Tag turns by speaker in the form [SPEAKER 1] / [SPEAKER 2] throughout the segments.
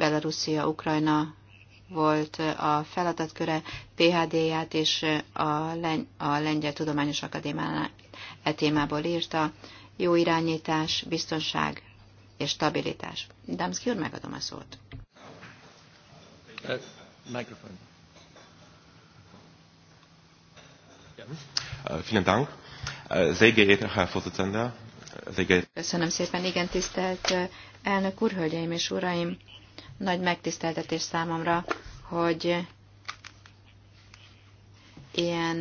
[SPEAKER 1] Belarusia, Ukrajna volt a feladatköre, PHD-ját és a, Leng- a Lengyel Tudományos Akadémián e témából írta, jó irányítás, biztonság és stabilitás. Damszki úr, megadom a
[SPEAKER 2] szót. Uh, mikrofon. Uh, vielen Dank. Uh,
[SPEAKER 1] Köszönöm szépen, igen, tisztelt elnök úr, hölgyeim és uraim! Nagy megtiszteltetés számomra, hogy ilyen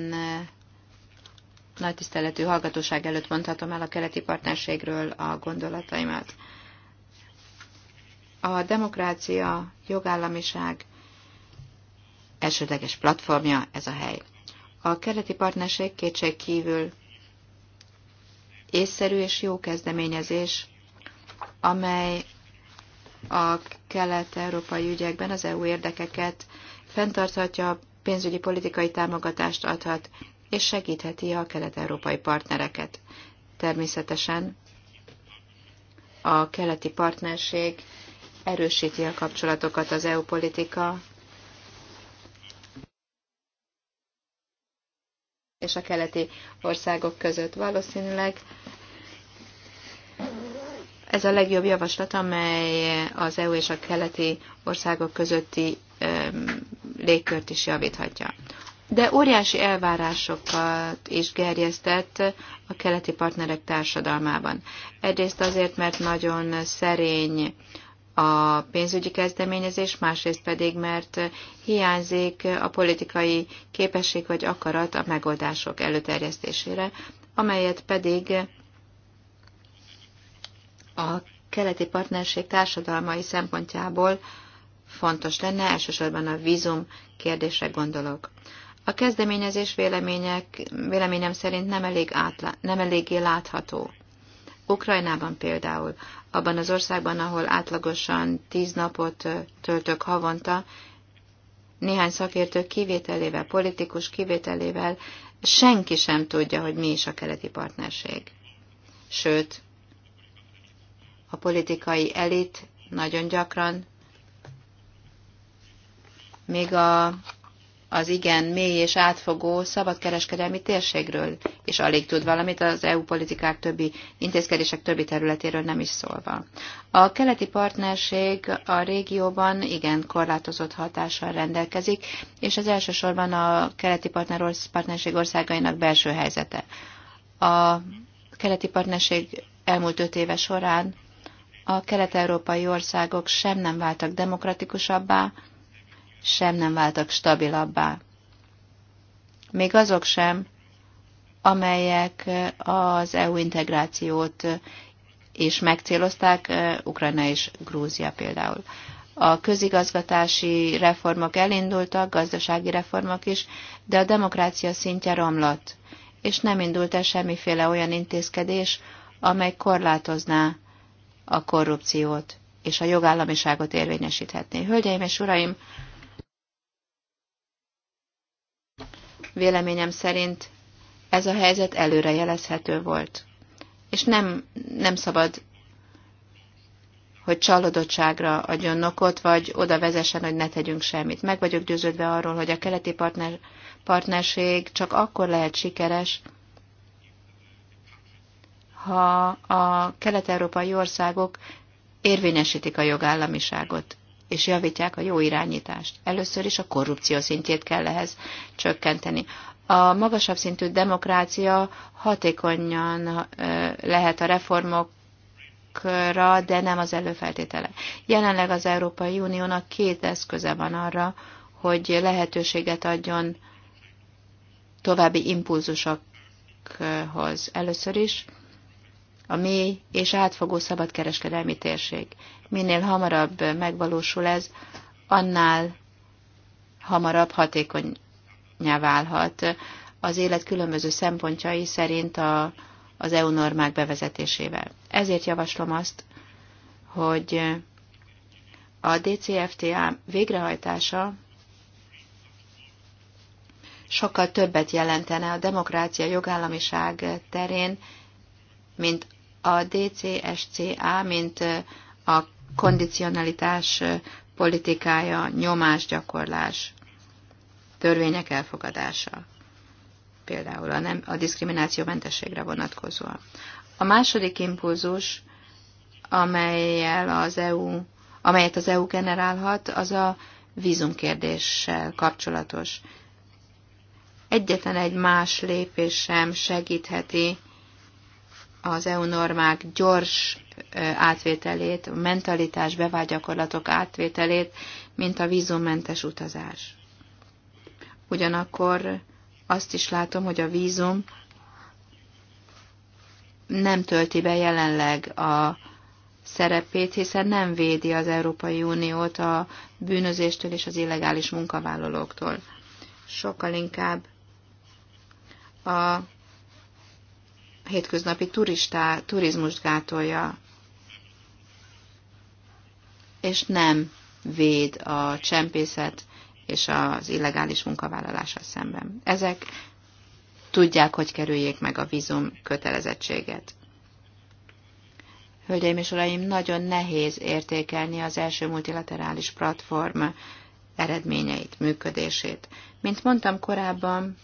[SPEAKER 1] nagy tiszteletű hallgatóság előtt mondhatom el a keleti partnerségről a gondolataimat. A demokrácia, jogállamiság elsődleges platformja ez a hely. A keleti partnerség kétség kívül észszerű és jó kezdeményezés, amely a kelet-európai ügyekben az EU érdekeket, fenntarthatja, pénzügyi politikai támogatást adhat, és segítheti a kelet-európai partnereket. Természetesen a keleti partnerség erősíti a kapcsolatokat az EU politika és a keleti országok között. Valószínűleg ez a legjobb javaslat, amely az EU és a keleti országok közötti légkört is javíthatja. De óriási elvárásokat is gerjesztett a keleti partnerek társadalmában. Egyrészt azért, mert nagyon szerény a pénzügyi kezdeményezés, másrészt pedig, mert hiányzik a politikai képesség vagy akarat a megoldások előterjesztésére, amelyet pedig a keleti partnerség társadalmai szempontjából fontos lenne, elsősorban a vízum kérdésre gondolok. A kezdeményezés vélemények, véleményem szerint nem, elég átla, nem eléggé látható. Ukrajnában például, abban az országban, ahol átlagosan tíz napot töltök havonta, néhány szakértő kivételével, politikus kivételével senki sem tudja, hogy mi is a keleti partnerség. Sőt, a politikai elit nagyon gyakran, még a, az igen mély és átfogó szabadkereskedelmi térségről és alig tud valamit, az EU politikák többi intézkedések többi területéről nem is szólva. A keleti partnerség a régióban igen korlátozott hatással rendelkezik, és az elsősorban a keleti partnerség országainak belső helyzete. A keleti partnerség elmúlt öt éve során a kelet-európai országok sem nem váltak demokratikusabbá, sem nem váltak stabilabbá. Még azok sem, amelyek az EU integrációt és megcélozták, Ukrajna és Grúzia például. A közigazgatási reformok elindultak, gazdasági reformok is, de a demokrácia szintje romlott, és nem indult el semmiféle olyan intézkedés, amely korlátozná a korrupciót és a jogállamiságot érvényesíthetné. Hölgyeim és uraim, véleményem szerint ez a helyzet előrejelezhető volt, és nem, nem szabad hogy csalódottságra adjon nokot vagy oda vezessen, hogy ne tegyünk semmit. Meg vagyok győződve arról, hogy a keleti partner, partnerség csak akkor lehet sikeres, ha a kelet-európai országok érvényesítik a jogállamiságot és javítják a jó irányítást. Először is a korrupció szintjét kell ehhez csökkenteni. A magasabb szintű demokrácia hatékonyan lehet a reformok de nem az előfeltétele. Jelenleg az Európai Uniónak két eszköze van arra, hogy lehetőséget adjon további impulzusokhoz. Először is a mély és átfogó szabadkereskedelmi térség. Minél hamarabb megvalósul ez, annál hamarabb hatékonyá válhat az élet különböző szempontjai szerint a, az EU normák bevezetésével. Ezért javaslom azt, hogy a DCFTA végrehajtása sokkal többet jelentene a demokrácia jogállamiság terén, mint a DCSCA, mint a kondicionalitás politikája, nyomásgyakorlás, törvények elfogadása, például a, nem, a mentességre vonatkozóan. A második impulzus, amelyel az EU, amelyet az EU generálhat, az a vízumkérdéssel kapcsolatos. Egyetlen egy más lépés sem segítheti az EU normák gyors átvételét, a mentalitás, bevágyakorlatok átvételét, mint a vízummentes utazás. Ugyanakkor azt is látom, hogy a vízum nem tölti be jelenleg a szerepét, hiszen nem védi az Európai Uniót a bűnözéstől és az illegális munkavállalóktól. Sokkal inkább a hétköznapi turistá, turizmust gátolja, és nem véd a csempészet és az illegális munkavállalása szemben. Ezek tudják, hogy kerüljék meg a vízum kötelezettséget. Hölgyeim és uraim, nagyon nehéz értékelni az első multilaterális platform eredményeit, működését. Mint mondtam korábban,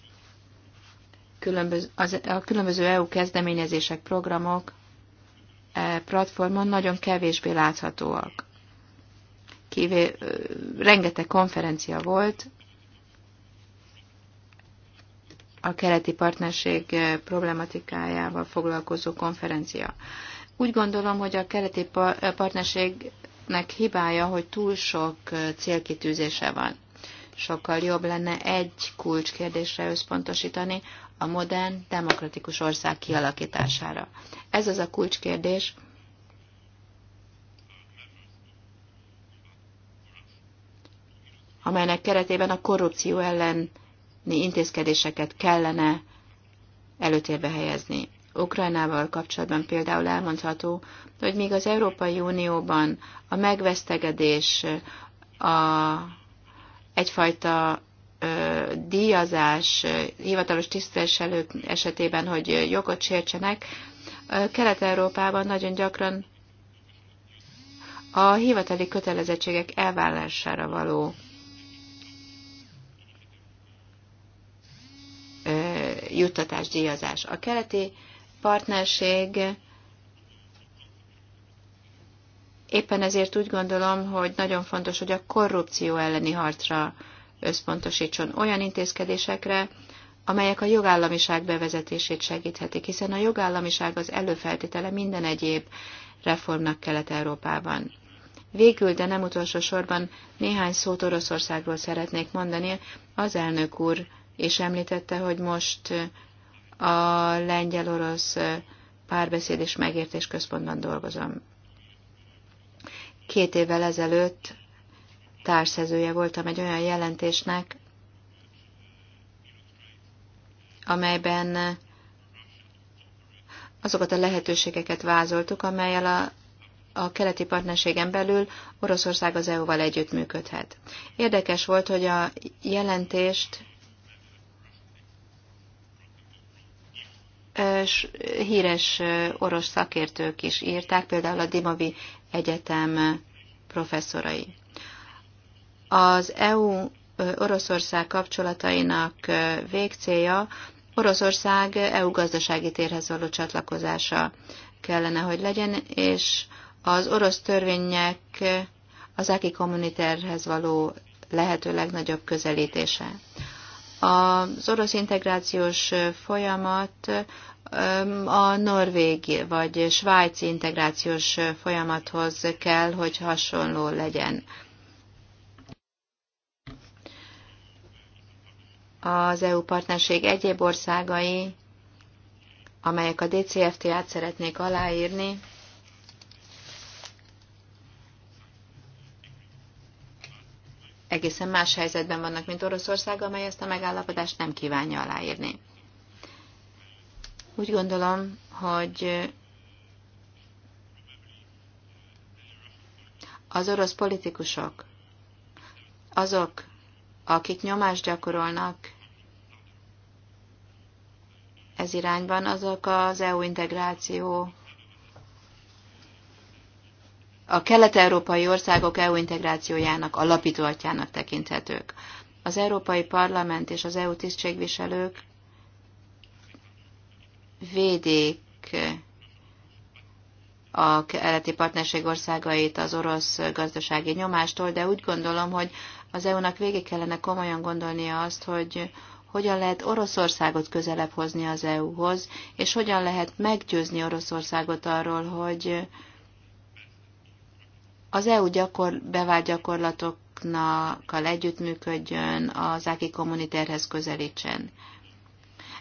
[SPEAKER 1] különböző, az, a különböző EU kezdeményezések, programok e platformon nagyon kevésbé láthatóak. Kivé, rengeteg konferencia volt a keleti partnerség e, problematikájával foglalkozó konferencia. Úgy gondolom, hogy a keleti e partnerségnek hibája, hogy túl sok célkitűzése van sokkal jobb lenne egy kulcskérdésre összpontosítani, a modern, demokratikus ország kialakítására. Ez az a kulcskérdés, amelynek keretében a korrupció elleni intézkedéseket kellene előtérbe helyezni. Ukrajnával kapcsolatban például elmondható, hogy míg az Európai Unióban a megvesztegedés a, egyfajta díjazás hivatalos tisztviselők esetében, hogy jogot sértsenek, Kelet-Európában nagyon gyakran a hivatali kötelezettségek elvállására való juttatás, díjazás. A keleti partnerség éppen ezért úgy gondolom, hogy nagyon fontos, hogy a korrupció elleni harcra összpontosítson olyan intézkedésekre, amelyek a jogállamiság bevezetését segíthetik, hiszen a jogállamiság az előfeltétele minden egyéb reformnak Kelet-Európában. Végül, de nem utolsó sorban néhány szót Oroszországról szeretnék mondani. Az elnök úr és említette, hogy most a lengyel-orosz párbeszéd és megértés központban dolgozom. Két évvel ezelőtt társzezője voltam egy olyan jelentésnek, amelyben azokat a lehetőségeket vázoltuk, amelyel a, a keleti partnerségen belül Oroszország az EU-val együttműködhet. Érdekes volt, hogy a jelentést híres orosz szakértők is írták, például a Dimavi Egyetem professzorai. Az EU Oroszország kapcsolatainak végcélja Oroszország EU gazdasági térhez való csatlakozása kellene, hogy legyen, és az orosz törvények az aki kommuniterhez való lehető legnagyobb közelítése. Az orosz integrációs folyamat a norvég vagy svájci integrációs folyamathoz kell, hogy hasonló legyen. az EU partnerség egyéb országai, amelyek a DCFT át szeretnék aláírni, egészen más helyzetben vannak, mint Oroszország, amely ezt a megállapodást nem kívánja aláírni. Úgy gondolom, hogy az orosz politikusok, azok, akik nyomást gyakorolnak ez irányban, azok az EU integráció, a kelet-európai országok EU integrációjának alapítóatjának tekinthetők. Az Európai Parlament és az EU tisztségviselők védik a keleti partnerség országait az orosz gazdasági nyomástól, de úgy gondolom, hogy az EU-nak végig kellene komolyan gondolnia azt, hogy hogyan lehet Oroszországot közelebb hozni az EU-hoz, és hogyan lehet meggyőzni Oroszországot arról, hogy az EU gyakor, bevált gyakorlatoknakkal együttműködjön, az áki kommunitérhez közelítsen.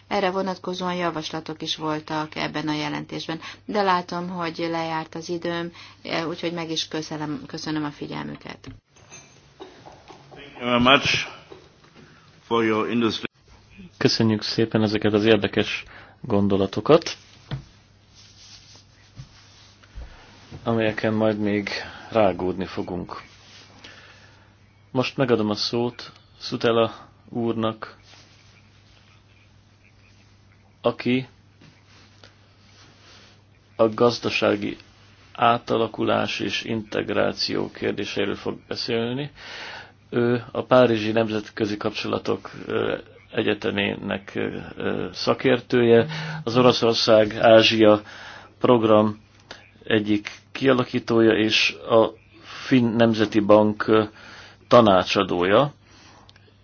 [SPEAKER 1] Erre vonatkozóan javaslatok is voltak ebben a jelentésben, de látom, hogy lejárt az időm, e, úgyhogy meg is köszönöm, köszönöm a figyelmüket. Thank
[SPEAKER 2] you very much for your industry. Köszönjük szépen ezeket az érdekes gondolatokat, amelyeken majd még rágódni fogunk. Most megadom a szót Szutela úrnak, aki a gazdasági átalakulás és integráció kérdéseiről fog beszélni. Ő a Párizsi Nemzetközi Kapcsolatok egyetemének szakértője. Az Oroszország Ázsia program egyik kialakítója és a Finn Nemzeti Bank tanácsadója,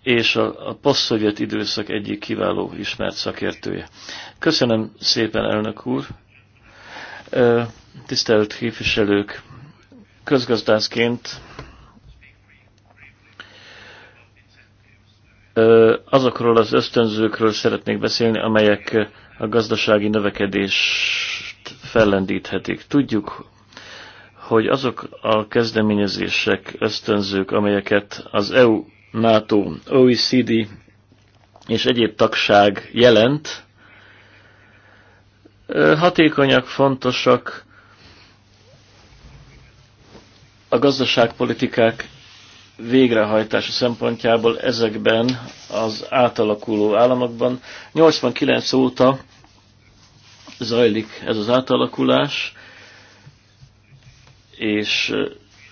[SPEAKER 2] és a, a posztszovjet időszak egyik kiváló ismert szakértője. Köszönöm szépen, elnök úr! Tisztelt képviselők! Közgazdászként azokról az ösztönzőkről szeretnék beszélni, amelyek a gazdasági növekedést fellendíthetik. Tudjuk, hogy azok a kezdeményezések, ösztönzők, amelyeket az EU, NATO, OECD és egyéb tagság jelent, hatékonyak, fontosak a gazdaságpolitikák végrehajtása szempontjából ezekben az átalakuló államokban. 89 óta zajlik ez az átalakulás, és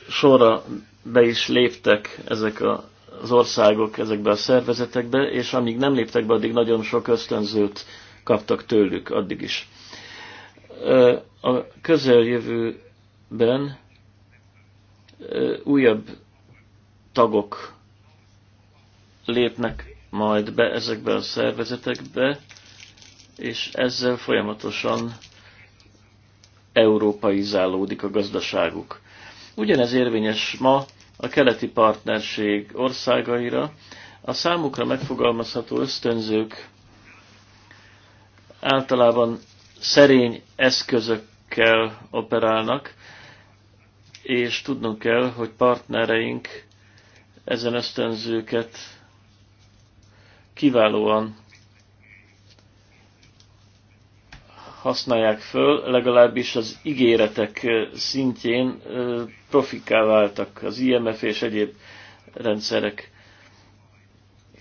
[SPEAKER 2] sorra be is léptek ezek az országok ezekbe a szervezetekbe, és amíg nem léptek be, addig nagyon sok ösztönzőt kaptak tőlük addig is. A közeljövőben újabb tagok lépnek majd be ezekbe a szervezetekbe, és ezzel folyamatosan európaizálódik a gazdaságuk. Ugyanez érvényes ma a keleti partnerség országaira. A számukra megfogalmazható ösztönzők általában szerény eszközökkel operálnak, és tudnunk kell, hogy partnereink ezen ösztönzőket kiválóan használják föl, legalábbis az ígéretek szintjén profiká váltak az IMF és egyéb rendszerek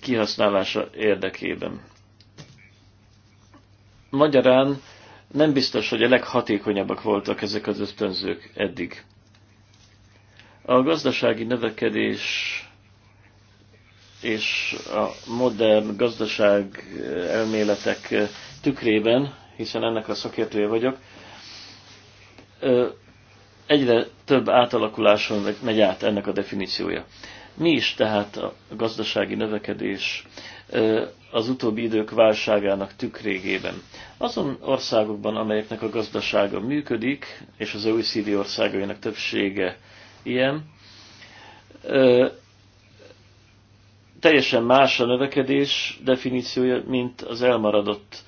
[SPEAKER 2] kihasználása érdekében. Magyarán nem biztos, hogy a leghatékonyabbak voltak ezek az ösztönzők eddig. A gazdasági növekedés és a modern gazdaság eh, elméletek eh, tükrében, hiszen ennek a szakértője vagyok, eh, egyre több átalakuláson megy át ennek a definíciója. Mi is tehát a gazdasági növekedés az utóbbi idők válságának tükrégében? Azon országokban, amelyeknek a gazdasága működik, és az OECD országainak többsége ilyen, teljesen más a növekedés definíciója, mint az elmaradott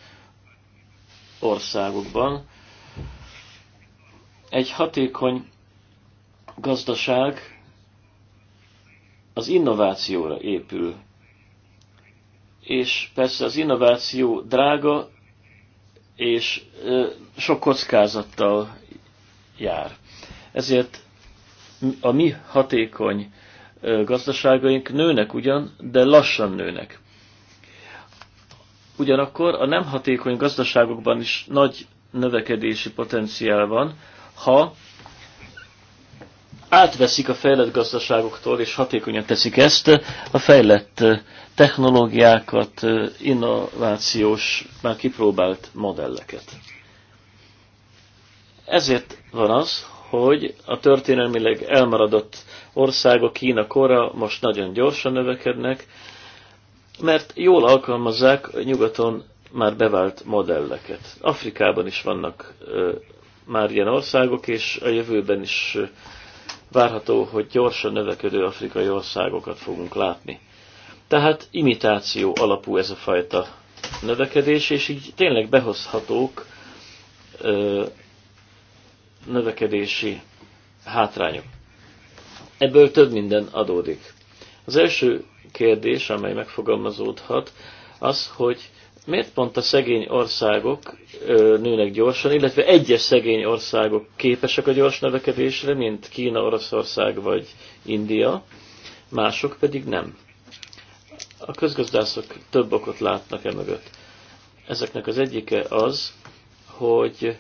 [SPEAKER 2] országokban. Egy hatékony gazdaság az innovációra épül. És persze az innováció drága és sok kockázattal jár. Ezért a mi hatékony gazdaságaink nőnek ugyan, de lassan nőnek. Ugyanakkor a nem hatékony gazdaságokban is nagy növekedési potenciál van, ha átveszik a fejlett gazdaságoktól, és hatékonyan teszik ezt, a fejlett technológiákat, innovációs, már kipróbált modelleket. Ezért van az, hogy a történelmileg elmaradott országok, Kína, Kora most nagyon gyorsan növekednek, mert jól alkalmazzák nyugaton már bevált modelleket. Afrikában is vannak ö, már ilyen országok, és a jövőben is ö, várható, hogy gyorsan növekedő afrikai országokat fogunk látni. Tehát imitáció alapú ez a fajta növekedés, és így tényleg behozhatók ö, növekedési hátrányok. Ebből több minden adódik. Az első kérdés, amely megfogalmazódhat, az, hogy miért pont a szegény országok nőnek gyorsan, illetve egyes szegény országok képesek a gyors növekedésre, mint Kína, Oroszország vagy India, mások pedig nem. A közgazdászok több okot látnak e mögött. Ezeknek az egyike az, hogy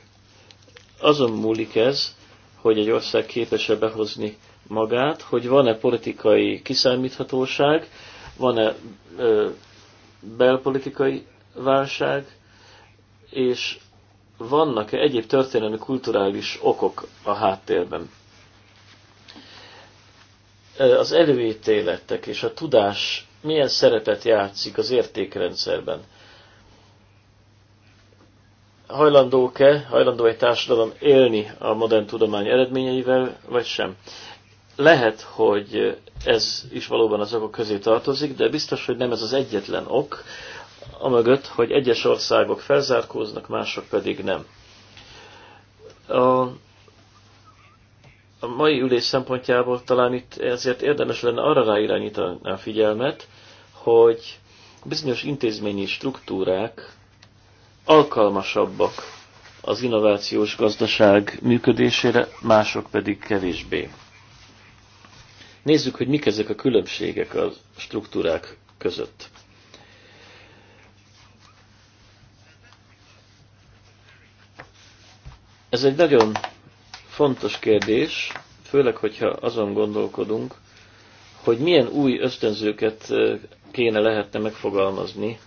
[SPEAKER 2] azon múlik ez, hogy egy ország képes-e behozni magát, hogy van-e politikai kiszámíthatóság, van-e belpolitikai válság, és vannak-e egyéb történelmi kulturális okok a háttérben. Az előítéletek és a tudás milyen szerepet játszik az értékrendszerben? hajlandó e hajlandó egy társadalom élni a modern tudomány eredményeivel, vagy sem. Lehet, hogy ez is valóban az okok közé tartozik, de biztos, hogy nem ez az egyetlen ok, amögött, hogy egyes országok felzárkóznak, mások pedig nem. A, a mai ülés szempontjából talán itt ezért érdemes lenne arra ráirányítani a figyelmet, hogy bizonyos intézményi struktúrák alkalmasabbak az innovációs gazdaság működésére, mások pedig kevésbé. Nézzük, hogy mik ezek a különbségek a struktúrák között. Ez egy nagyon fontos kérdés, főleg, hogyha azon gondolkodunk, hogy milyen új ösztönzőket kéne lehetne megfogalmazni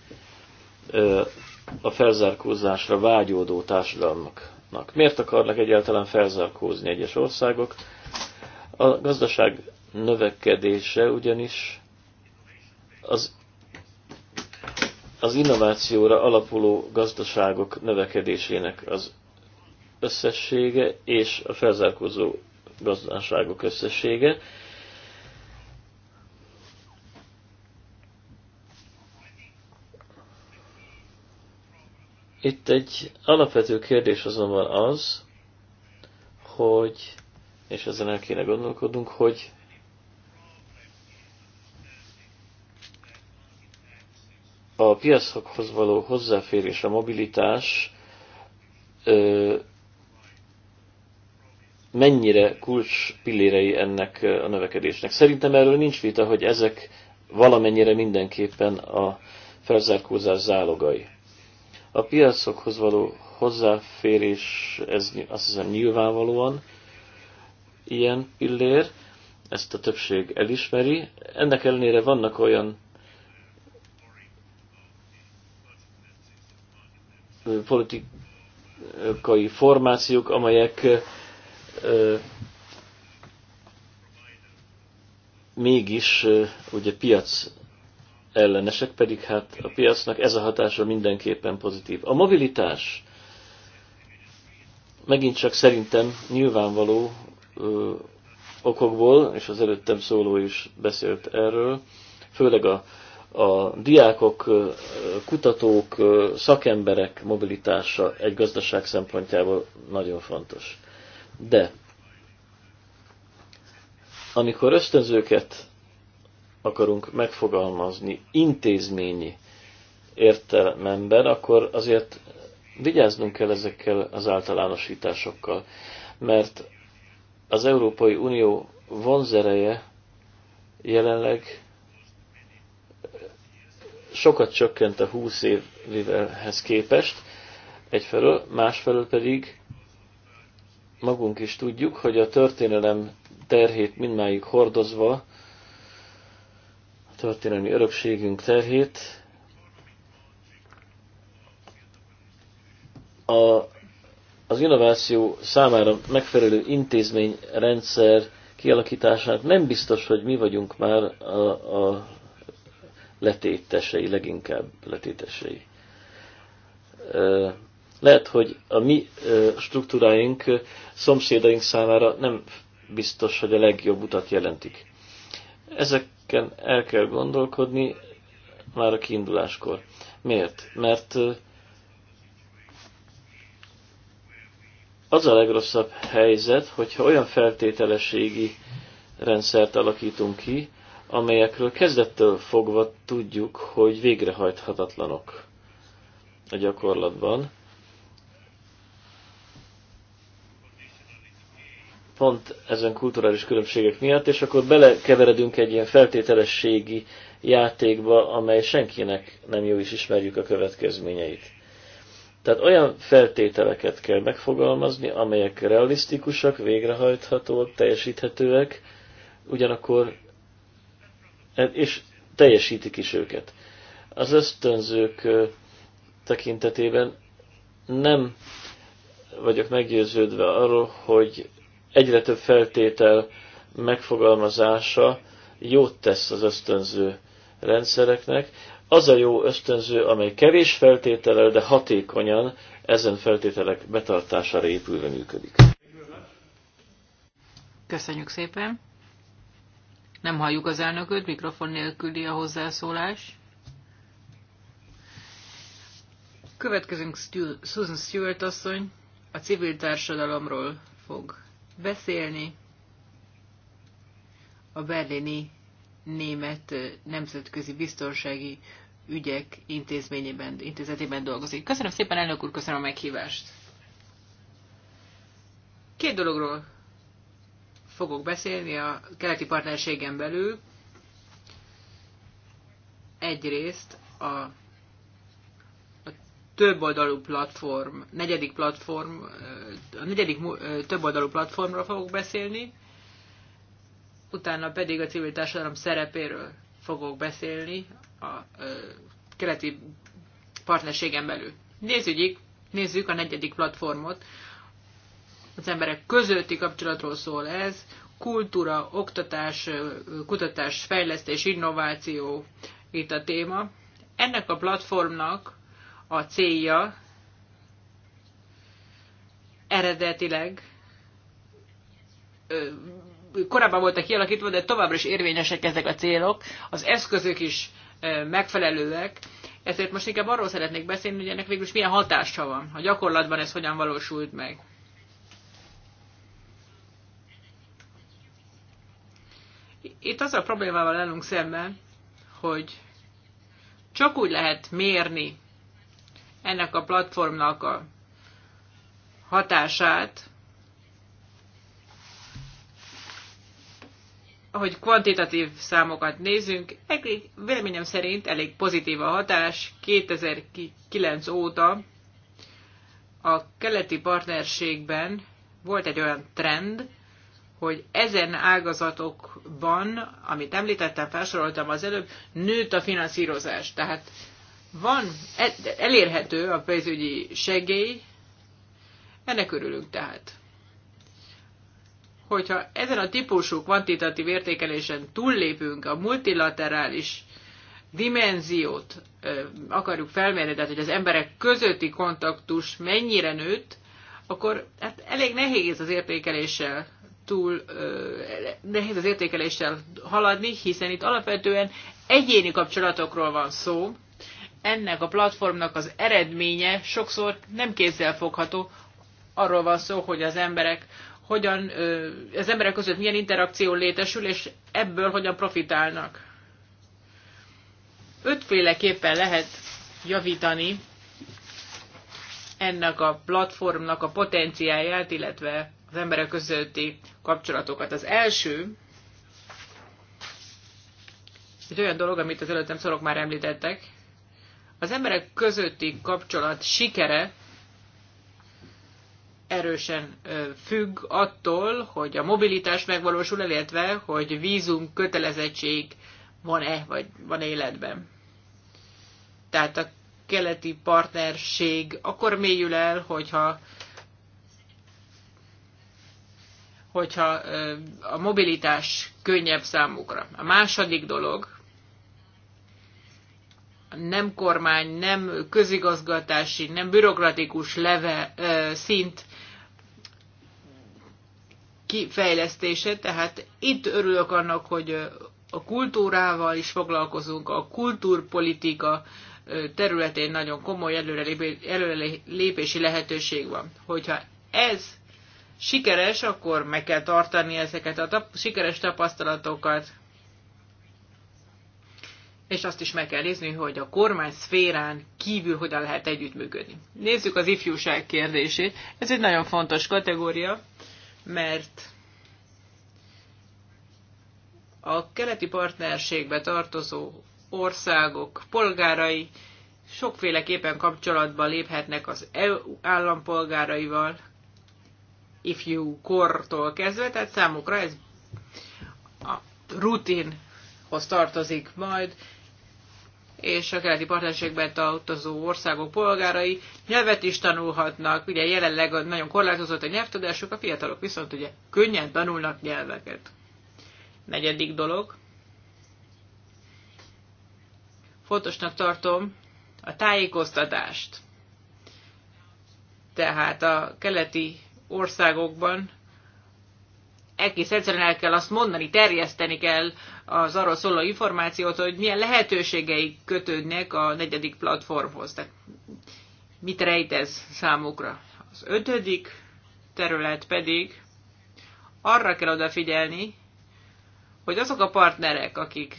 [SPEAKER 2] a felzárkózásra vágyódó társadalmaknak. Miért akarnak egyáltalán felzárkózni egyes országok? A gazdaság növekedése ugyanis az, az innovációra alapuló gazdaságok növekedésének az összessége és a felzárkózó gazdaságok összessége, Itt egy alapvető kérdés azonban az, hogy, és ezen el kéne gondolkodnunk, hogy a piacokhoz való hozzáférés, a mobilitás ö, mennyire kulcs pillérei ennek a növekedésnek. Szerintem erről nincs vita, hogy ezek valamennyire mindenképpen a felzárkózás zálogai. A piacokhoz való hozzáférés, ez azt hiszem nyilvánvalóan ilyen pillér, ezt a többség elismeri. Ennek ellenére vannak olyan politikai formációk, amelyek mégis ugye piac ellenesek, pedig hát a piacnak ez a hatása mindenképpen pozitív. A mobilitás megint csak szerintem nyilvánvaló ö, okokból, és az előttem szóló is beszélt erről, főleg a, a diákok, kutatók, szakemberek mobilitása egy gazdaság szempontjából nagyon fontos. De amikor ösztönzőket akarunk megfogalmazni intézményi értelemben, akkor azért vigyáznunk kell ezekkel az általánosításokkal, mert az Európai Unió vonzereje jelenleg sokat csökkent a 20 évvelhez képest, egyfelől, másfelől pedig magunk is tudjuk, hogy a történelem terhét mindmáig hordozva történelmi örökségünk terhét a, az innováció számára megfelelő intézményrendszer kialakításának nem biztos, hogy mi vagyunk már a, a letétesei, leginkább letétesei. Lehet, hogy a mi struktúráink szomszédaink számára nem biztos, hogy a legjobb utat jelentik. Ezek el kell gondolkodni már a kiinduláskor. Miért? Mert az a legrosszabb helyzet, hogyha olyan feltételességi rendszert alakítunk ki, amelyekről kezdettől fogva tudjuk, hogy végrehajthatatlanok a gyakorlatban. pont ezen kulturális különbségek miatt, és akkor belekeveredünk egy ilyen feltételességi játékba, amely senkinek nem jó, is ismerjük a következményeit. Tehát olyan feltételeket kell megfogalmazni, amelyek realisztikusak, végrehajthatóak, teljesíthetőek, ugyanakkor eh, és teljesítik is őket. Az ösztönzők eh, tekintetében nem vagyok meggyőződve arról, hogy egyre több feltétel megfogalmazása jót tesz az ösztönző rendszereknek. Az a jó ösztönző, amely kevés feltétellel, de hatékonyan ezen feltételek betartására épülve működik.
[SPEAKER 3] Köszönjük szépen! Nem halljuk az elnököt, mikrofon nélküli a hozzászólás. Következünk Susan Stewart asszony, a civil társadalomról fog beszélni a berlini német nemzetközi biztonsági ügyek intézményében, intézetében dolgozik. Köszönöm szépen, elnök úr, köszönöm a meghívást. Két dologról fogok beszélni a keleti partnerségen belül. Egyrészt a több oldalú platform, negyedik platform, a negyedik több oldalú platformra fogok beszélni, utána pedig a civil társadalom szerepéről fogok beszélni a keleti partnerségen belül. Nézzük, nézzük a negyedik platformot. Az emberek közötti kapcsolatról szól ez, kultúra, oktatás, kutatás, fejlesztés, innováció itt a téma. Ennek a platformnak a célja eredetileg korábban voltak kialakítva, de továbbra is érvényesek ezek a célok, az eszközök is megfelelőek, ezért most inkább arról szeretnék beszélni, hogy ennek végül is milyen hatása van, a gyakorlatban ez hogyan valósult meg. Itt az a problémával állunk szemben, hogy csak úgy lehet mérni ennek a platformnak a hatását, hogy kvantitatív számokat nézünk, elég, véleményem szerint elég pozitív a hatás. 2009 óta a keleti partnerségben volt egy olyan trend, hogy ezen ágazatokban, amit említettem, felsoroltam az előbb, nőtt a finanszírozás. Tehát van, e- elérhető a pénzügyi segély, ennek örülünk tehát. Hogyha ezen a típusú kvantitatív értékelésen túllépünk a multilaterális dimenziót akarjuk felmérni, tehát hogy az emberek közötti kontaktus mennyire nőtt, akkor hát elég nehéz az értékeléssel túl nehéz az értékeléssel haladni, hiszen itt alapvetően egyéni kapcsolatokról van szó, ennek a platformnak az eredménye sokszor nem kézzelfogható. Arról van szó, hogy az emberek hogyan, az emberek között milyen interakció létesül, és ebből hogyan profitálnak. Ötféleképpen lehet javítani ennek a platformnak a potenciáját, illetve az emberek közötti kapcsolatokat. Az első, egy olyan dolog, amit az előttem szorok már említettek, az emberek közötti kapcsolat sikere erősen függ attól, hogy a mobilitás megvalósul, illetve, hogy vízum kötelezettség van-e, vagy van -e életben. Tehát a keleti partnerség akkor mélyül el, hogyha hogyha a mobilitás könnyebb számukra. A második dolog, nem kormány, nem közigazgatási, nem bürokratikus leve, szint kifejlesztése, tehát itt örülök annak, hogy a kultúrával is foglalkozunk, a kultúrpolitika területén nagyon komoly előrelépési lehetőség van. Hogyha ez sikeres, akkor meg kell tartani ezeket a tap- sikeres tapasztalatokat és azt is meg kell nézni, hogy a kormány szférán kívül hogyan lehet együttműködni. Nézzük az ifjúság kérdését. Ez egy nagyon fontos kategória, mert a keleti partnerségbe tartozó országok polgárai sokféleképpen kapcsolatba léphetnek az EU állampolgáraival, ifjú kortól kezdve, tehát számukra ez a rutinhoz tartozik majd, és a keleti partnerségben tartozó országok polgárai nyelvet is tanulhatnak, ugye jelenleg nagyon korlátozott a nyelvtudásuk, a fiatalok viszont ugye könnyen tanulnak nyelveket. Negyedik dolog. Fontosnak tartom a tájékoztatást. Tehát a keleti országokban egész egyszerűen el kell azt mondani, terjeszteni kell az arról szóló információt, hogy milyen lehetőségei kötődnek a negyedik platformhoz. Tehát mit rejt ez számukra? Az ötödik terület pedig arra kell odafigyelni, hogy azok a partnerek, akik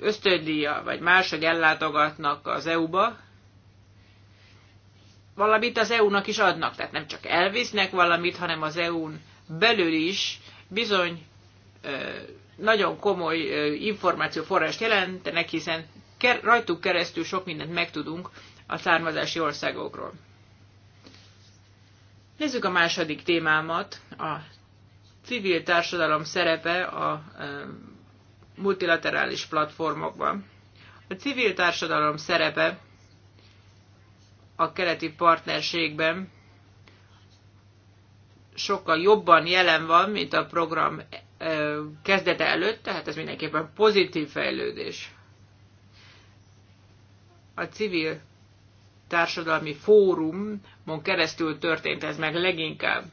[SPEAKER 3] ösztöndíja vagy máshogy ellátogatnak az EU-ba, valamit az EU-nak is adnak. Tehát nem csak elvisznek valamit, hanem az EU-n belül is bizony nagyon komoly információforrást jelentenek, hiszen rajtuk keresztül sok mindent megtudunk a származási országokról. Nézzük a második témámat, a civil társadalom szerepe a multilaterális platformokban. A civil társadalom szerepe a keleti partnerségben sokkal jobban jelen van, mint a program kezdete előtt, tehát ez mindenképpen pozitív fejlődés. A civil társadalmi fórumon keresztül történt ez meg leginkább.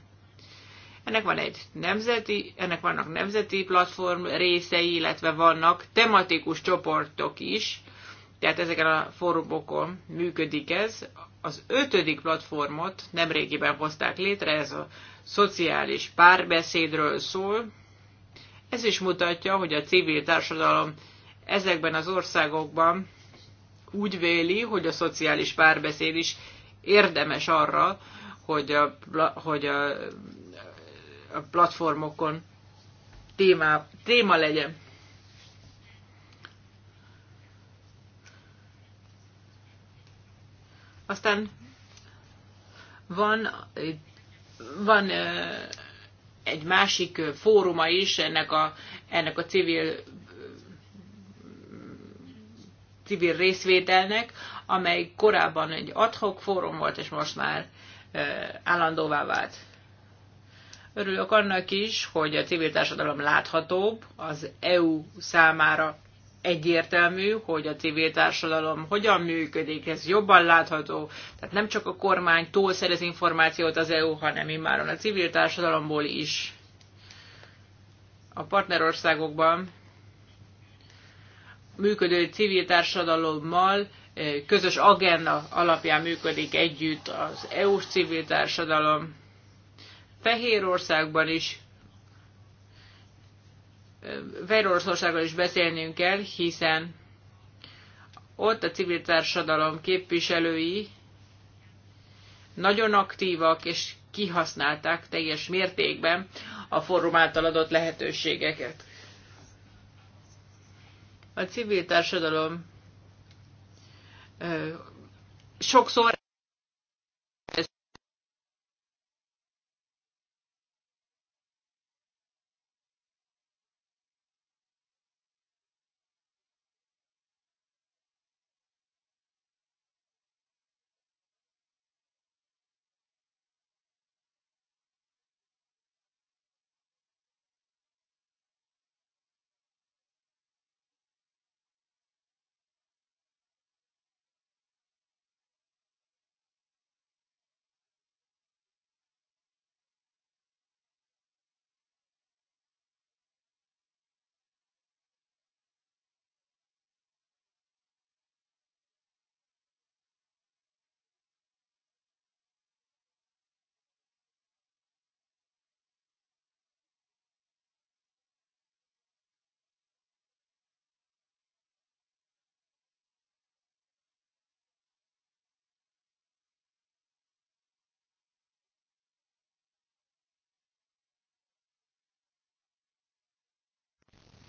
[SPEAKER 3] Ennek van egy nemzeti, ennek vannak nemzeti platform részei, illetve vannak tematikus csoportok is, tehát ezeken a fórumokon működik ez. Az ötödik platformot nemrégiben hozták létre, ez a szociális párbeszédről szól. Ez is mutatja, hogy a civil társadalom ezekben az országokban úgy véli, hogy a szociális párbeszéd is érdemes arra, hogy a, hogy a, a platformokon téma, téma legyen. Aztán van itt van egy másik fóruma is ennek a, ennek a civil civil részvételnek, amely korábban egy adhok fórum volt, és most már állandóvá vált. Örülök annak is, hogy a civil társadalom láthatóbb az EU számára egyértelmű, hogy a civil társadalom hogyan működik, ez jobban látható. Tehát nem csak a túl szerez információt az EU, hanem immáron a civil társadalomból is. A partnerországokban működő civil társadalommal eh, közös agenda alapján működik együtt az EU-s civil társadalom. Fehérországban is Fejrországról is beszélnünk kell, hiszen ott a civil társadalom képviselői nagyon aktívak és kihasználták teljes mértékben a fórum által adott lehetőségeket. A civil társadalom sokszor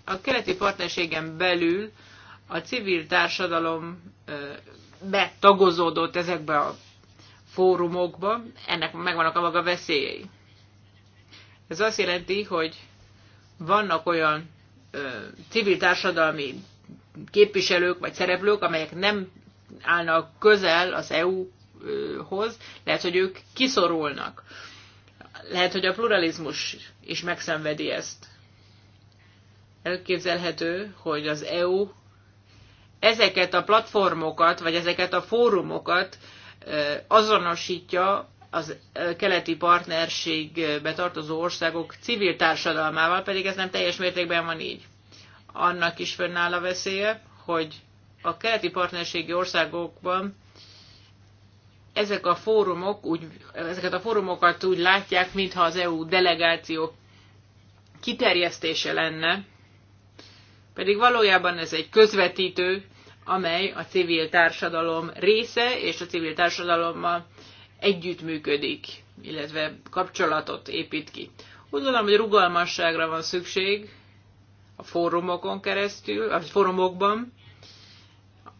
[SPEAKER 3] A keleti partnerségen belül a civil társadalom betagozódott ezekbe a fórumokba, ennek megvannak a maga veszélyei. Ez azt jelenti, hogy vannak olyan civil társadalmi képviselők vagy szereplők, amelyek nem állnak közel az EU-hoz, lehet, hogy ők kiszorulnak. Lehet, hogy a pluralizmus is megszenvedi ezt elképzelhető, hogy az EU ezeket a platformokat, vagy ezeket a fórumokat azonosítja az keleti partnerségbe tartozó országok civil társadalmával, pedig ez nem teljes mértékben van így. Annak is fönnáll a veszélye, hogy a keleti partnerségi országokban ezek a fórumok, úgy, ezeket a fórumokat úgy látják, mintha az EU delegáció kiterjesztése lenne pedig valójában ez egy közvetítő, amely a civil társadalom része, és a civil társadalommal együttműködik, illetve kapcsolatot épít ki. Úgy gondolom, hogy rugalmasságra van szükség a fórumokon keresztül, a fórumokban,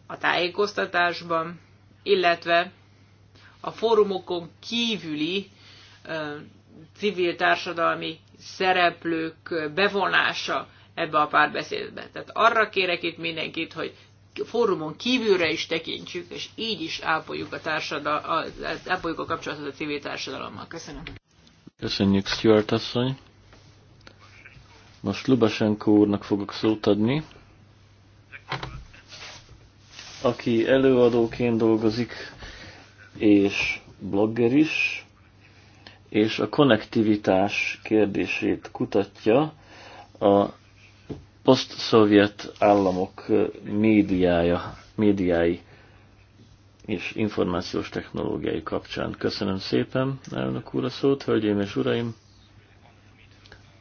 [SPEAKER 3] a tájékoztatásban, illetve a fórumokon kívüli civil társadalmi szereplők bevonása ebbe a párbeszédbe. Tehát arra kérek itt mindenkit, hogy fórumon kívülre is tekintsük, és így is ápoljuk a, társadal, a, ápoljuk a kapcsolatot a civil társadalommal. Köszönöm.
[SPEAKER 2] Köszönjük, Stuart asszony. Most Lubasenko úrnak fogok szót adni, aki előadóként dolgozik, és blogger is, és a konnektivitás kérdését kutatja a posztszovjet államok médiája, médiái és információs technológiai kapcsán. Köszönöm szépen, elnök úr a szót, hölgyeim és uraim!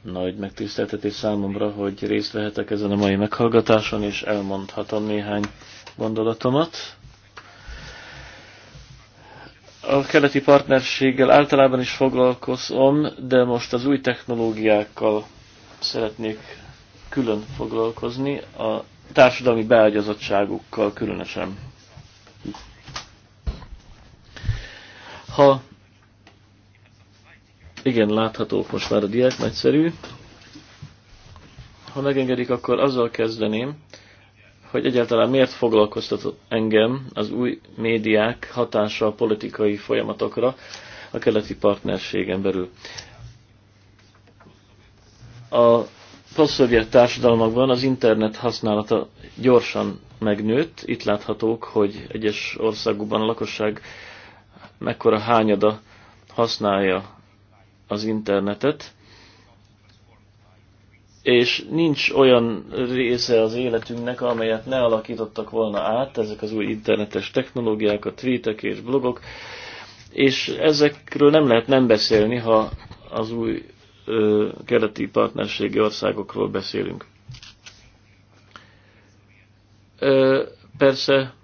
[SPEAKER 2] Nagy megtiszteltetés számomra, hogy részt vehetek ezen a mai meghallgatáson, és elmondhatom néhány gondolatomat. A keleti partnerséggel általában is foglalkozom, de most az új technológiákkal szeretnék külön foglalkozni, a társadalmi beágyazottságukkal különösen. Ha igen, láthatók most már a diák, nagyszerű. Ha megengedik, akkor azzal kezdeném, hogy egyáltalán miért foglalkoztatott engem az új médiák hatása a politikai folyamatokra a keleti partnerségen belül. A posztszovjet társadalmakban az internet használata gyorsan megnőtt. Itt láthatók, hogy egyes országokban a lakosság mekkora hányada használja az internetet, és nincs olyan része az életünknek, amelyet ne alakítottak volna át, ezek az új internetes technológiák, a tweetek és blogok, és ezekről nem lehet nem beszélni, ha az új keleti partnerségi országokról beszélünk. Persze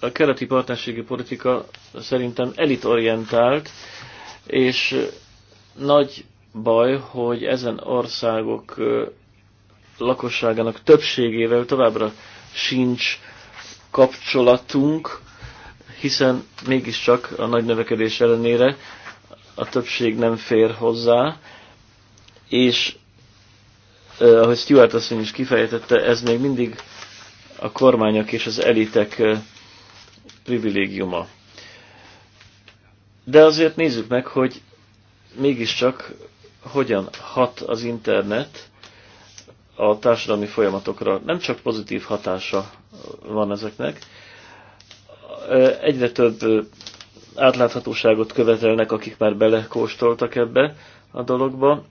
[SPEAKER 2] a keleti partnerségi politika szerintem elitorientált, és nagy baj, hogy ezen országok lakosságának többségével továbbra sincs kapcsolatunk, hiszen mégiscsak a nagy növekedés ellenére a többség nem fér hozzá, és ahogy Stuart asszony is kifejtette, ez még mindig a kormányok és az elitek privilégiuma. De azért nézzük meg, hogy mégiscsak hogyan hat az internet a társadalmi folyamatokra. Nem csak pozitív hatása van ezeknek, egyre több átláthatóságot követelnek, akik már belekóstoltak ebbe a dologba,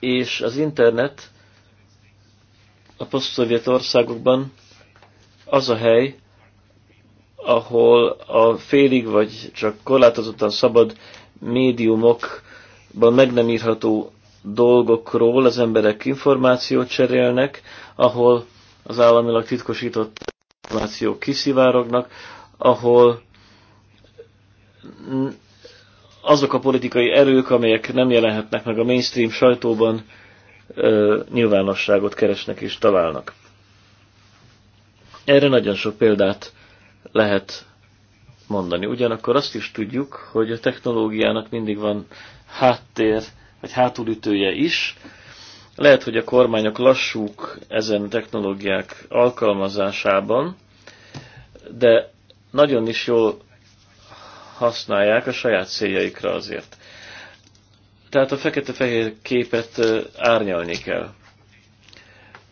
[SPEAKER 2] és az internet a posztszovjet országokban az a hely, ahol a félig vagy csak korlátozottan szabad médiumokban meg nem írható dolgokról az emberek információt cserélnek, ahol az államilag titkosított információk kiszivárognak, ahol azok a politikai erők, amelyek nem jelenhetnek meg a mainstream sajtóban, nyilvánosságot keresnek és találnak. Erre nagyon sok példát lehet mondani. Ugyanakkor azt is tudjuk, hogy a technológiának mindig van háttér, vagy hátulütője is. Lehet, hogy a kormányok lassúk ezen technológiák alkalmazásában, de nagyon is jól használják a saját céljaikra azért. Tehát a fekete-fehér képet árnyalni kell.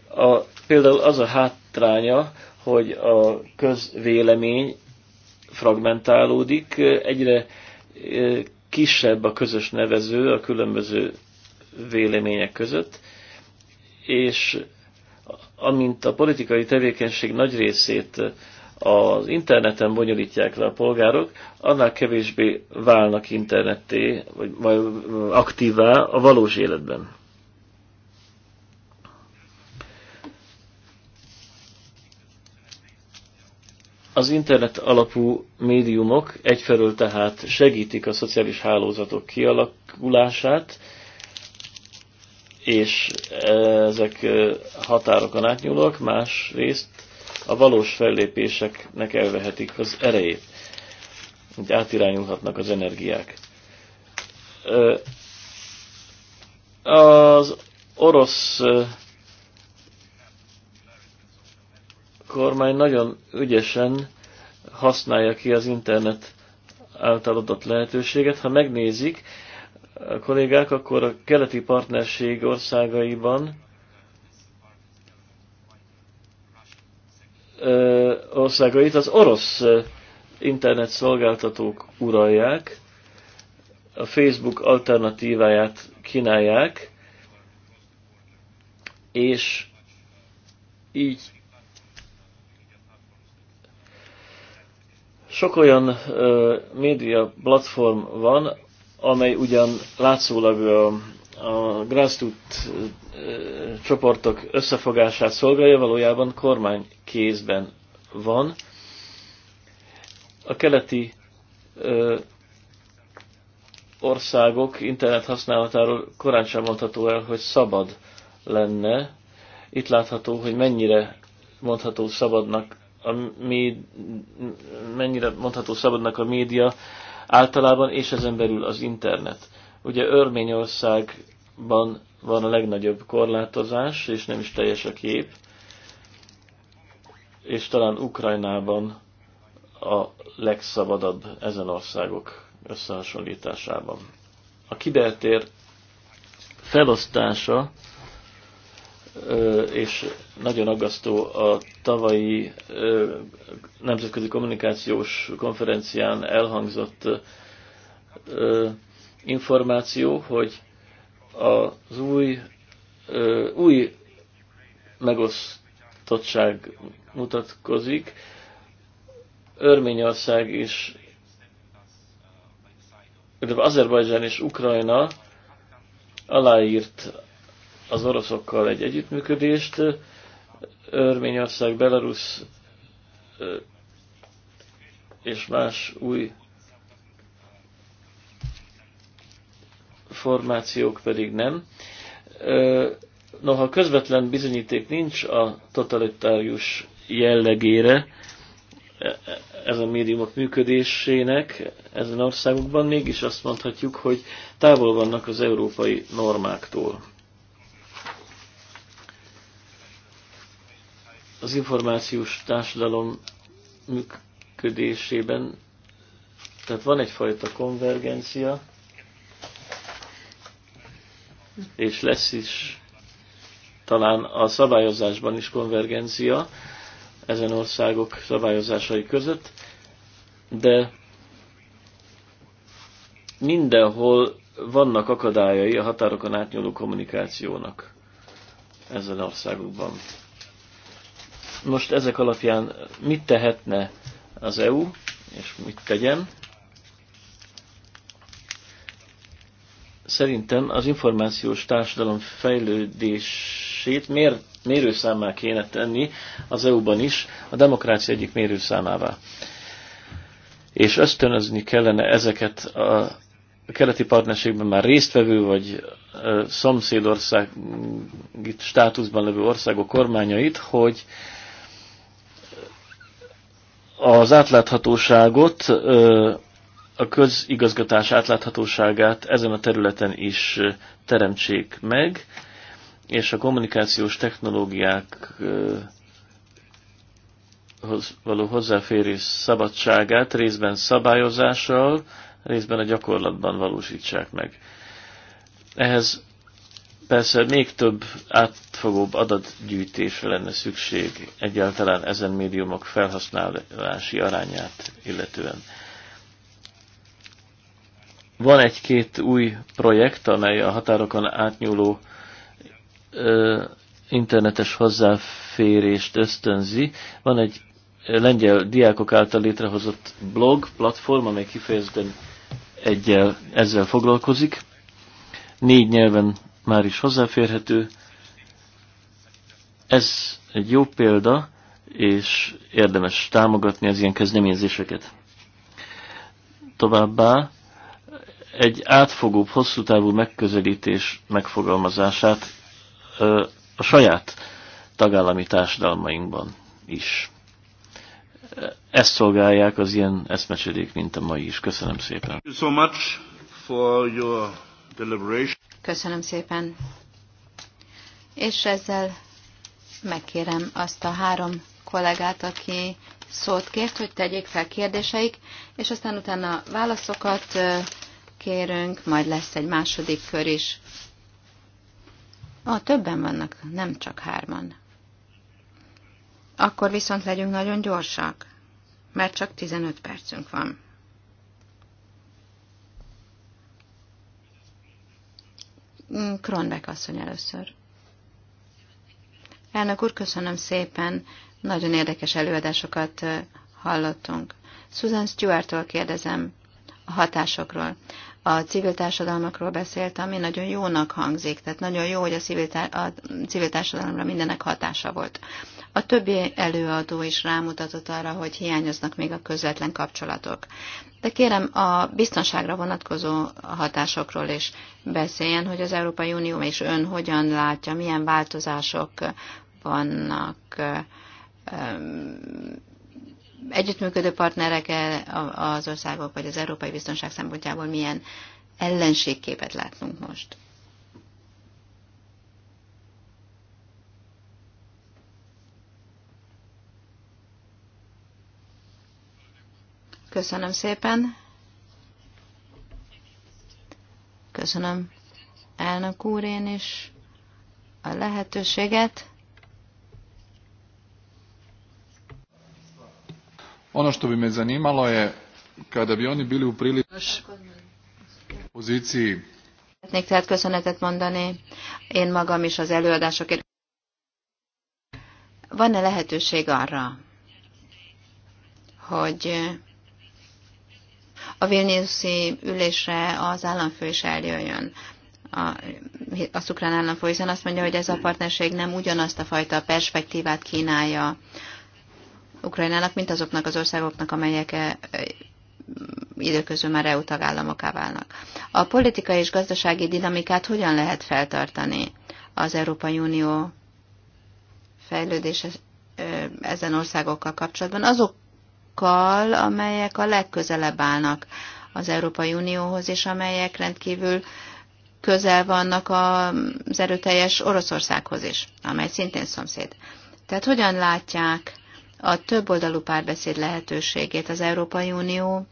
[SPEAKER 2] A, például az a hátránya, hogy a közvélemény fragmentálódik, egyre kisebb a közös nevező a különböző vélemények között, és amint a politikai tevékenység nagy részét az interneten bonyolítják le a polgárok, annál kevésbé válnak internetté, vagy aktívá a valós életben. Az internet alapú médiumok egyfelől tehát segítik a szociális hálózatok kialakulását, és eh, ezek eh, határokon átnyúlók, másrészt a valós fellépéseknek elvehetik az erejét, hogy átirányulhatnak az energiák. Az orosz kormány nagyon ügyesen használja ki az internet által adott lehetőséget. Ha megnézik a kollégák, akkor a keleti partnerség országaiban országait az orosz internet szolgáltatók uralják, a Facebook alternatíváját kínálják, és így sok olyan média platform van, amely ugyan látszólag a a grassroot csoportok összefogását szolgálja, valójában kormány kézben van. A keleti ö, országok internet használatáról korán sem mondható el, hogy szabad lenne. Itt látható, hogy mennyire mondható szabadnak a méd, mennyire mondható szabadnak a média általában, és ezen belül az internet Ugye Örményországban van a legnagyobb korlátozás, és nem is teljes a kép, és talán Ukrajnában a legszabadabb ezen országok összehasonlításában. A kibertér felosztása, és nagyon aggasztó a tavalyi nemzetközi kommunikációs konferencián elhangzott információ, hogy az új, ö, új megosztottság mutatkozik. Örményország és de Azerbajdzsán és Ukrajna aláírt az oroszokkal egy együttműködést. Örményország, Belarus és más új formációk pedig nem. Noha közvetlen bizonyíték nincs a totalitárius jellegére e, e, ez a médiumok működésének ezen országokban, mégis azt mondhatjuk, hogy távol vannak az európai normáktól. Az információs társadalom működésében, tehát van egyfajta konvergencia, és lesz is talán a szabályozásban is konvergencia ezen országok szabályozásai között, de mindenhol vannak akadályai a határokon átnyúló kommunikációnak ezen országokban. Most ezek alapján mit tehetne az EU, és mit tegyen? szerintem az információs társadalom fejlődését mér, mérőszámmá kéne tenni az EU-ban is, a demokrácia egyik mérőszámává. És ösztönözni kellene ezeket a keleti partnerségben már résztvevő vagy szomszédországi státuszban levő országok kormányait, hogy az átláthatóságot a közigazgatás átláthatóságát ezen a területen is teremtsék meg, és a kommunikációs technológiákhoz való hozzáférés szabadságát részben szabályozással, részben a gyakorlatban valósítsák meg. Ehhez persze még több átfogóbb adatgyűjtésre lenne szükség egyáltalán ezen médiumok felhasználási arányát illetően. Van egy-két új projekt, amely a határokon átnyúló ö, internetes hozzáférést ösztönzi. Van egy lengyel diákok által létrehozott blog, platform, amely kifejezetten egyel, ezzel foglalkozik. Négy nyelven már is hozzáférhető. Ez egy jó példa, és érdemes támogatni az ilyen kezdeményezéseket. Továbbá egy átfogóbb, hosszú távú megközelítés megfogalmazását a saját tagállami társadalmainkban is. Ezt szolgálják az ilyen eszmecsedék, mint a mai is. Köszönöm szépen.
[SPEAKER 1] Köszönöm szépen. És ezzel megkérem azt a három kollégát, aki szót kért, hogy tegyék fel kérdéseik, és aztán utána válaszokat kérünk, majd lesz egy második kör is. A többen vannak, nem csak hárman. Akkor viszont legyünk nagyon gyorsak, mert csak 15 percünk van. Kronbeck asszony először. Elnök úr, köszönöm szépen, nagyon érdekes előadásokat hallottunk. Susan Stewart-tól kérdezem a hatásokról a civil társadalmakról beszélt, ami nagyon jónak hangzik, tehát nagyon jó, hogy a civil, a civil társadalomra mindennek hatása volt. A többi előadó is rámutatott arra, hogy hiányoznak még a közvetlen kapcsolatok. De kérem, a biztonságra vonatkozó hatásokról is beszéljen, hogy az Európai Unió és ön hogyan látja, milyen változások vannak együttműködő partnerek az országok, vagy az európai biztonság szempontjából milyen ellenségképet látnunk most? Köszönöm szépen. Köszönöm elnök úr én is a lehetőséget.
[SPEAKER 2] Ono što bi me zanimalo je kada bi oni bili u prilici poziciji Szeretnék
[SPEAKER 1] tehát köszönetet mondani én magam is az előadásokért. Van-e lehetőség arra, hogy a Vilniuszi ülésre az államfő is eljöjjön? a, a szukrán államfő, hiszen azt mondja, hogy ez a partnerség nem ugyanazt a fajta perspektívát kínálja Ukrajnának, mint azoknak az országoknak, amelyek eh, eh, időközben már EU tagállamoká válnak. A politikai és gazdasági dinamikát hogyan lehet feltartani az Európai Unió fejlődése eh, ezen országokkal kapcsolatban? Azokkal, amelyek a legközelebb állnak az Európai Unióhoz, és amelyek rendkívül közel vannak az erőteljes Oroszországhoz is, amely szintén szomszéd. Tehát hogyan látják a többoldalú párbeszéd lehetőségét az Európai Unió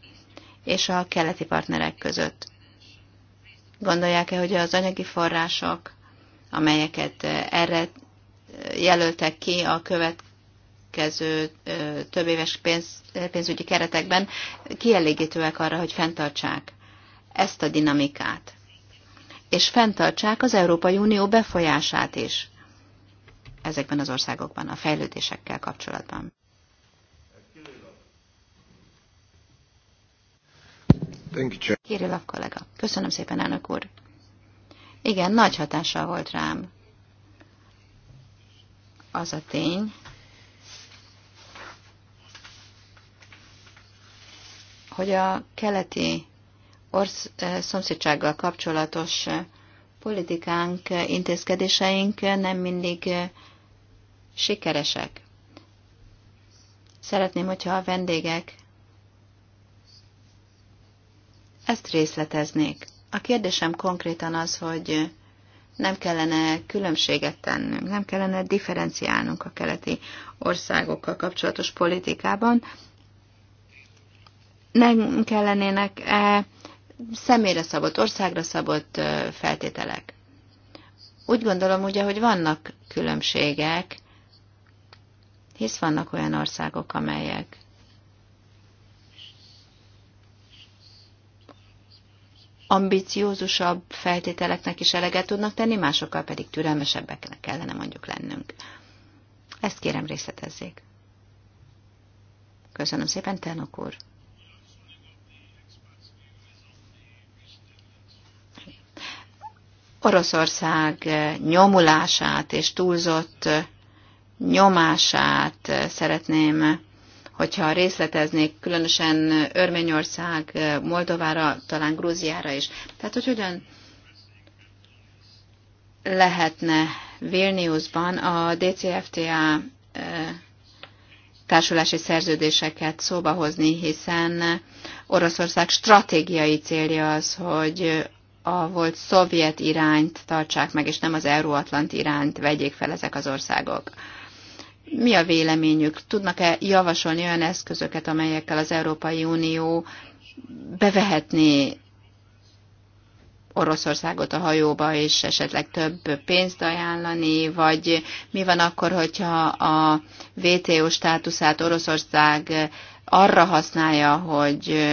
[SPEAKER 1] és a keleti partnerek között. Gondolják-e, hogy az anyagi források, amelyeket erre jelöltek ki a következő több éves pénz, pénzügyi keretekben, kielégítőek arra, hogy fenntartsák ezt a dinamikát, és fenntartsák az Európai Unió befolyását is ezekben az országokban, a fejlődésekkel kapcsolatban. Kirillov kollega. Köszönöm szépen, elnök úr. Igen, nagy hatással volt rám az a tény, hogy a keleti orsz, eh, szomszédsággal kapcsolatos eh, politikánk, eh, intézkedéseink nem mindig sikeresek. Szeretném, hogyha a vendégek ezt részleteznék. A kérdésem konkrétan az, hogy nem kellene különbséget tennünk, nem kellene differenciálnunk a keleti országokkal kapcsolatos politikában, nem kellenének -e személyre szabott, országra szabott feltételek. Úgy gondolom ugye, hogy vannak különbségek, hisz vannak olyan országok, amelyek ambiciózusabb feltételeknek is eleget tudnak tenni, másokkal pedig türelmesebbeknek kellene mondjuk lennünk. Ezt kérem részletezzék. Köszönöm szépen, Tenok úr. Oroszország nyomulását és túlzott nyomását szeretném hogyha részleteznék, különösen Örményország, Moldovára, talán Grúziára is. Tehát, hogy hogyan lehetne Vilniusban a DCFTA e, társulási szerződéseket szóba hozni, hiszen Oroszország stratégiai célja az, hogy a volt szovjet irányt tartsák meg, és nem az euróatlant irányt vegyék fel ezek az országok mi a véleményük? Tudnak-e javasolni olyan eszközöket, amelyekkel az Európai Unió bevehetné Oroszországot a hajóba, és esetleg több pénzt ajánlani, vagy mi van akkor, hogyha a WTO státuszát Oroszország arra használja, hogy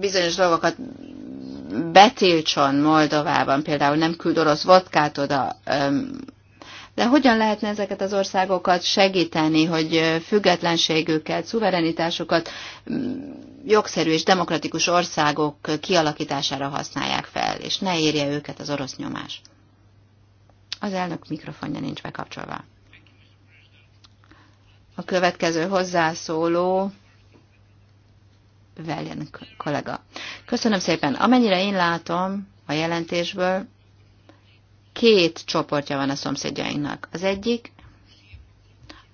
[SPEAKER 1] bizonyos dolgokat betiltson Moldovában, például nem küld orosz vodkát oda, de hogyan lehetne ezeket az országokat segíteni, hogy függetlenségüket, szuverenitásukat jogszerű és demokratikus országok kialakítására használják fel, és ne érje őket az orosz nyomás? Az elnök mikrofonja nincs bekapcsolva. A következő hozzászóló velen kollega. Köszönöm szépen. Amennyire én látom a jelentésből, két csoportja van a szomszédjainknak. Az egyik,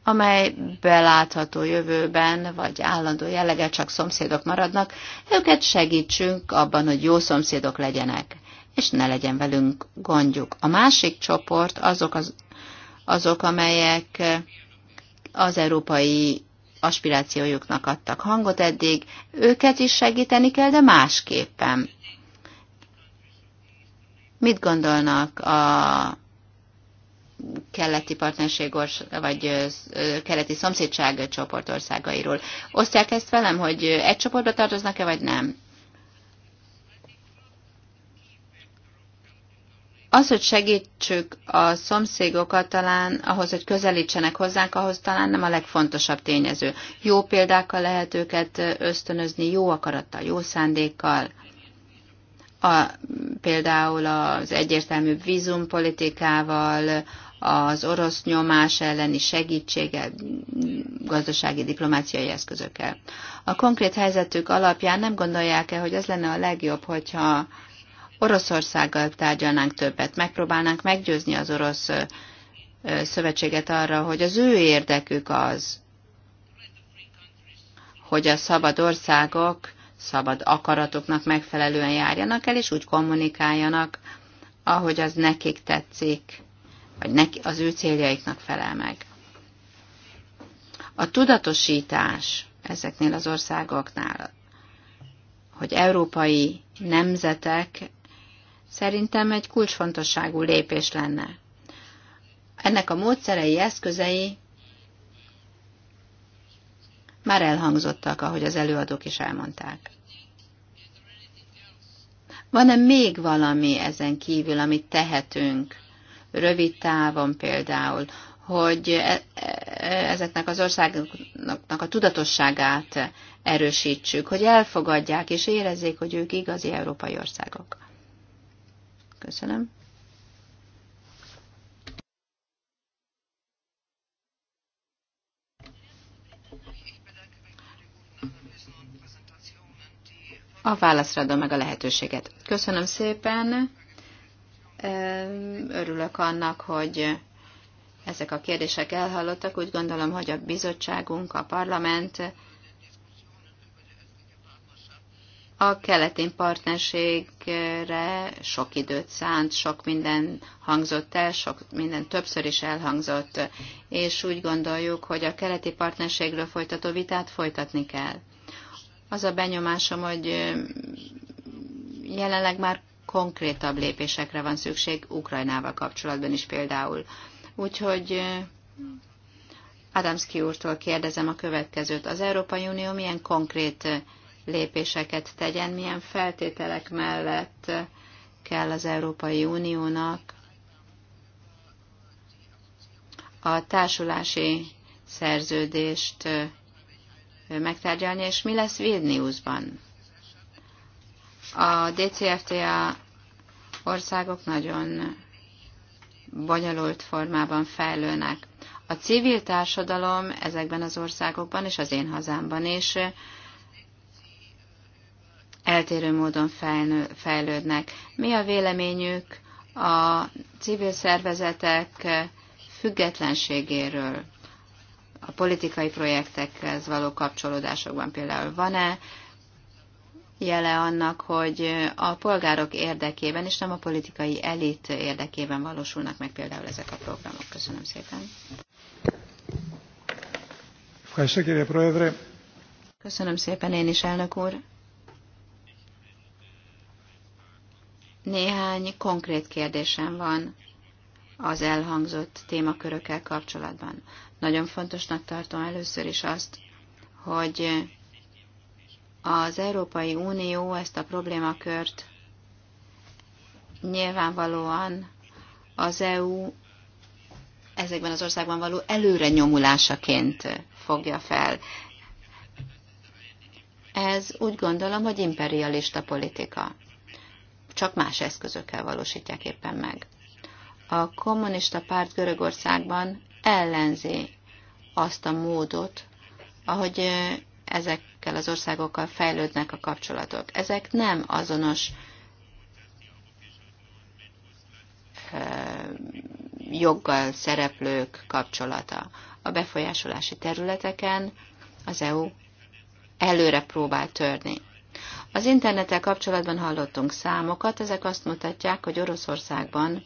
[SPEAKER 1] amely belátható jövőben, vagy állandó jellege csak szomszédok maradnak, őket segítsünk abban, hogy jó szomszédok legyenek, és ne legyen velünk gondjuk. A másik csoport azok, az, azok amelyek az európai aspirációjuknak adtak hangot eddig, őket is segíteni kell, de másképpen. Mit gondolnak a keleti partnerség vagy keleti szomszédság csoportországairól? Osztják ezt velem, hogy egy csoportba tartoznak-e, vagy nem? Az, hogy segítsük a szomszédokat talán, ahhoz, hogy közelítsenek hozzánk, ahhoz talán nem a legfontosabb tényező. Jó példákkal lehet őket ösztönözni, jó akarattal, jó szándékkal. A, például az egyértelmű vízumpolitikával, az orosz nyomás elleni segítséggel, gazdasági diplomáciai eszközökkel. A konkrét helyzetük alapján nem gondolják-e, hogy az lenne a legjobb, hogyha Oroszországgal tárgyalnánk többet, megpróbálnánk meggyőzni az orosz szövetséget arra, hogy az ő érdekük az, hogy a szabad országok szabad akaratoknak megfelelően járjanak el, és úgy kommunikáljanak, ahogy az nekik tetszik, vagy neki, az ő céljaiknak felel meg. A tudatosítás ezeknél az országoknál, hogy európai nemzetek szerintem egy kulcsfontosságú lépés lenne. Ennek a módszerei, eszközei már elhangzottak, ahogy az előadók is elmondták. Van-e még valami ezen kívül, amit tehetünk rövid távon például, hogy e, e, ezeknek az országoknak a tudatosságát erősítsük, hogy elfogadják és érezzék, hogy ők igazi európai országok? Köszönöm.
[SPEAKER 2] A válaszra adom meg a
[SPEAKER 1] lehetőséget. Köszönöm szépen. Örülök annak, hogy ezek a kérdések elhallottak. Úgy gondolom, hogy a bizottságunk, a parlament A keletén partnerségre sok időt szánt, sok minden hangzott el, sok minden többször is elhangzott, és úgy gondoljuk, hogy a keleti partnerségről folytató vitát folytatni kell. Az a benyomásom, hogy jelenleg már konkrétabb lépésekre van szükség, Ukrajnával kapcsolatban is például. Úgyhogy Adamski úrtól kérdezem a következőt. Az Európai Unió milyen konkrét lépéseket tegyen, milyen feltételek mellett kell az Európai Uniónak a társulási szerződést megtárgyalni, és mi lesz Vilniusban. A DCFTA országok nagyon bonyolult formában fejlőnek. A civil társadalom ezekben az országokban és az én hazámban is eltérő módon fejlő, fejlődnek. Mi a véleményük a civil szervezetek függetlenségéről, a politikai projektekhez való kapcsolódásokban például van-e jele annak, hogy a polgárok érdekében és nem a politikai elit érdekében valósulnak meg például ezek a programok? Köszönöm szépen. Köszönöm szépen én is, elnök úr. Néhány konkrét kérdésem van az elhangzott témakörökkel kapcsolatban. Nagyon fontosnak tartom először is azt, hogy az Európai Unió ezt a problémakört nyilvánvalóan az EU ezekben az országban való nyomulásaként fogja fel. Ez úgy gondolom, hogy imperialista politika csak más eszközökkel valósítják éppen meg. A kommunista párt Görögországban ellenzi azt a módot, ahogy ezekkel az országokkal fejlődnek a kapcsolatok. Ezek nem azonos joggal szereplők kapcsolata. A befolyásolási területeken az EU előre próbál törni. Az internettel kapcsolatban hallottunk számokat, ezek azt mutatják, hogy Oroszországban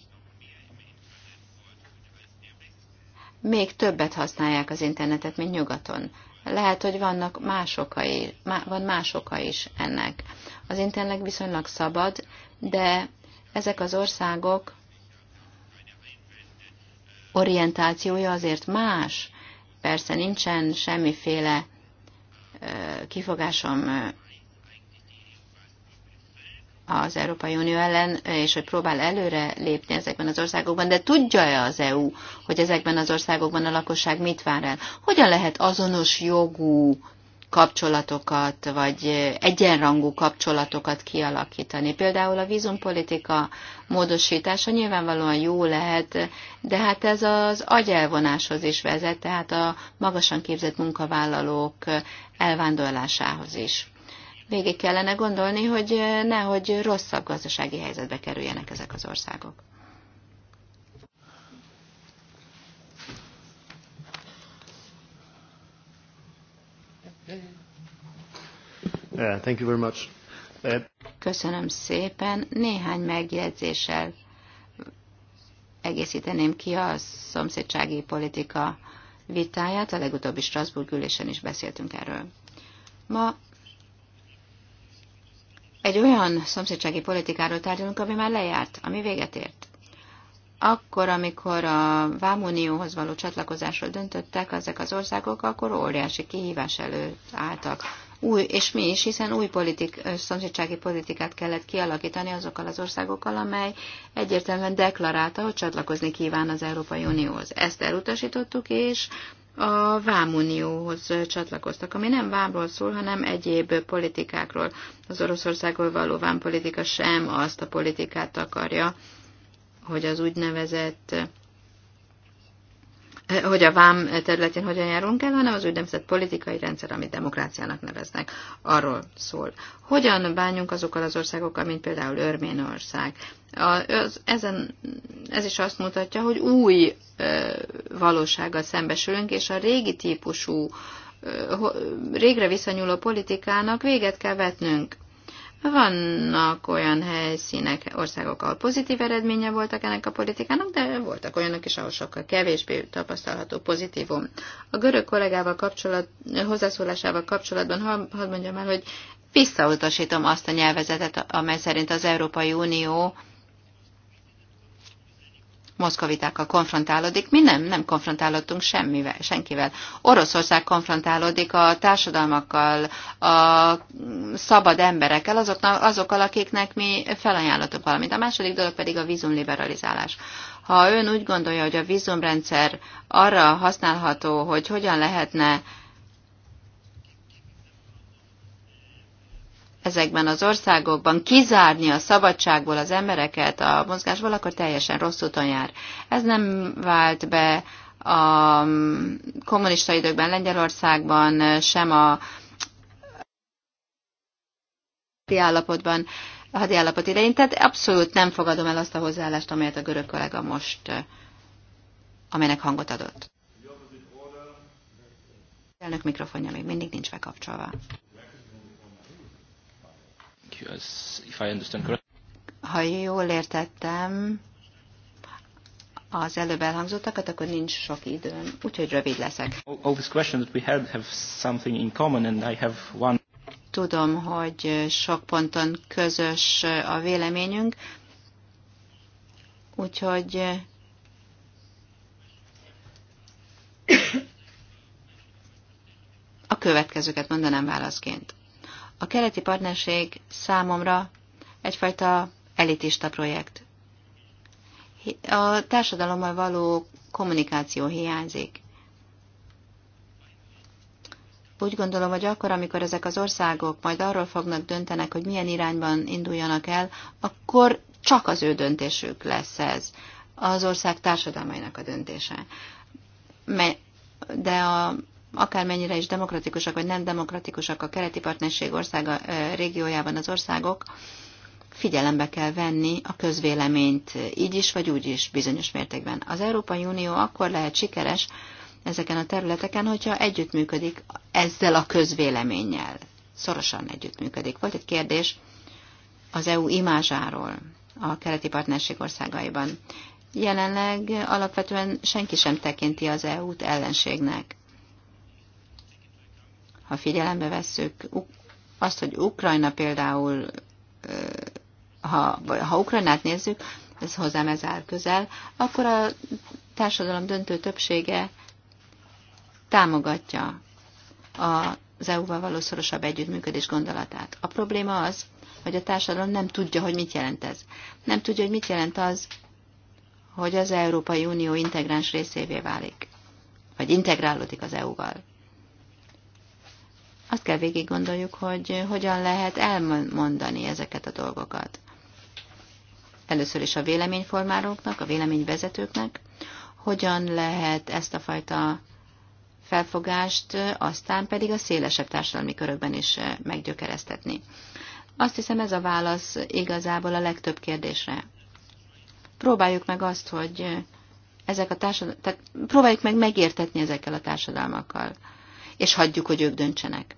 [SPEAKER 1] még többet használják az internetet, mint nyugaton. Lehet, hogy vannak más okai, má, van más oka is ennek. Az internet viszonylag szabad, de ezek az országok orientációja azért más. Persze nincsen semmiféle kifogásom az Európai Unió ellen, és hogy próbál előre lépni ezekben az országokban, de tudja-e az EU, hogy ezekben az országokban a lakosság mit vár el? Hogyan lehet azonos jogú kapcsolatokat, vagy egyenrangú kapcsolatokat kialakítani. Például a vízumpolitika módosítása nyilvánvalóan jó lehet, de hát ez az agyelvonáshoz is vezet, tehát a magasan képzett munkavállalók elvándorlásához is végig kellene gondolni, hogy eh, nehogy rosszabb gazdasági helyzetbe kerüljenek ezek az országok.
[SPEAKER 2] Thank you very much. Uh,
[SPEAKER 1] Köszönöm szépen. Néhány megjegyzéssel egészíteném ki a szomszédsági politika vitáját. A legutóbbi Strasbourg ülésen is beszéltünk erről. Ma egy olyan szomszédsági politikáról tárgyalunk, ami már lejárt, ami véget ért. Akkor, amikor a Vámunióhoz való csatlakozásról döntöttek ezek az országok, akkor óriási kihívás előtt álltak. Új, és mi is, hiszen új politik, szomszédsági politikát kellett kialakítani azokkal az országokkal, amely egyértelműen deklarálta, hogy csatlakozni kíván az Európai Unióhoz. Ezt elutasítottuk, és a Vámunióhoz csatlakoztak, ami nem vámról szól, hanem egyéb politikákról. Az Oroszországról való vámpolitika sem azt a politikát akarja, hogy az úgynevezett hogy a vám területén hogyan járunk el, hanem az úgynevezett politikai rendszer, amit demokráciának neveznek, arról szól. Hogyan bánjunk azokkal az országokkal, mint például Örményország. A, az, ezen, ez is azt mutatja, hogy új ö, valósággal szembesülünk, és a régi típusú, ö, régre visszanyúló politikának véget kell vetnünk. Vannak olyan helyszínek, országok, ahol pozitív eredménye voltak ennek a politikának, de voltak olyanok is, ahol sokkal kevésbé tapasztalható pozitívum. A görög kollégával kapcsolat, hozzászólásával kapcsolatban hadd mondjam el, hogy visszautasítom azt a nyelvezetet, amely szerint az Európai Unió moszkovitákkal konfrontálódik. Mi nem, nem konfrontálódtunk semmivel, senkivel. Oroszország konfrontálódik a társadalmakkal, a szabad emberekkel, azoknak, azokkal, akiknek mi felajánlatok valamit. A második dolog pedig a vízumliberalizálás. Ha ön úgy gondolja, hogy a vízumrendszer arra használható, hogy hogyan lehetne ezekben az országokban kizárni a szabadságból az embereket a mozgásból, akkor teljesen rossz úton jár. Ez nem vált be a kommunista időkben Lengyelországban, sem a állapotban, a hadiállapot idején. Tehát abszolút nem fogadom el azt a hozzáállást, amelyet a görög kollega most, amelynek hangot adott. Elnök mikrofonja még mindig nincs bekapcsolva
[SPEAKER 2] if I understand correctly.
[SPEAKER 1] Ha jól értettem az előbb elhangzottakat, akkor nincs sok időm, úgyhogy rövid leszek.
[SPEAKER 2] All these questions that we had have something in common, and I have one.
[SPEAKER 1] Tudom, hogy sok ponton közös a véleményünk, úgyhogy a következőket mondanám válaszként. A keleti partnerség számomra egyfajta elitista projekt. A társadalommal való kommunikáció hiányzik. Úgy gondolom, hogy akkor, amikor ezek az országok majd arról fognak döntenek, hogy milyen irányban induljanak el, akkor csak az ő döntésük lesz ez, az ország társadalmainak a döntése. De a akármennyire is demokratikusak vagy nem demokratikusak a keleti partnerség országa régiójában az országok, figyelembe kell venni a közvéleményt, így is vagy úgy is bizonyos mértékben. Az Európai Unió akkor lehet sikeres ezeken a területeken, hogyha együttműködik ezzel a közvéleménnyel. Szorosan együttműködik. Volt egy kérdés az EU imázsáról a keleti partnerség országaiban. Jelenleg alapvetően senki sem tekinti az EU-t ellenségnek ha figyelembe vesszük azt, hogy Ukrajna például, ha, ha Ukrajnát nézzük, ez hozzám ez áll közel, akkor a társadalom döntő többsége támogatja az EU-val való szorosabb együttműködés gondolatát. A probléma az, hogy a társadalom nem tudja, hogy mit jelent ez. Nem tudja, hogy mit jelent az, hogy az Európai Unió integráns részévé válik, vagy integrálódik az EU-val azt kell végig gondoljuk, hogy hogyan lehet elmondani ezeket a dolgokat. Először is a véleményformároknak, a véleményvezetőknek, hogyan lehet ezt a fajta felfogást aztán pedig a szélesebb társadalmi körökben is meggyökeresztetni. Azt hiszem ez a válasz igazából a legtöbb kérdésre. Próbáljuk meg azt, hogy ezek a társadal... tehát próbáljuk meg megértetni ezekkel a társadalmakkal és hagyjuk, hogy ők döntsenek.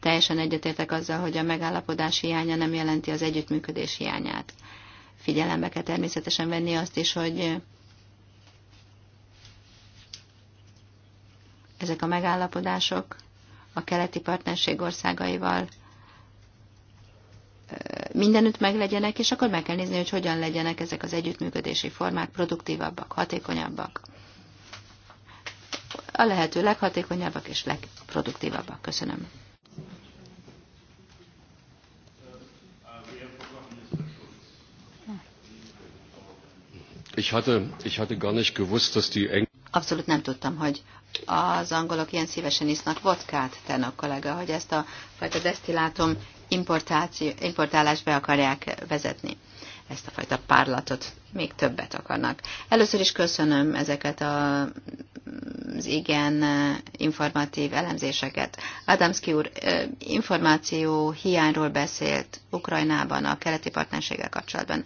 [SPEAKER 1] Teljesen egyetértek azzal, hogy a megállapodás hiánya nem jelenti az együttműködés hiányát. Figyelembe kell természetesen venni azt is, hogy ezek a megállapodások a keleti partnerség országaival mindenütt meglegyenek, és akkor meg kell nézni, hogy hogyan legyenek ezek az együttműködési formák produktívabbak, hatékonyabbak a lehető leghatékonyabbak és legproduktívabbak. Köszönöm. Ich hatte, ich hatte gar nicht
[SPEAKER 3] gewusst, dass die Eng
[SPEAKER 1] Abszolút nem tudtam, hogy az angolok ilyen szívesen isznak vodkát, tenok kollega, hogy ezt a fajta desztillátum importálás be akarják vezetni, ezt a fajta párlatot még többet akarnak. Először is köszönöm ezeket a, az igen informatív elemzéseket. Adamski úr információ hiányról beszélt Ukrajnában a keleti partnerséggel kapcsolatban.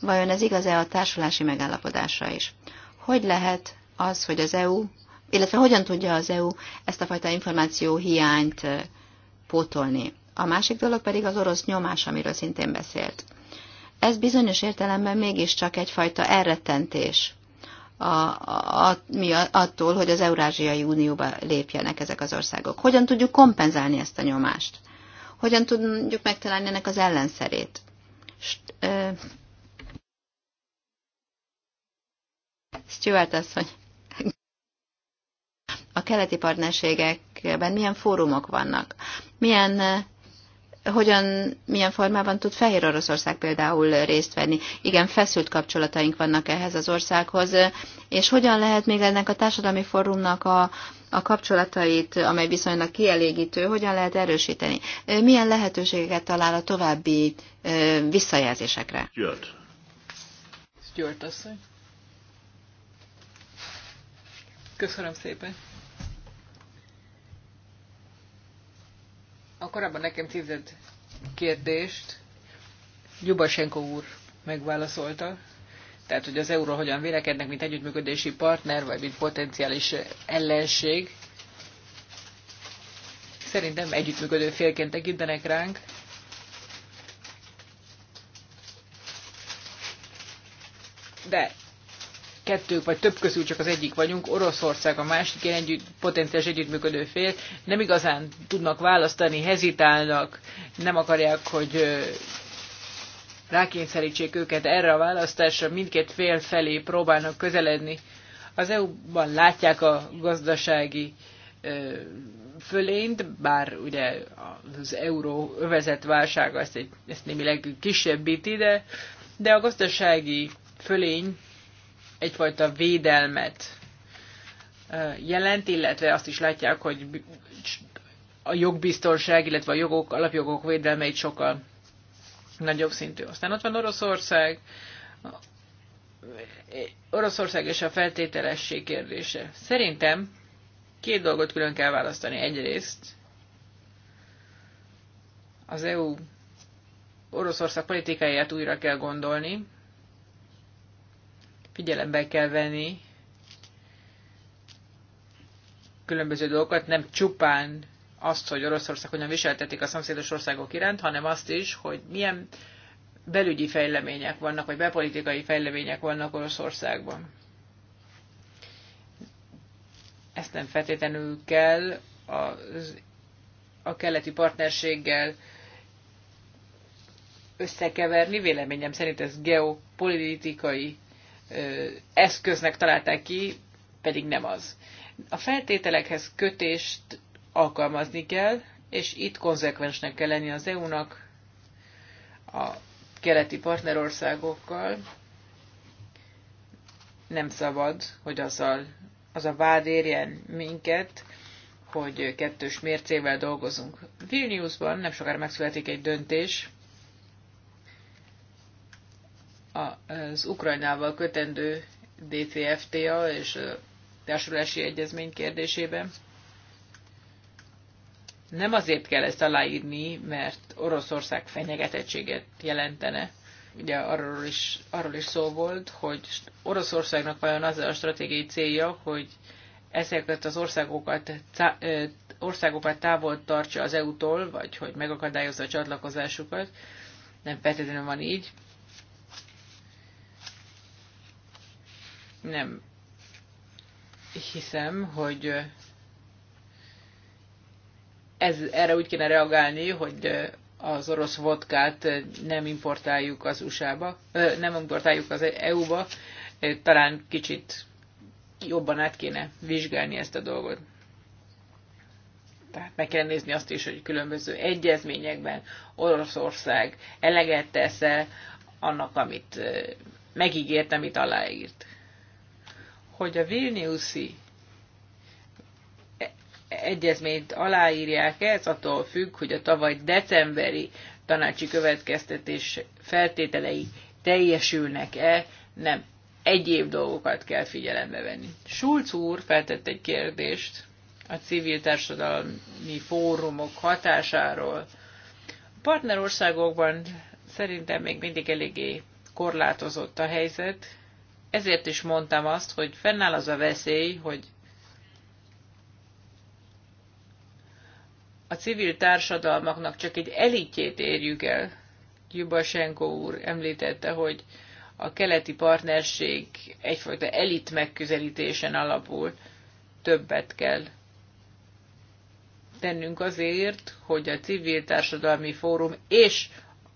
[SPEAKER 1] Vajon ez igaz-e a társulási megállapodásra is? Hogy lehet az, hogy az EU, illetve hogyan tudja az EU ezt a fajta információ hiányt pótolni? A másik dolog pedig az orosz nyomás, amiről szintén beszélt ez bizonyos értelemben mégiscsak egyfajta elrettentés a, a, a, mi attól, hogy az Eurázsiai Unióba lépjenek ezek az országok. Hogyan tudjuk kompenzálni ezt a nyomást? Hogyan tudjuk megtalálni ennek az ellenszerét? St, ö, Stuart asszony, a keleti partnerségekben milyen fórumok vannak? Milyen hogyan, milyen formában tud Fehér Oroszország például részt venni. Igen, feszült kapcsolataink vannak ehhez az országhoz, és hogyan lehet még ennek a társadalmi fórumnak a, a kapcsolatait, amely viszonylag kielégítő, hogyan lehet erősíteni? Milyen lehetőségeket talál a további visszajelzésekre? Stuart.
[SPEAKER 3] Stuart asszony. Köszönöm szépen. a korábban nekem tízed kérdést Gyubasenko úr megválaszolta, tehát hogy az euró hogyan vélekednek, mint együttműködési partner, vagy mint potenciális ellenség. Szerintem együttműködő félként tekintenek ránk. De kettők vagy több közül csak az egyik vagyunk, Oroszország a másik ilyen együtt, potenciális együttműködő fél, nem igazán tudnak választani, hezitálnak, nem akarják, hogy rákényszerítsék őket erre a választásra, mindkét fél felé próbálnak közeledni. Az EU-ban látják a gazdasági fölényt, bár ugye az euró övezett válsága ezt, egy, ezt némileg kisebbíti, de, de a gazdasági fölény egyfajta védelmet jelent, illetve azt is látják, hogy a jogbiztonság, illetve a jogok, alapjogok védelme itt sokkal nagyobb szintű. Aztán ott van Oroszország, Oroszország és a feltételesség kérdése. Szerintem két dolgot külön kell választani. Egyrészt az EU Oroszország politikáját újra kell gondolni, figyelembe kell venni különböző dolgokat, nem csupán azt, hogy Oroszország hogyan viseltetik a szomszédos országok iránt, hanem azt is, hogy milyen belügyi fejlemények vannak, vagy belpolitikai fejlemények vannak Oroszországban. Ezt nem feltétlenül kell a, a keleti partnerséggel összekeverni. Véleményem szerint ez geopolitikai eszköznek találták ki, pedig nem az. A feltételekhez kötést alkalmazni kell, és itt konzekvensnek kell lenni az EU-nak a keleti partnerországokkal. Nem szabad, hogy azzal, az a vád érjen minket, hogy kettős mércével dolgozunk. Vilniusban nem sokára megszületik egy döntés, az Ukrajnával kötendő DCFTA és társulási egyezmény kérdésében. Nem azért kell ezt aláírni, mert Oroszország fenyegetettséget jelentene. Ugye arról is, arról is szó volt, hogy Oroszországnak vajon az a stratégiai célja, hogy ezeket az országokat, országokat távol tartsa az EU-tól, vagy hogy megakadályozza a csatlakozásukat. Nem feltétlenül van így. Nem hiszem, hogy ez, erre úgy kéne reagálni, hogy az orosz vodkát nem importáljuk az USA-ba, nem importáljuk az EU-ba, talán kicsit jobban át kéne vizsgálni ezt a dolgot. Tehát meg kell nézni azt is, hogy különböző egyezményekben Oroszország eleget tesz-e annak, amit megígért, amit aláírt hogy a Vilniuszi egyezményt aláírják ez attól függ, hogy a tavaly decemberi tanácsi következtetés feltételei teljesülnek-e, nem egyéb dolgokat kell figyelembe venni. Schulz úr feltett egy kérdést a civil társadalmi fórumok hatásáról. A partnerországokban szerintem még mindig eléggé korlátozott a helyzet, ezért is mondtam azt, hogy fennáll az a veszély, hogy a civil társadalmaknak csak egy elitjét érjük el. Jubasenko úr említette, hogy a keleti partnerség egyfajta elit megközelítésen alapul. Többet kell tennünk azért, hogy a civil társadalmi fórum és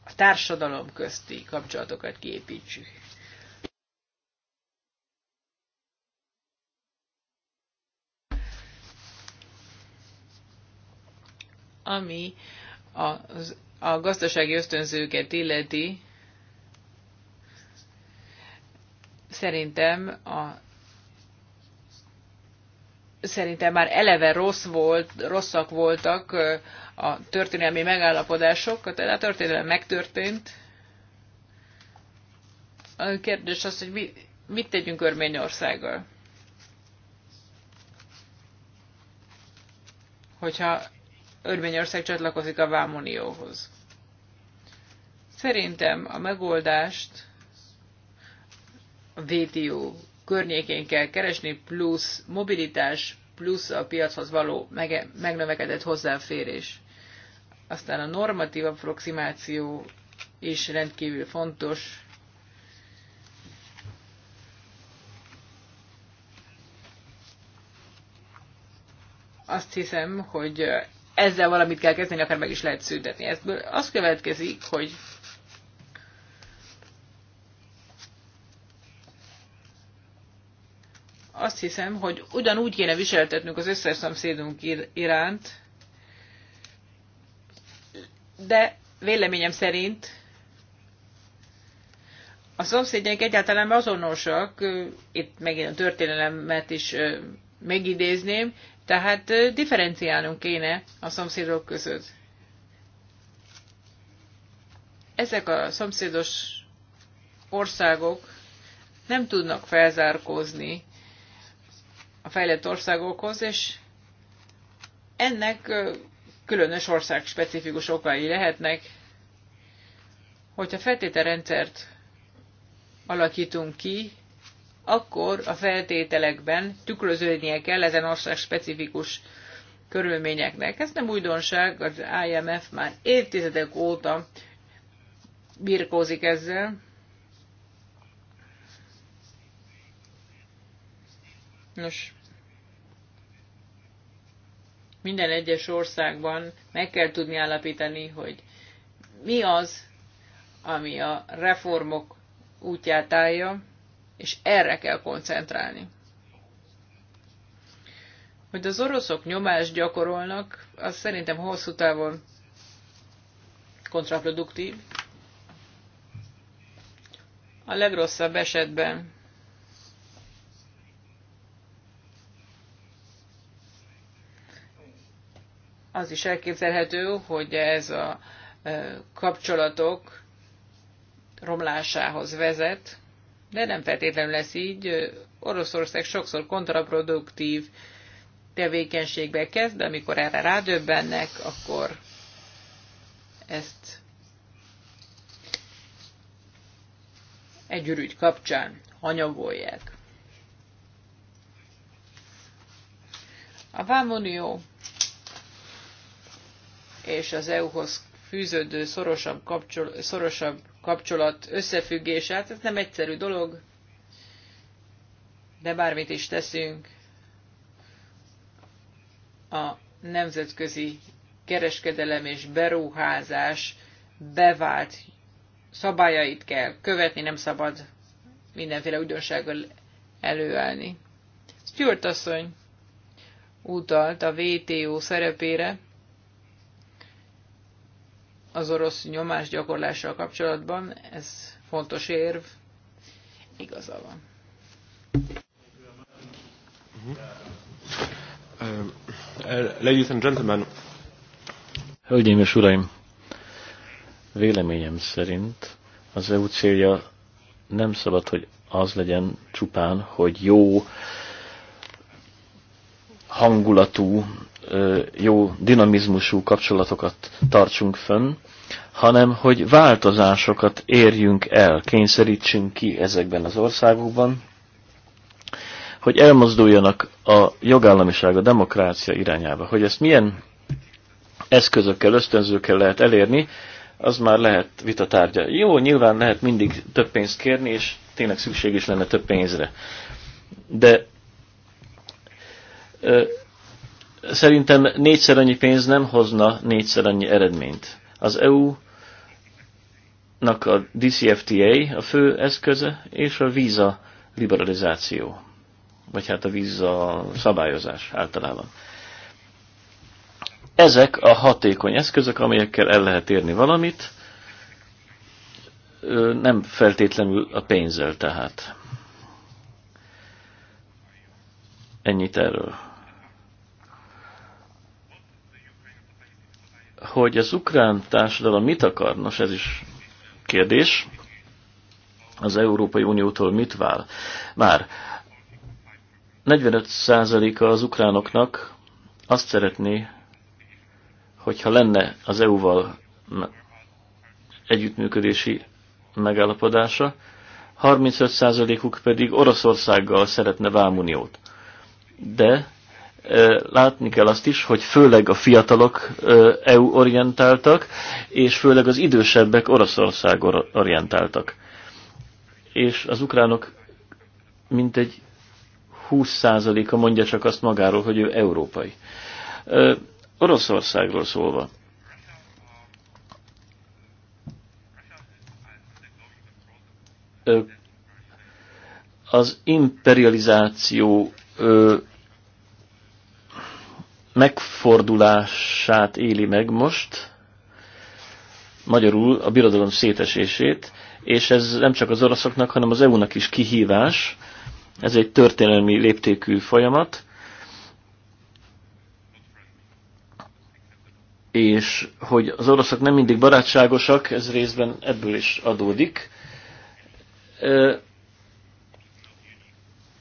[SPEAKER 3] a társadalom közti kapcsolatokat kiépítsük. Ami a, a gazdasági ösztönzőket illeti, szerintem a szerintem már eleve rossz volt, rosszak voltak a történelmi megállapodások, tehát a történelem megtörtént. A kérdés az, hogy mi, mit tegyünk Örményországgal. Hogyha Örményország csatlakozik a Vámunióhoz. Szerintem a megoldást a VTO környékén kell keresni, plusz mobilitás, plusz a piachoz való megnövekedett hozzáférés. Aztán a normatív approximáció is rendkívül fontos. Azt hiszem, hogy ezzel valamit kell kezdeni, akár meg is lehet szüntetni. Ebből az következik, hogy azt hiszem, hogy ugyanúgy kéne viseltetnünk az összes szomszédunk iránt, de véleményem szerint a szomszédjaink egyáltalán azonosak, itt megint a történelemet is megidézném, tehát differenciálnunk kéne a szomszédok között. Ezek a szomszédos országok nem tudnak felzárkózni a fejlett országokhoz, és ennek különös ország specifikus okai lehetnek, hogyha feltételrendszert alakítunk ki, akkor a feltételekben tükröződnie kell ezen ország specifikus körülményeknek. Ez nem újdonság, az IMF már évtizedek óta birkózik ezzel. Nos, minden egyes országban meg kell tudni állapítani, hogy mi az, ami a reformok útját állja, és erre kell koncentrálni. Hogy az oroszok nyomást gyakorolnak, az szerintem hosszú távon kontraproduktív. A legrosszabb esetben az is elképzelhető, hogy ez a kapcsolatok romlásához vezet, de nem feltétlenül lesz így. Oroszország sokszor kontraproduktív tevékenységbe kezd, de amikor erre rádöbbennek, akkor ezt egy ürügy kapcsán hanyagolják. A Vámonió és az EU-hoz fűződő szorosabb, kapcsol, szorosabb kapcsolat Hát Ez nem egyszerű dolog, de bármit is teszünk, a nemzetközi kereskedelem és beruházás bevált szabályait kell követni, nem szabad mindenféle újdonsággal előállni. Stuart asszony utalt a WTO szerepére, az orosz nyomás gyakorlással kapcsolatban, ez fontos érv, igaza van.
[SPEAKER 2] Uh-huh. Uh, ladies and gentlemen. Hölgyeim és uraim, véleményem szerint az EU célja nem szabad, hogy az legyen csupán, hogy jó hangulatú jó dinamizmusú kapcsolatokat tartsunk fönn, hanem hogy változásokat érjünk el, kényszerítsünk ki ezekben az országokban, hogy elmozduljanak a jogállamiság, a demokrácia irányába. Hogy ezt milyen eszközökkel, ösztönzőkkel lehet elérni, az már lehet vitatárgya. Jó, nyilván lehet mindig több pénzt kérni, és tényleg szükség is lenne több pénzre. De Szerintem négyszer annyi pénz nem hozna négyszer annyi eredményt. Az EU-nak a DCFTA a fő eszköze, és a víza liberalizáció, vagy hát a víza szabályozás általában. Ezek a hatékony eszközök, amelyekkel el lehet érni valamit, nem feltétlenül a pénzzel tehát. Ennyit erről. Hogy az ukrán társadalom mit akar, nos ez is kérdés, az Európai Uniótól mit vár? Már 45%-a az ukránoknak azt szeretné, hogyha lenne az EU-val együttműködési megállapodása, 35%-uk pedig Oroszországgal szeretne vámuniót. De látni kell azt is, hogy főleg a fiatalok EU-orientáltak, és főleg az idősebbek Oroszország orientáltak. És az ukránok mintegy 20%-a mondja csak azt magáról, hogy ő európai. Oroszországról szólva. Az imperializáció megfordulását éli meg most, magyarul a birodalom szétesését, és ez nem csak az oroszoknak, hanem az EU-nak is kihívás. Ez egy történelmi léptékű folyamat, és hogy az oroszok nem mindig barátságosak, ez részben ebből is adódik.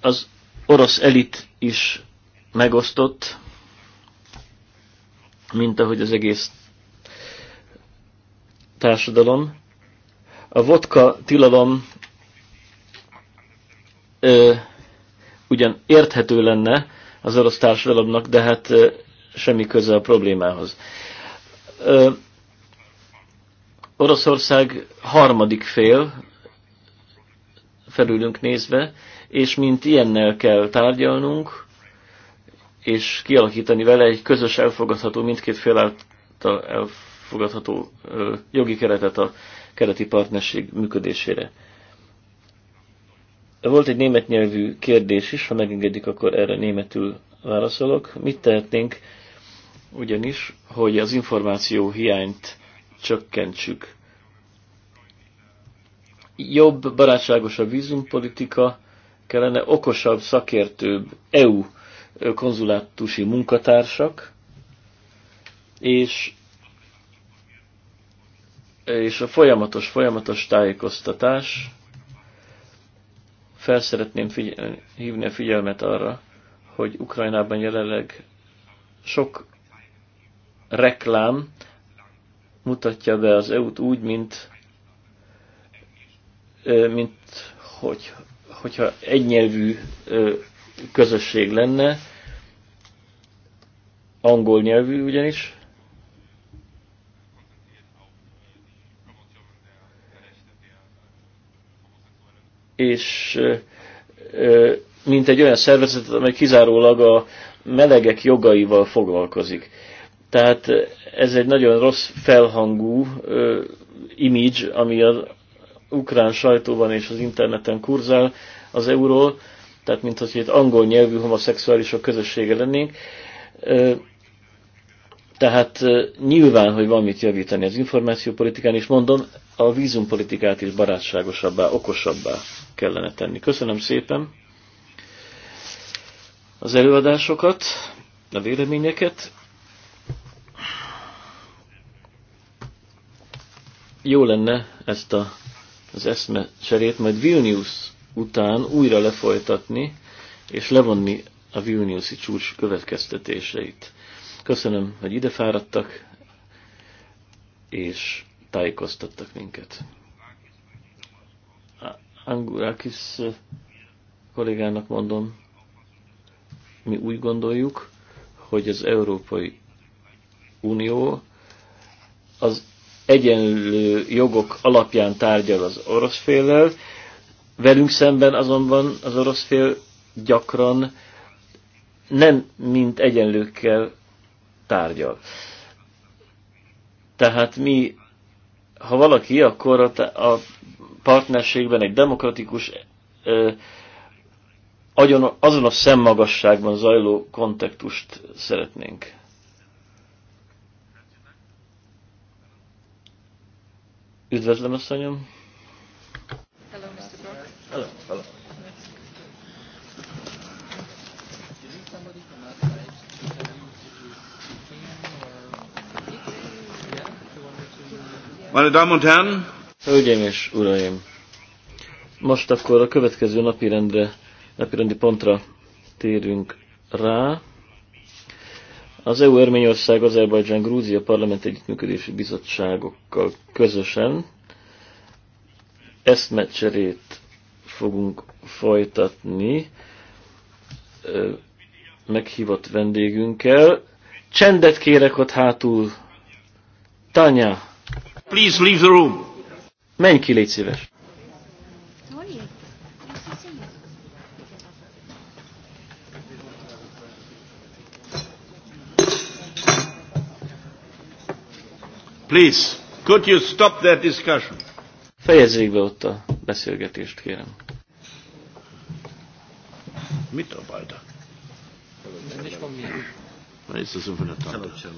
[SPEAKER 2] Az orosz elit is megosztott, mint ahogy az egész társadalom. A vodka tilalom ö, ugyan érthető lenne az orosz társadalomnak, de hát ö, semmi köze a problémához. Ö, Oroszország harmadik fél felülünk nézve, és mint ilyennel kell tárgyalnunk, és kialakítani vele egy közös elfogadható, mindkét fél által elfogadható jogi keretet a kereti partnerség működésére. Volt egy német nyelvű kérdés is, ha megengedik, akkor erre németül válaszolok. Mit tehetnénk ugyanis, hogy az információ hiányt csökkentsük? Jobb, barátságosabb vízumpolitika kellene, okosabb, szakértőbb EU konzulátusi munkatársak, és, és a folyamatos, folyamatos tájékoztatás, fel szeretném hívni a figyelmet arra, hogy Ukrajnában jelenleg sok reklám mutatja be az EU-t úgy, mint, mint hogy, hogyha egynyelvű közösség lenne, angol nyelvű ugyanis. És mint egy olyan szervezet, amely kizárólag a melegek jogaival foglalkozik. Tehát ez egy nagyon rossz felhangú image, ami az ukrán sajtóban és az interneten kurzál az euról, tehát mint itt angol nyelvű homoszexuálisok közössége lennénk. Ö, tehát nyilván, hogy van mit javítani az információpolitikán, és mondom, a vízumpolitikát is barátságosabbá, okosabbá kellene tenni. Köszönöm szépen az előadásokat, a véleményeket. Jó lenne ezt a, az eszme cserét majd Vilnius után újra lefolytatni, és levonni a Vilniuszi csúcs következtetéseit Köszönöm, hogy ide fáradtak, és tájékoztattak minket. Angurakis kollégának mondom, mi úgy gondoljuk, hogy az Európai Unió az egyenlő jogok alapján tárgyal az orosz féllel, velünk szemben azonban az orosz fél gyakran nem mint egyenlőkkel tárgyal. Tehát mi, ha valaki, akkor a, a partnerségben egy demokratikus, ö, agyon, azonos szemmagasságban zajló kontaktust szeretnénk. Üdvözlöm, asszonyom! Hello, Mr. Brock. Hello, hello. Meine Damen und Herren! Hölgyeim és uraim! Most akkor a következő napirendre, napirendi pontra térünk rá. Az EU Örményország, Azerbajdzsán, Grúzia Parlament Együttműködési Bizottságokkal közösen eszmecserét fogunk folytatni meghívott vendégünkkel. Csendet kérek ott hátul! Tanya! Please leave the room. Menj ki, légy szíves. Please, could you stop that discussion? Fejezzék be ott a beszélgetést, kérem. Mit a bajta? mir. Wann ist das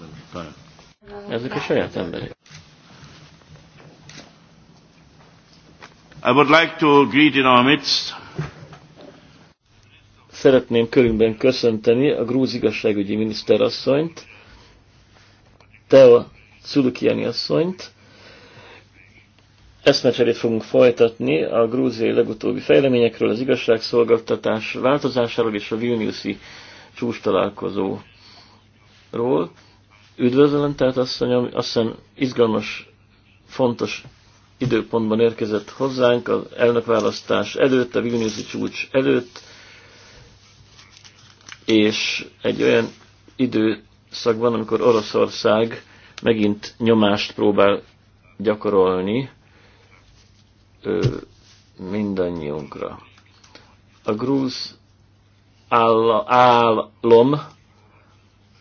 [SPEAKER 2] Ezek a saját emberek. I would like to greet in our midst. Szeretném körünkben köszönteni a grúz igazságügyi miniszterasszonyt, Teo Tsulukiani asszonyt. Eszmecserét fogunk folytatni a grúziai legutóbbi fejleményekről, az igazságszolgáltatás változásáról és a Vilniuszi csúcs találkozóról. Üdvözlöm, tehát asszonyom, azt hiszem izgalmas, fontos időpontban érkezett hozzánk, az elnökválasztás előtt, a Vilniuszi csúcs előtt, és egy olyan van, amikor Oroszország megint nyomást próbál gyakorolni ö, mindannyiunkra. A grúz áll, állom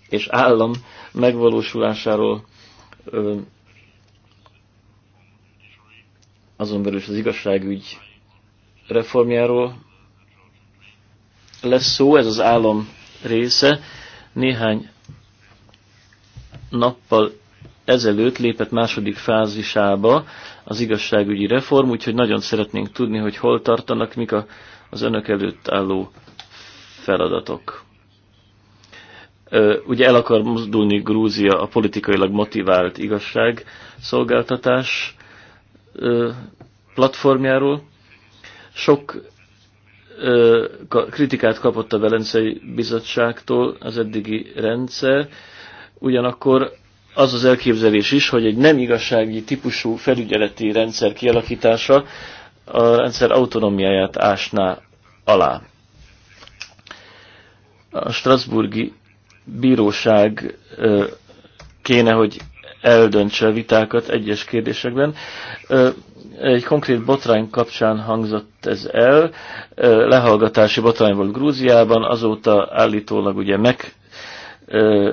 [SPEAKER 2] és állam megvalósulásáról ö, azon belül is az igazságügy reformjáról lesz szó, ez az álom része. Néhány nappal ezelőtt lépett második fázisába az igazságügyi reform, úgyhogy nagyon szeretnénk tudni, hogy hol tartanak, mik a, az önök előtt álló feladatok. Ugye el akar mozdulni Grúzia a politikailag motivált szolgáltatás platformjáról. Sok kritikát kapott a Velencei Bizottságtól az eddigi rendszer, ugyanakkor az az elképzelés is, hogy egy nem igazsági típusú felügyeleti rendszer kialakítása a rendszer autonomiáját ásná alá. A Strasburgi Bíróság kéne, hogy eldöntse a vitákat egyes kérdésekben. Egy konkrét botrány kapcsán hangzott ez el. Lehallgatási botrány volt Grúziában, azóta állítólag ugye meg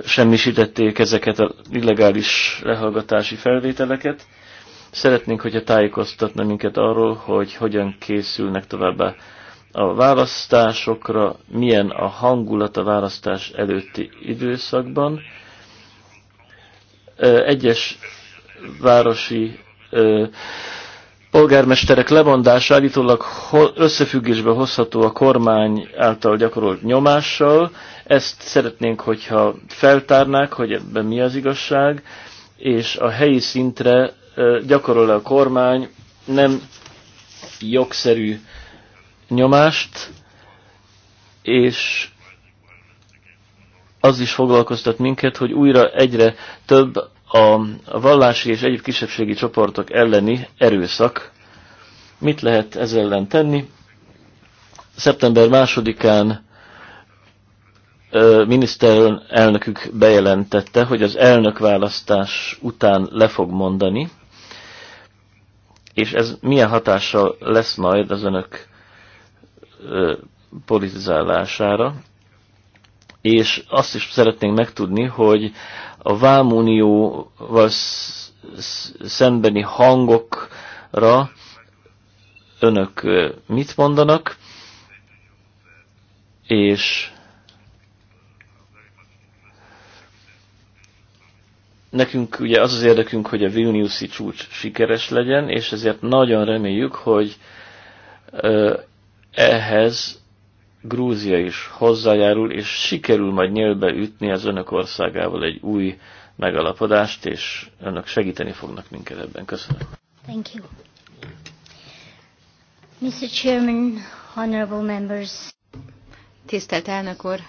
[SPEAKER 2] semmisítették ezeket a illegális lehallgatási felvételeket. Szeretnénk, hogyha tájékoztatna minket arról, hogy hogyan készülnek továbbá a választásokra, milyen a hangulat a választás előtti időszakban, egyes városi polgármesterek lemondása állítólag összefüggésbe hozható a kormány által gyakorolt nyomással. Ezt szeretnénk, hogyha feltárnák, hogy ebben mi az igazság, és a helyi szintre gyakorol a kormány nem jogszerű nyomást, és az is foglalkoztat minket, hogy újra egyre több a vallási és egyéb kisebbségi csoportok elleni erőszak. Mit lehet ezzel ellen tenni? Szeptember másodikán miniszterelnökük bejelentette, hogy az elnökválasztás után le fog mondani, és ez milyen hatással lesz majd az önök politizálására és azt is szeretnénk megtudni, hogy a Vámunióval szembeni hangokra önök mit mondanak, és nekünk ugye az az érdekünk, hogy a Vilniuszi csúcs sikeres legyen, és ezért nagyon reméljük, hogy ehhez Grúzia is hozzájárul, és sikerül majd nyélbe ütni az önök országával egy új megalapodást, és önök segíteni fognak minket ebben. Köszönöm. Thank you.
[SPEAKER 1] Mr. Chairman, honorable members. Tisztelt elnök úr,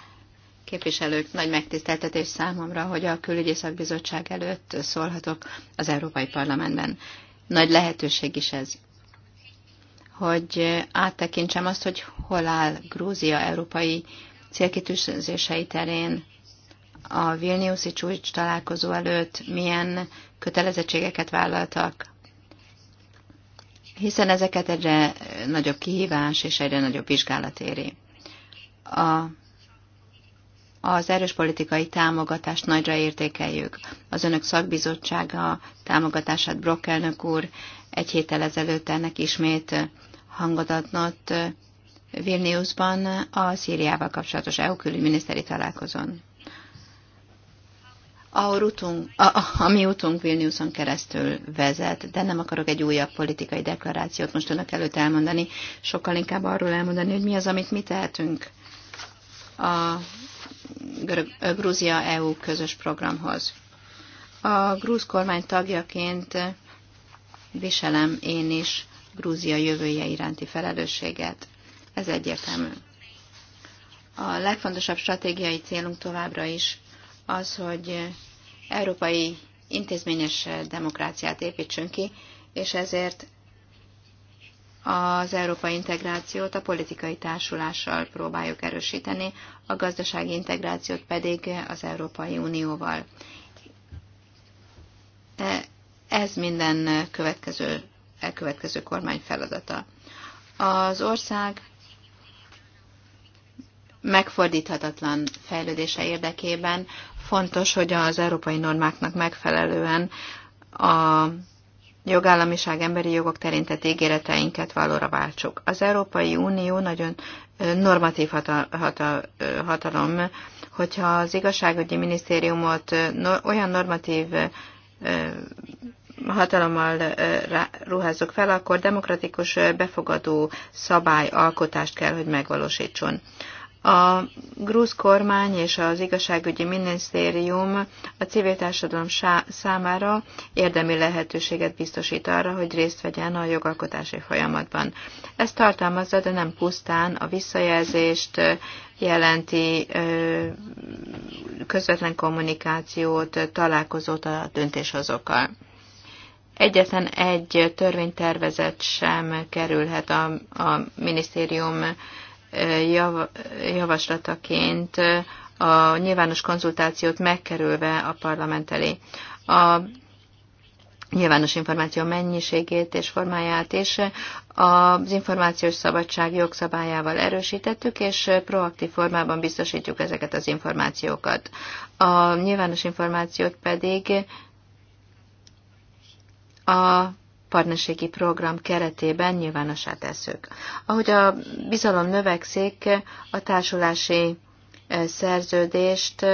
[SPEAKER 1] képviselők, nagy megtiszteltetés számomra, hogy a Külügyi Szakbizottság előtt szólhatok az Európai Parlamentben. Nagy lehetőség is ez hogy áttekintsem azt, hogy hol áll Grúzia európai célkitűzései terén a Vilniuszi csúcs találkozó előtt milyen kötelezettségeket vállaltak, hiszen ezeket egyre nagyobb kihívás és egyre nagyobb vizsgálat éri. A, az erős politikai támogatást nagyra értékeljük. Az önök szakbizottsága támogatását Brokkelnök úr egy héttel ezelőtt ennek ismét hangot adnott Vilniusban a Szíriával kapcsolatos EU külügyminiszteri találkozón. A, rutunk, a, a, a mi utunk Vilniuson keresztül vezet, de nem akarok egy újabb politikai deklarációt most önök előtt elmondani, sokkal inkább arról elmondani, hogy mi az, amit mi tehetünk a Grúzia-EU közös programhoz. A grúz kormány tagjaként viselem én is Grúzia jövője iránti felelősséget. Ez egyértelmű. A legfontosabb stratégiai célunk továbbra is az, hogy európai intézményes demokráciát építsünk ki, és ezért az európai integrációt a politikai társulással próbáljuk erősíteni, a gazdasági integrációt pedig az Európai Unióval. E, ez minden következő elkövetkező kormány feladata. Az ország megfordíthatatlan fejlődése érdekében fontos, hogy az európai normáknak megfelelően a jogállamiság emberi jogok terintett ígéreteinket valóra váltsuk. Az Európai Unió nagyon normatív hatal, hatal, hatalom, hogyha az igazságügyi minisztériumot olyan normatív hatalommal ruházok fel, akkor demokratikus befogadó szabályalkotást kell, hogy megvalósítson. A grúz kormány és az igazságügyi minisztérium a civil társadalom számára érdemi lehetőséget biztosít arra, hogy részt vegyen a jogalkotási folyamatban. Ez tartalmazza, de nem pusztán a visszajelzést, jelenti közvetlen kommunikációt, találkozót a döntéshozókkal egyetlen egy törvénytervezet sem kerülhet a, a minisztérium jav, javaslataként a nyilvános konzultációt megkerülve a parlament elé. A nyilvános információ mennyiségét és formáját is az információs szabadság jogszabályával erősítettük, és proaktív formában biztosítjuk ezeket az információkat. A nyilvános információt pedig a partnerségi program keretében nyilvánossá teszük. Ahogy a bizalom növekszik, a társulási szerződést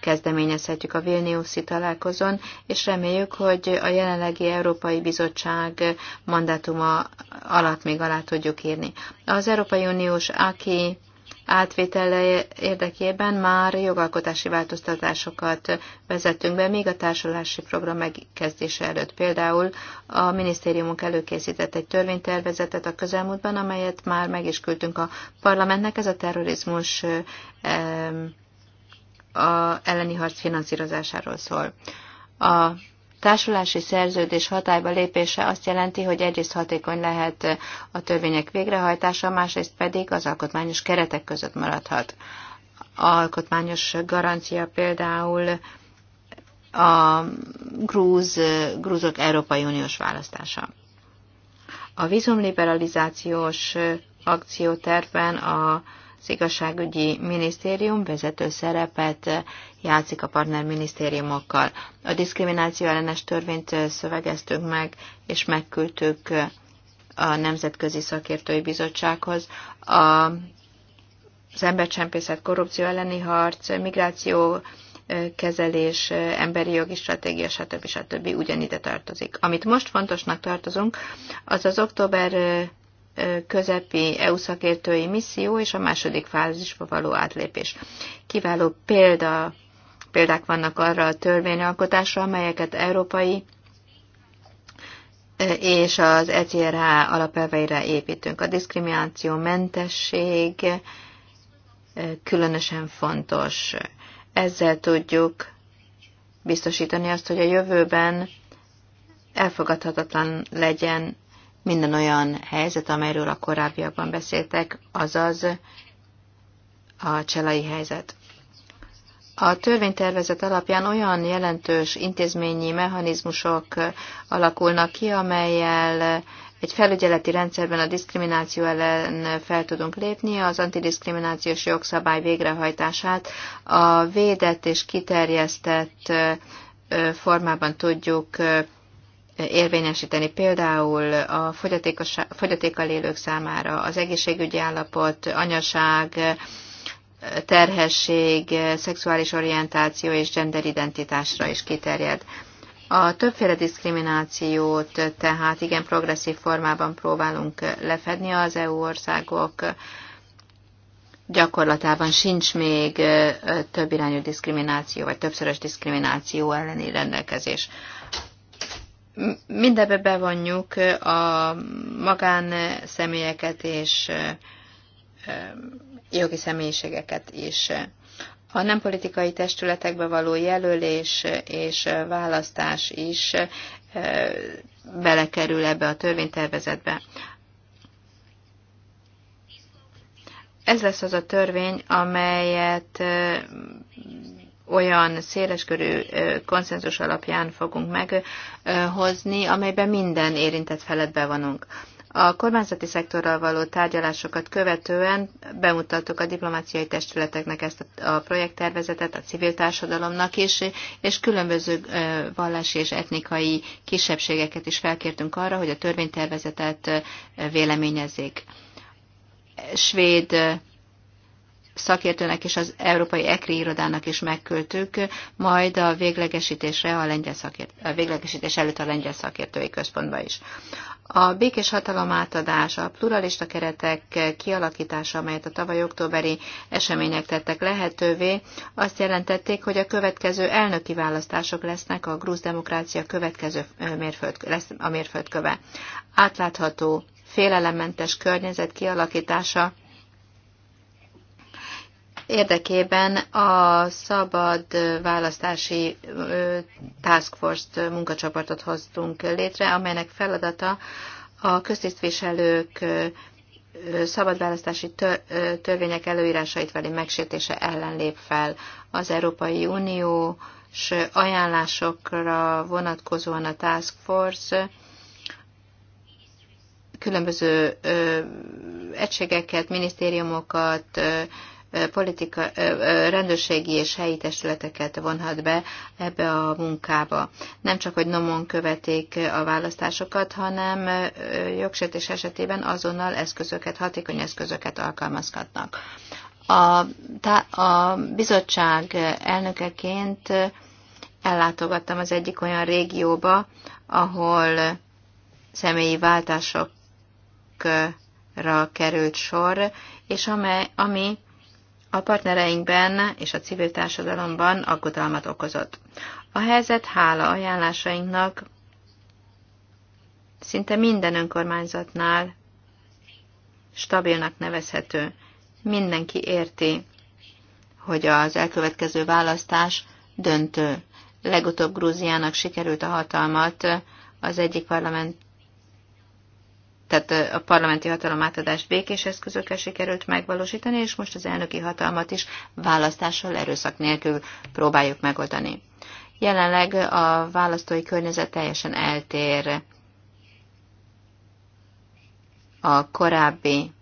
[SPEAKER 1] kezdeményezhetjük a Vilniuszi találkozón, és reméljük, hogy a jelenlegi Európai Bizottság mandátuma alatt még alá tudjuk írni. Az Európai Uniós AKI átvétele érdekében már jogalkotási változtatásokat vezettünk be, még a társulási program megkezdése előtt. Például a minisztériumunk előkészített egy törvénytervezetet a közelmúltban, amelyet már meg is küldtünk a parlamentnek. Ez a terrorizmus a elleni harc finanszírozásáról szól. A társulási szerződés hatályba lépése azt jelenti, hogy egyrészt hatékony lehet a törvények végrehajtása, másrészt pedig az alkotmányos keretek között maradhat. Alkotmányos garancia például a grúz, grúzok Európai Uniós választása. A vízumliberalizációs akciótervben a az igazságügyi minisztérium vezető szerepet játszik a partnerminisztériumokkal. A diszkrimináció ellenes törvényt szövegeztünk meg, és megküldtük a Nemzetközi Szakértői Bizottsághoz. A, az embercsempészet, korrupció elleni harc, migráció, kezelés, emberi jogi stratégia, stb. stb. ugyanide tartozik. Amit most fontosnak tartozunk, az az október közepi EU szakértői misszió és a második fázisba való átlépés. Kiváló példa, példák vannak arra a törvényalkotásra, amelyeket európai és az ECRH alapelveire építünk. A diszkrimináció mentesség különösen fontos. Ezzel tudjuk biztosítani azt, hogy a jövőben elfogadhatatlan legyen minden olyan helyzet, amelyről a korábbiakban beszéltek, azaz a cselai helyzet. A törvénytervezet alapján olyan jelentős intézményi mechanizmusok alakulnak ki, amelyel egy felügyeleti rendszerben a diszkrimináció ellen fel tudunk lépni, az antidiszkriminációs jogszabály végrehajtását a védett és kiterjesztett formában tudjuk érvényesíteni, például a fogyatékkal élők számára az egészségügyi állapot, anyaság, terhesség, szexuális orientáció és genderidentitásra is kiterjed. A többféle diszkriminációt tehát igen progresszív formában próbálunk lefedni az EU országok gyakorlatában sincs még több irányú diszkrimináció, vagy többszörös diszkrimináció elleni rendelkezés mindebbe bevonjuk a magánszemélyeket és jogi személyiségeket is. A nem politikai testületekbe való jelölés és választás is belekerül ebbe a törvénytervezetbe. Ez lesz az a törvény, amelyet olyan széleskörű konszenzus alapján fogunk meghozni, amelyben minden érintett felett bevonunk. A kormányzati szektorral való tárgyalásokat követően bemutattuk a diplomáciai testületeknek ezt a projekttervezetet, a civil társadalomnak is, és különböző vallási és etnikai kisebbségeket is felkértünk arra, hogy a törvénytervezetet véleményezzék. Svéd szakértőnek és az Európai Ekri irodának is megküldtük, majd a véglegesítésre a, lengyel szakért, a véglegesítés előtt a lengyel szakértői központba is. A békés hatalom átadása, a pluralista keretek kialakítása, amelyet a tavaly októberi események tettek lehetővé, azt jelentették, hogy a következő elnöki választások lesznek a grúz demokrácia következő mérföld, lesz a mérföldköve. Átlátható, félelemmentes környezet kialakítása érdekében a szabad választási task force munkacsoportot hoztunk létre, amelynek feladata a köztisztviselők szabad választási törvények előírásait veli megsértése ellen lép fel. Az Európai Uniós ajánlásokra vonatkozóan a Task Force különböző egységeket, minisztériumokat, politika, rendőrségi és helyi testületeket vonhat be ebbe a munkába. Nem csak, hogy nomon követik a választásokat, hanem jogsértés esetében azonnal eszközöket, hatékony eszközöket alkalmazhatnak. A, tá, a bizottság elnökeként ellátogattam az egyik olyan régióba, ahol személyi váltásokra került sor, és amely, ami a partnereinkben és a civil társadalomban aggodalmat okozott. A helyzet hála ajánlásainknak szinte minden önkormányzatnál stabilnak nevezhető. Mindenki érti, hogy az elkövetkező választás döntő. Legutóbb Grúziának sikerült a hatalmat az egyik parlament tehát a parlamenti hatalom átadást békés eszközökkel sikerült megvalósítani, és most az elnöki hatalmat is választással erőszak nélkül próbáljuk megoldani. Jelenleg a választói környezet teljesen eltér a korábbi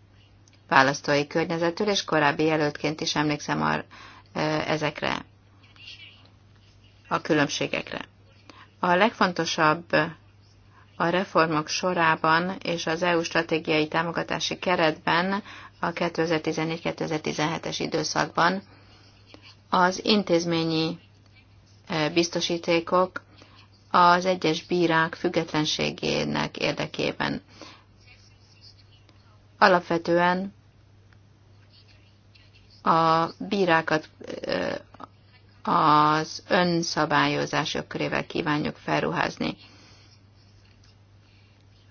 [SPEAKER 1] választói környezetől és korábbi jelöltként is emlékszem ar, ezekre a különbségekre. A legfontosabb a reformok sorában és az EU stratégiai támogatási keretben a 2014-2017-es időszakban az intézményi biztosítékok az egyes bírák függetlenségének érdekében. Alapvetően a bírákat az önszabályozások körével kívánjuk felruházni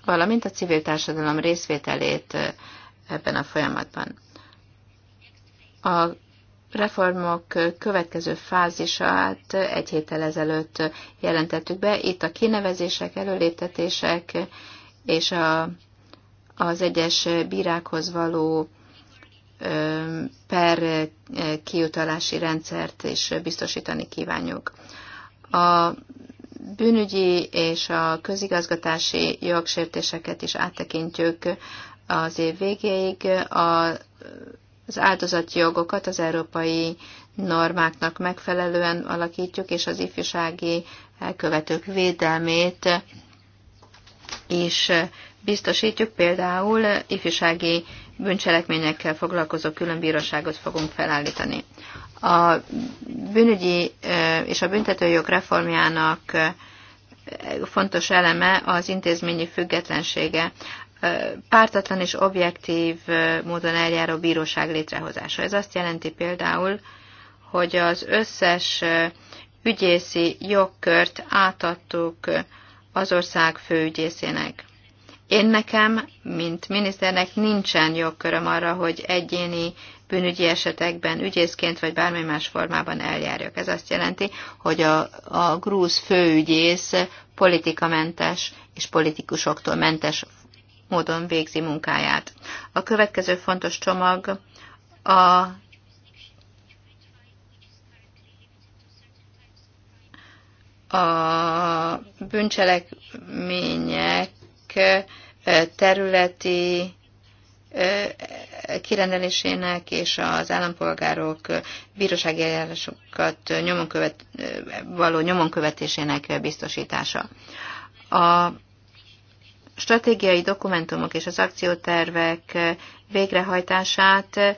[SPEAKER 1] valamint a civil társadalom részvételét ebben a folyamatban. A reformok következő fázisát egy héttel ezelőtt jelentettük be. Itt a kinevezések, előléptetések és a, az egyes bírákhoz való per kiutalási rendszert is biztosítani kívánjuk. A bűnügyi és a közigazgatási jogsértéseket is áttekintjük az év végéig. A, az áldozati jogokat az európai normáknak megfelelően alakítjuk, és az ifjúsági elkövetők védelmét is biztosítjuk. Például ifjúsági bűncselekményekkel foglalkozó külön bíróságot fogunk felállítani a bűnügyi és a büntetőjog reformjának fontos eleme az intézményi függetlensége, pártatlan és objektív módon eljáró bíróság létrehozása. Ez azt jelenti például, hogy az összes ügyészi jogkört átadtuk az ország főügyészének. Én nekem, mint miniszternek nincsen jogköröm arra, hogy egyéni bűnügyi esetekben ügyészként vagy bármely más formában eljárjak. Ez azt jelenti, hogy a, a grúz főügyész politikamentes és politikusoktól mentes módon végzi munkáját. A következő fontos csomag a a bűncselekmények területi kirendelésének és az állampolgárok bírósági eljárásokat nyomon követ, való nyomon követésének biztosítása. A stratégiai dokumentumok és az akciótervek végrehajtását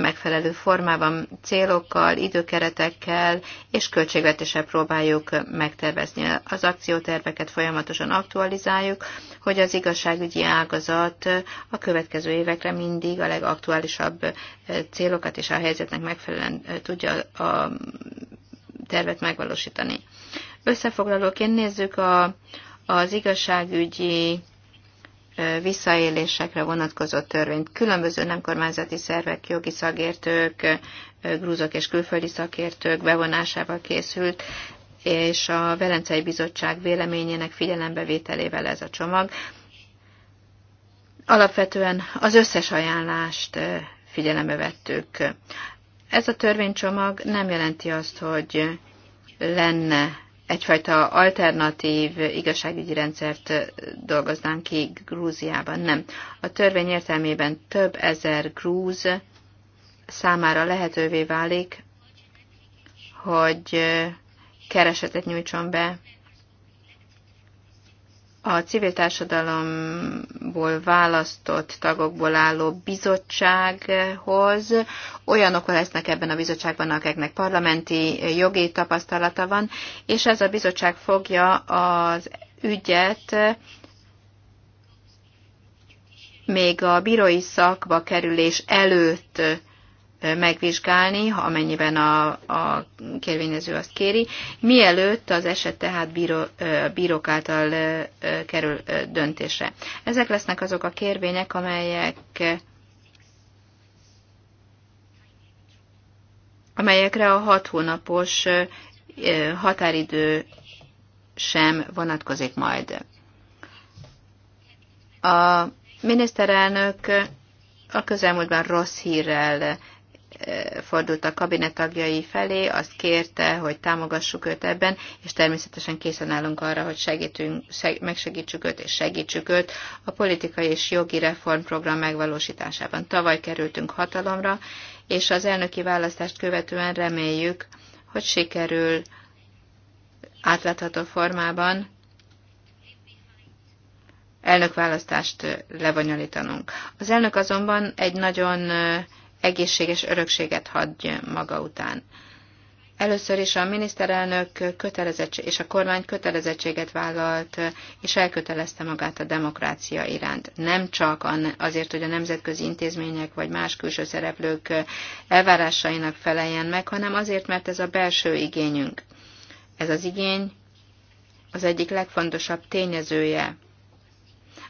[SPEAKER 1] megfelelő formában, célokkal, időkeretekkel és költségvetéssel próbáljuk megtervezni. Az akcióterveket folyamatosan aktualizáljuk, hogy az igazságügyi ágazat a következő évekre mindig a legaktuálisabb eh, célokat és a helyzetnek megfelelően eh, tudja a tervet megvalósítani. Összefoglalóként nézzük a, az igazságügyi visszaélésekre vonatkozó törvényt. Különböző nem kormányzati szervek, jogi szakértők, grúzok és külföldi szakértők bevonásával készült, és a Velencei Bizottság véleményének figyelembevételével ez a csomag. Alapvetően az összes ajánlást figyelembe vettük. Ez a törvénycsomag nem jelenti azt, hogy lenne egyfajta alternatív igazságügyi rendszert dolgoznánk ki Grúziában. Nem. A törvény értelmében több ezer grúz számára lehetővé válik, hogy keresetet nyújtson be a civil társadalomból választott tagokból álló bizottsághoz. Olyanok lesznek ebben a bizottságban, akiknek parlamenti jogi tapasztalata van, és ez a bizottság fogja az ügyet még a bírói szakba kerülés előtt megvizsgálni, amennyiben a, a kérvényező azt kéri, mielőtt az eset tehát bíró, bírók által kerül döntésre. Ezek lesznek azok a kérvények, amelyek amelyekre a hat hónapos határidő sem vonatkozik majd. A miniszterelnök a közelmúltban rossz hírrel fordult a kabinet tagjai felé, azt kérte, hogy támogassuk őt ebben, és természetesen készen állunk arra, hogy segítünk, seg, megsegítsük őt és segítsük őt a politikai és jogi reformprogram megvalósításában. Tavaly kerültünk hatalomra, és az elnöki választást követően reméljük, hogy sikerül átlátható formában elnökválasztást lebonyolítanunk. Az elnök azonban egy nagyon egészséges örökséget hagy maga után. Először is a miniszterelnök kötelezettség, és a kormány kötelezettséget vállalt, és elkötelezte magát a demokrácia iránt. Nem csak azért, hogy a nemzetközi intézmények vagy más külső szereplők elvárásainak feleljen meg, hanem azért, mert ez a belső igényünk. Ez az igény az egyik legfontosabb tényezője,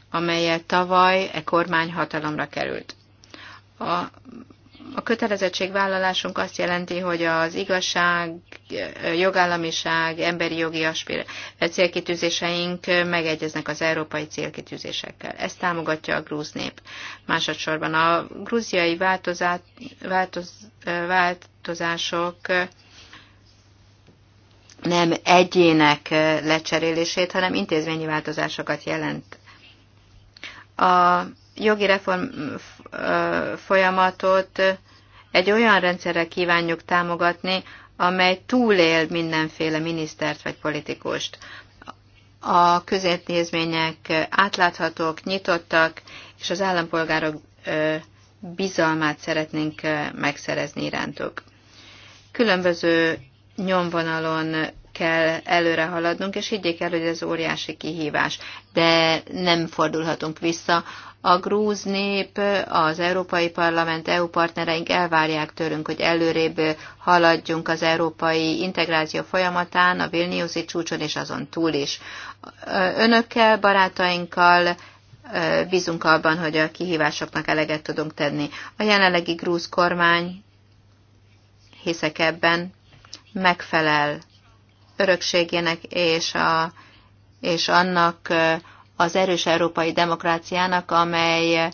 [SPEAKER 1] amelyet tavaly e kormány hatalomra került. A a kötelezettségvállalásunk azt jelenti, hogy az igazság, jogállamiság, emberi jogi aspir- célkitűzéseink megegyeznek az európai célkitűzésekkel. Ezt támogatja a grúz nép. Másodszorban a grúziai változát, változ, változások nem egyének lecserélését, hanem intézményi változásokat jelent. A jogi reform folyamatot egy olyan rendszerre kívánjuk támogatni, amely túlél mindenféle minisztert vagy politikust. A közértézmények átláthatók, nyitottak, és az állampolgárok bizalmát szeretnénk megszerezni irántuk. Különböző nyomvonalon kell előre haladnunk, és higgyék el, hogy ez óriási kihívás, de nem fordulhatunk vissza a grúz nép, az Európai Parlament, EU partnereink elvárják tőlünk, hogy előrébb haladjunk az európai integráció folyamatán, a Vilniuszi csúcson és azon túl is. Önökkel, barátainkkal bízunk abban, hogy a kihívásoknak eleget tudunk tenni. A jelenlegi grúz kormány, hiszek ebben, megfelel örökségének és, a, és annak az erős európai demokráciának, amely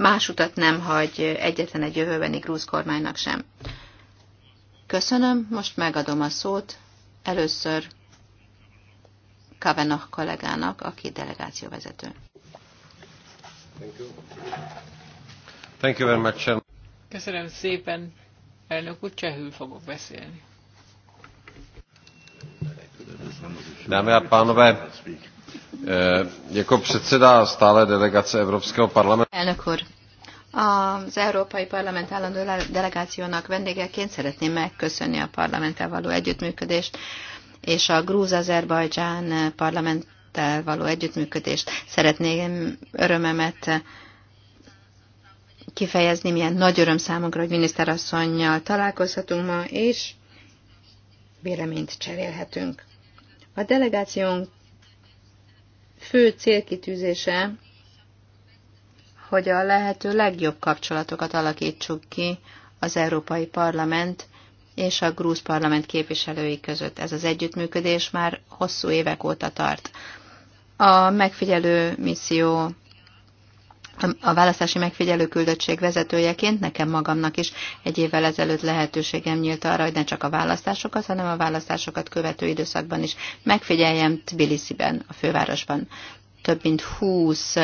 [SPEAKER 1] más utat nem hagy egyetlen egy jövőbeni grúz kormánynak sem. Köszönöm, most megadom a szót először Kavenach kollégának, aki delegációvezető.
[SPEAKER 3] Thank you.
[SPEAKER 2] Thank you very much.
[SPEAKER 3] Köszönöm szépen, elnök úr, csehül fogok beszélni.
[SPEAKER 2] Dámy a pánové, eh, jako předseda stále delegace
[SPEAKER 1] Evropského parlamentu. Elnök úr, az Európai Parlament állandó delegációnak vendégeként szeretném megköszönni a parlamenttel való együttműködést, és a Grúz-Azerbajdzsán parlamenttel való együttműködést. Szeretném örömemet kifejezni, milyen nagy öröm számunkra, hogy miniszterasszonynal találkozhatunk ma, és véleményt cserélhetünk. A delegációnk fő célkitűzése, hogy a lehető legjobb kapcsolatokat alakítsuk ki az Európai Parlament és a Grúz Parlament képviselői között. Ez az együttműködés már hosszú évek óta tart. A megfigyelő misszió a választási megfigyelő küldöttség vezetőjeként nekem magamnak is egy évvel ezelőtt lehetőségem nyílt arra, hogy ne csak a választásokat, hanem a választásokat követő időszakban is megfigyeljem Tbilisiben, a fővárosban. Több mint 20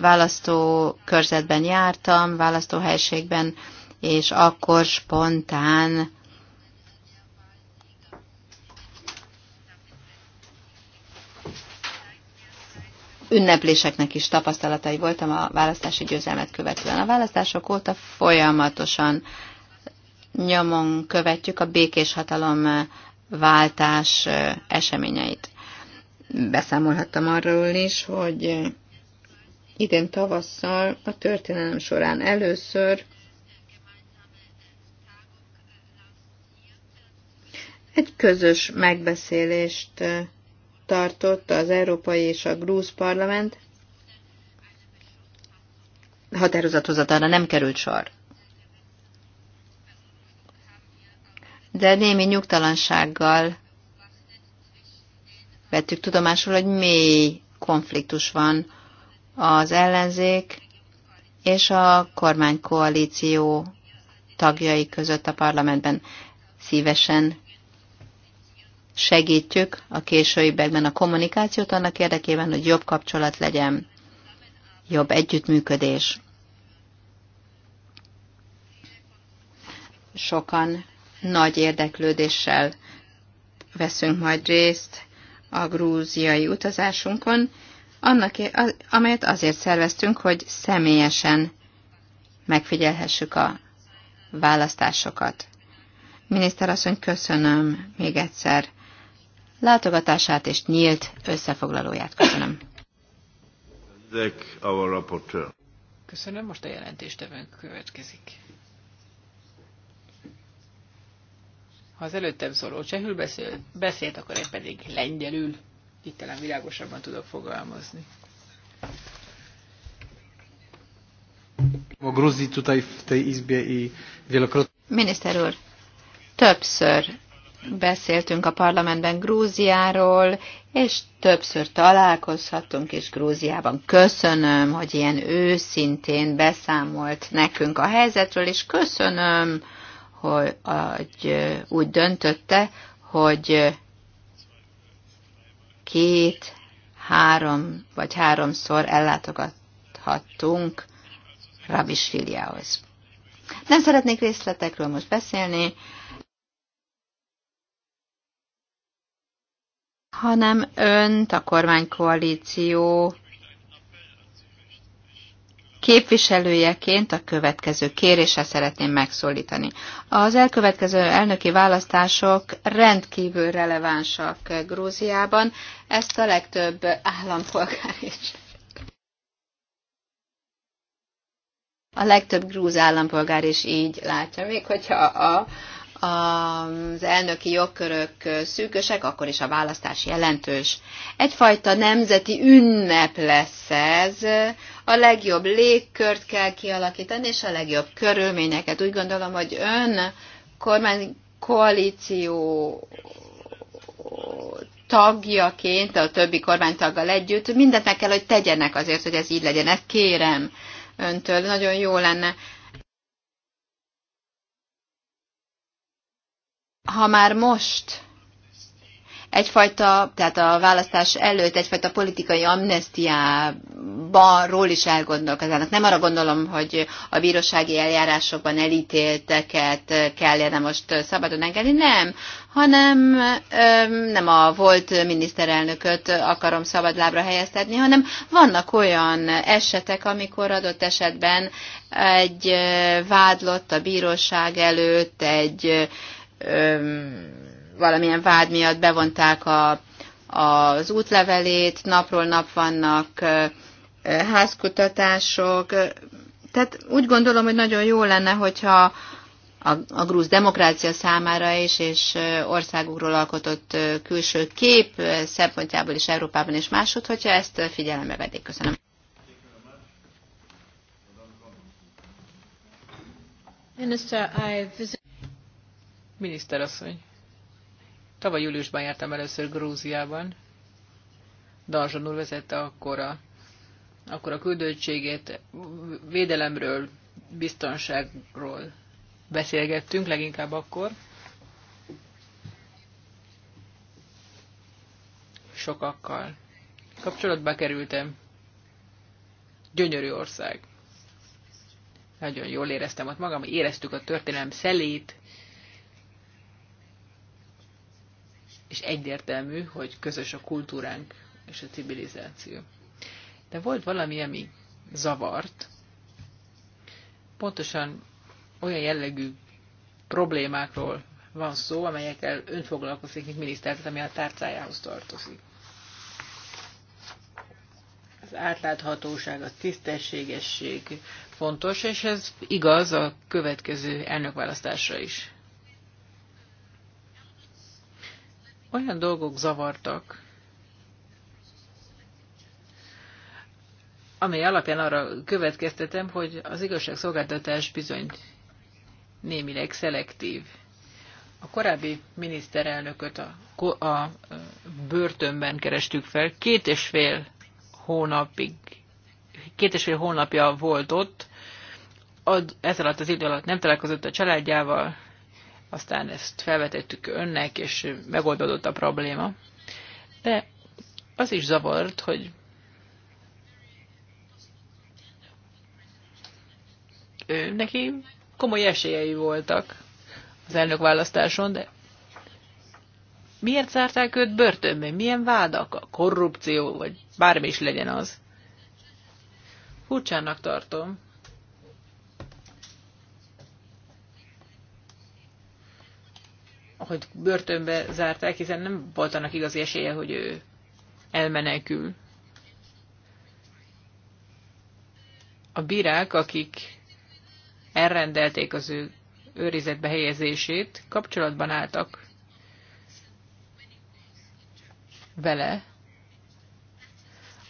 [SPEAKER 1] választó jártam, választóhelységben, és akkor spontán ünnepléseknek is tapasztalatai voltam a választási győzelmet követően. A választások óta folyamatosan nyomon követjük a békés hatalom eh, váltás eh, eseményeit. Beszámolhattam arról is, hogy eh, idén tavasszal a történelem során először egy közös megbeszélést tartott az Európai és a Grúz Parlament, határozathozatára nem került sor. De némi nyugtalansággal vettük tudomásul, hogy mély konfliktus van az ellenzék és a kormánykoalíció tagjai között a parlamentben. Szívesen segítjük a későbbiekben a kommunikációt annak érdekében, hogy jobb kapcsolat legyen, jobb együttműködés. Sokan nagy érdeklődéssel veszünk majd részt a grúziai utazásunkon, annak, amelyet azért szerveztünk, hogy személyesen megfigyelhessük a választásokat. Miniszter asszony, köszönöm még egyszer látogatását és nyílt összefoglalóját. Köszönöm.
[SPEAKER 3] Köszönöm, most a jelentéstevőnk következik. Ha az előttem szóló csehül beszél, beszélt, akkor én pedig lengyelül. Itt talán világosabban tudok fogalmazni.
[SPEAKER 1] Miniszter úr, többször beszéltünk a parlamentben Grúziáról, és többször találkozhattunk is Grúziában. Köszönöm, hogy ilyen őszintén beszámolt nekünk a helyzetről, és köszönöm, hogy, hogy úgy döntötte, hogy két, három vagy háromszor ellátogathattunk Rabis filiához. Nem szeretnék részletekről most beszélni, hanem önt, a kormánykoalíció képviselőjeként a következő kérésre szeretném megszólítani. Az elkövetkező elnöki választások rendkívül relevánsak Grúziában, ezt a legtöbb állampolgár is. A legtöbb grúz állampolgár is így látja, még hogyha a, az elnöki jogkörök szűkösek, akkor is a választás jelentős. Egyfajta nemzeti ünnep lesz ez, a legjobb légkört kell kialakítani, és a legjobb körülményeket. Úgy gondolom, hogy ön kormány koalíció tagjaként, a többi kormánytaggal együtt mindent meg kell, hogy tegyenek azért, hogy ez így legyen. Ezt kérem öntől, nagyon jó lenne. ha már most egyfajta, tehát a választás előtt egyfajta politikai amnestiáról is elgondolkozának. Nem arra gondolom, hogy a bírósági eljárásokban elítélteket kellene most szabadon engedni, nem, hanem nem a volt miniszterelnököt akarom szabad lábra helyeztetni, hanem vannak olyan esetek, amikor adott esetben egy vádlott a bíróság előtt, egy valamilyen vád miatt bevonták a, az útlevelét, napról nap vannak házkutatások. Tehát úgy gondolom, hogy nagyon jó lenne, hogyha a, a grúz demokrácia számára is, és országukról alkotott külső kép szempontjából is Európában és máshogy, hogyha ezt figyelembe vedik. Köszönöm.
[SPEAKER 3] Minister, I visit... Miniszterasszony, tavaly júliusban jártam először Grúziában. Darzsan úr vezette akkor a, akkor a küldöttségét védelemről, biztonságról beszélgettünk, leginkább akkor. Sokakkal. Kapcsolatba kerültem. Gyönyörű ország. Nagyon jól éreztem ott magam, éreztük a történelem szelét, és egyértelmű, hogy közös a kultúránk és a civilizáció. De volt valami, ami zavart. Pontosan olyan jellegű problémákról van szó, amelyekkel ön foglalkozik, mint miniszter, ami a tárcájához tartozik. Az átláthatóság, a tisztességesség fontos, és ez igaz a következő elnökválasztásra is. olyan dolgok zavartak, amely alapján arra következtetem, hogy az igazságszolgáltatás bizony némileg szelektív. A korábbi miniszterelnököt a, a börtönben kerestük fel, két és fél hónapig, két és fél hónapja volt ott, ad, ez alatt az idő alatt nem találkozott a családjával, aztán ezt felvetettük önnek, és megoldódott a probléma. De az is zavart, hogy ő, neki komoly esélyei voltak az választáson, de miért zárták őt börtönbe? Milyen vádak? A korrupció, vagy bármi is legyen az. Furcsának tartom, hogy börtönbe zárták, hiszen nem volt annak igazi esélye, hogy ő elmenekül. A bírák, akik elrendelték az ő őrizetbe helyezését, kapcsolatban álltak vele,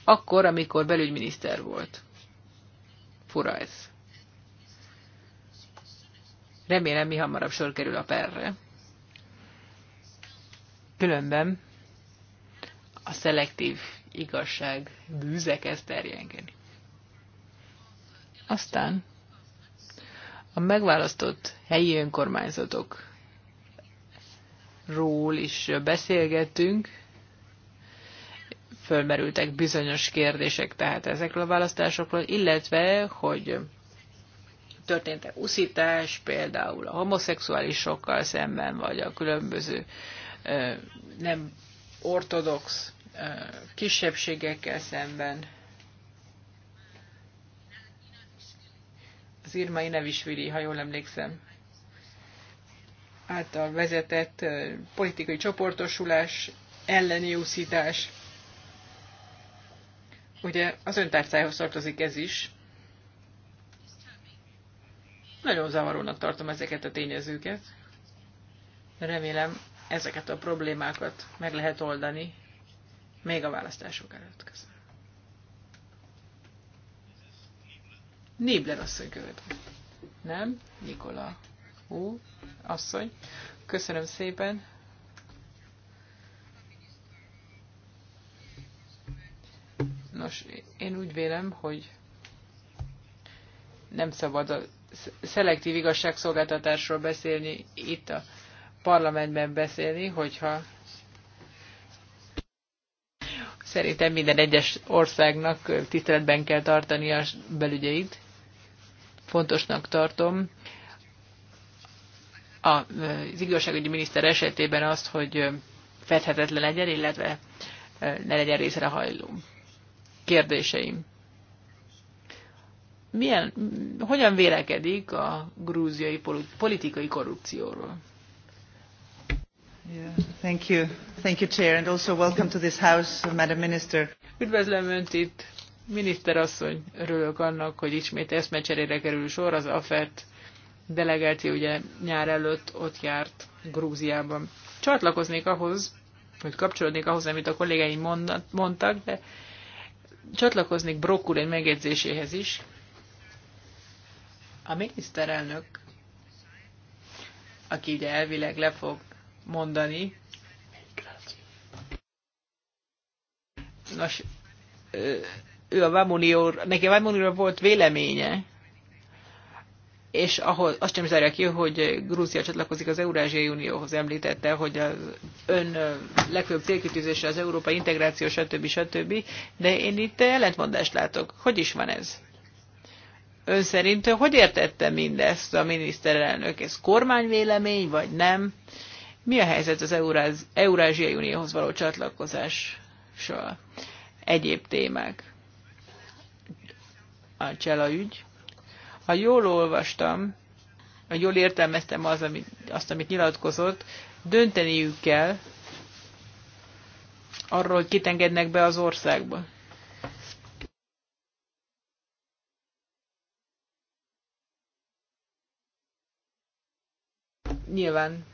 [SPEAKER 3] akkor, amikor belügyminiszter volt. Fura ez. Remélem, mi hamarabb sor kerül a perre. Különben a szelektív igazság bűze kezd terjengeni. Aztán a megválasztott helyi önkormányzatokról is beszélgettünk, fölmerültek bizonyos kérdések tehát ezekről a választásokról, illetve, hogy történt-e uszítás, például a homoszexuálisokkal szemben, vagy a különböző nem ortodox kisebbségekkel szemben. Az Irmai Nevisvili, ha jól emlékszem, által vezetett politikai csoportosulás elleni úszítás. Ugye az öntárcájhoz tartozik ez is. Nagyon zavarónak tartom ezeket a tényezőket. Remélem, ezeket a problémákat meg lehet oldani még a választások előtt. Köszönöm. Nébler asszony követ. Nem? Nikola. Ú, asszony. Köszönöm szépen. Nos, én úgy vélem, hogy nem szabad a szelektív igazságszolgáltatásról beszélni itt a parlamentben beszélni, hogyha szerintem minden egyes országnak tiszteletben kell tartani a belügyeit. Fontosnak tartom az igazságügyi miniszter esetében azt, hogy fedhetetlen legyen, illetve e, ne legyen részre hajló. Kérdéseim. Milyen, hogyan vélekedik a grúziai politikai korrupcióról? thank you. Thank you, Chair, and also welcome to this House, Madam Minister. Üdvözlöm Önt itt, miniszter asszony. Örülök annak, hogy ismét eszmecserére kerül sor. Az AFERT delegáció ugye nyár előtt ott járt Grúziában. Csatlakoznék ahhoz, hogy kapcsolódnék ahhoz, amit a kollégáim mondtak, de csatlakoznék Brock úr egy megjegyzéséhez is. A miniszterelnök, aki ugye elvileg le fog mondani. Nos, ő a Vamunior, neki a Vamunior volt véleménye, és ahol azt sem zárja ki, hogy Grúzia csatlakozik az Eurázsiai Unióhoz, említette, hogy az ön legfőbb célkitűzése az európai integráció, stb. stb. De én itt ellentmondást látok. Hogy is van ez? Ön szerint hogy értette mindezt a miniszterelnök? Ez kormányvélemény, vagy nem? Mi a helyzet az Euráz, Eurázsiai Unióhoz való csatlakozással? Egyéb témák. A Csela ügy. Ha jól olvastam, ha jól értelmeztem az, amit, azt, amit nyilatkozott, dönteniük kell arról, hogy kit engednek be az országba. Nyilván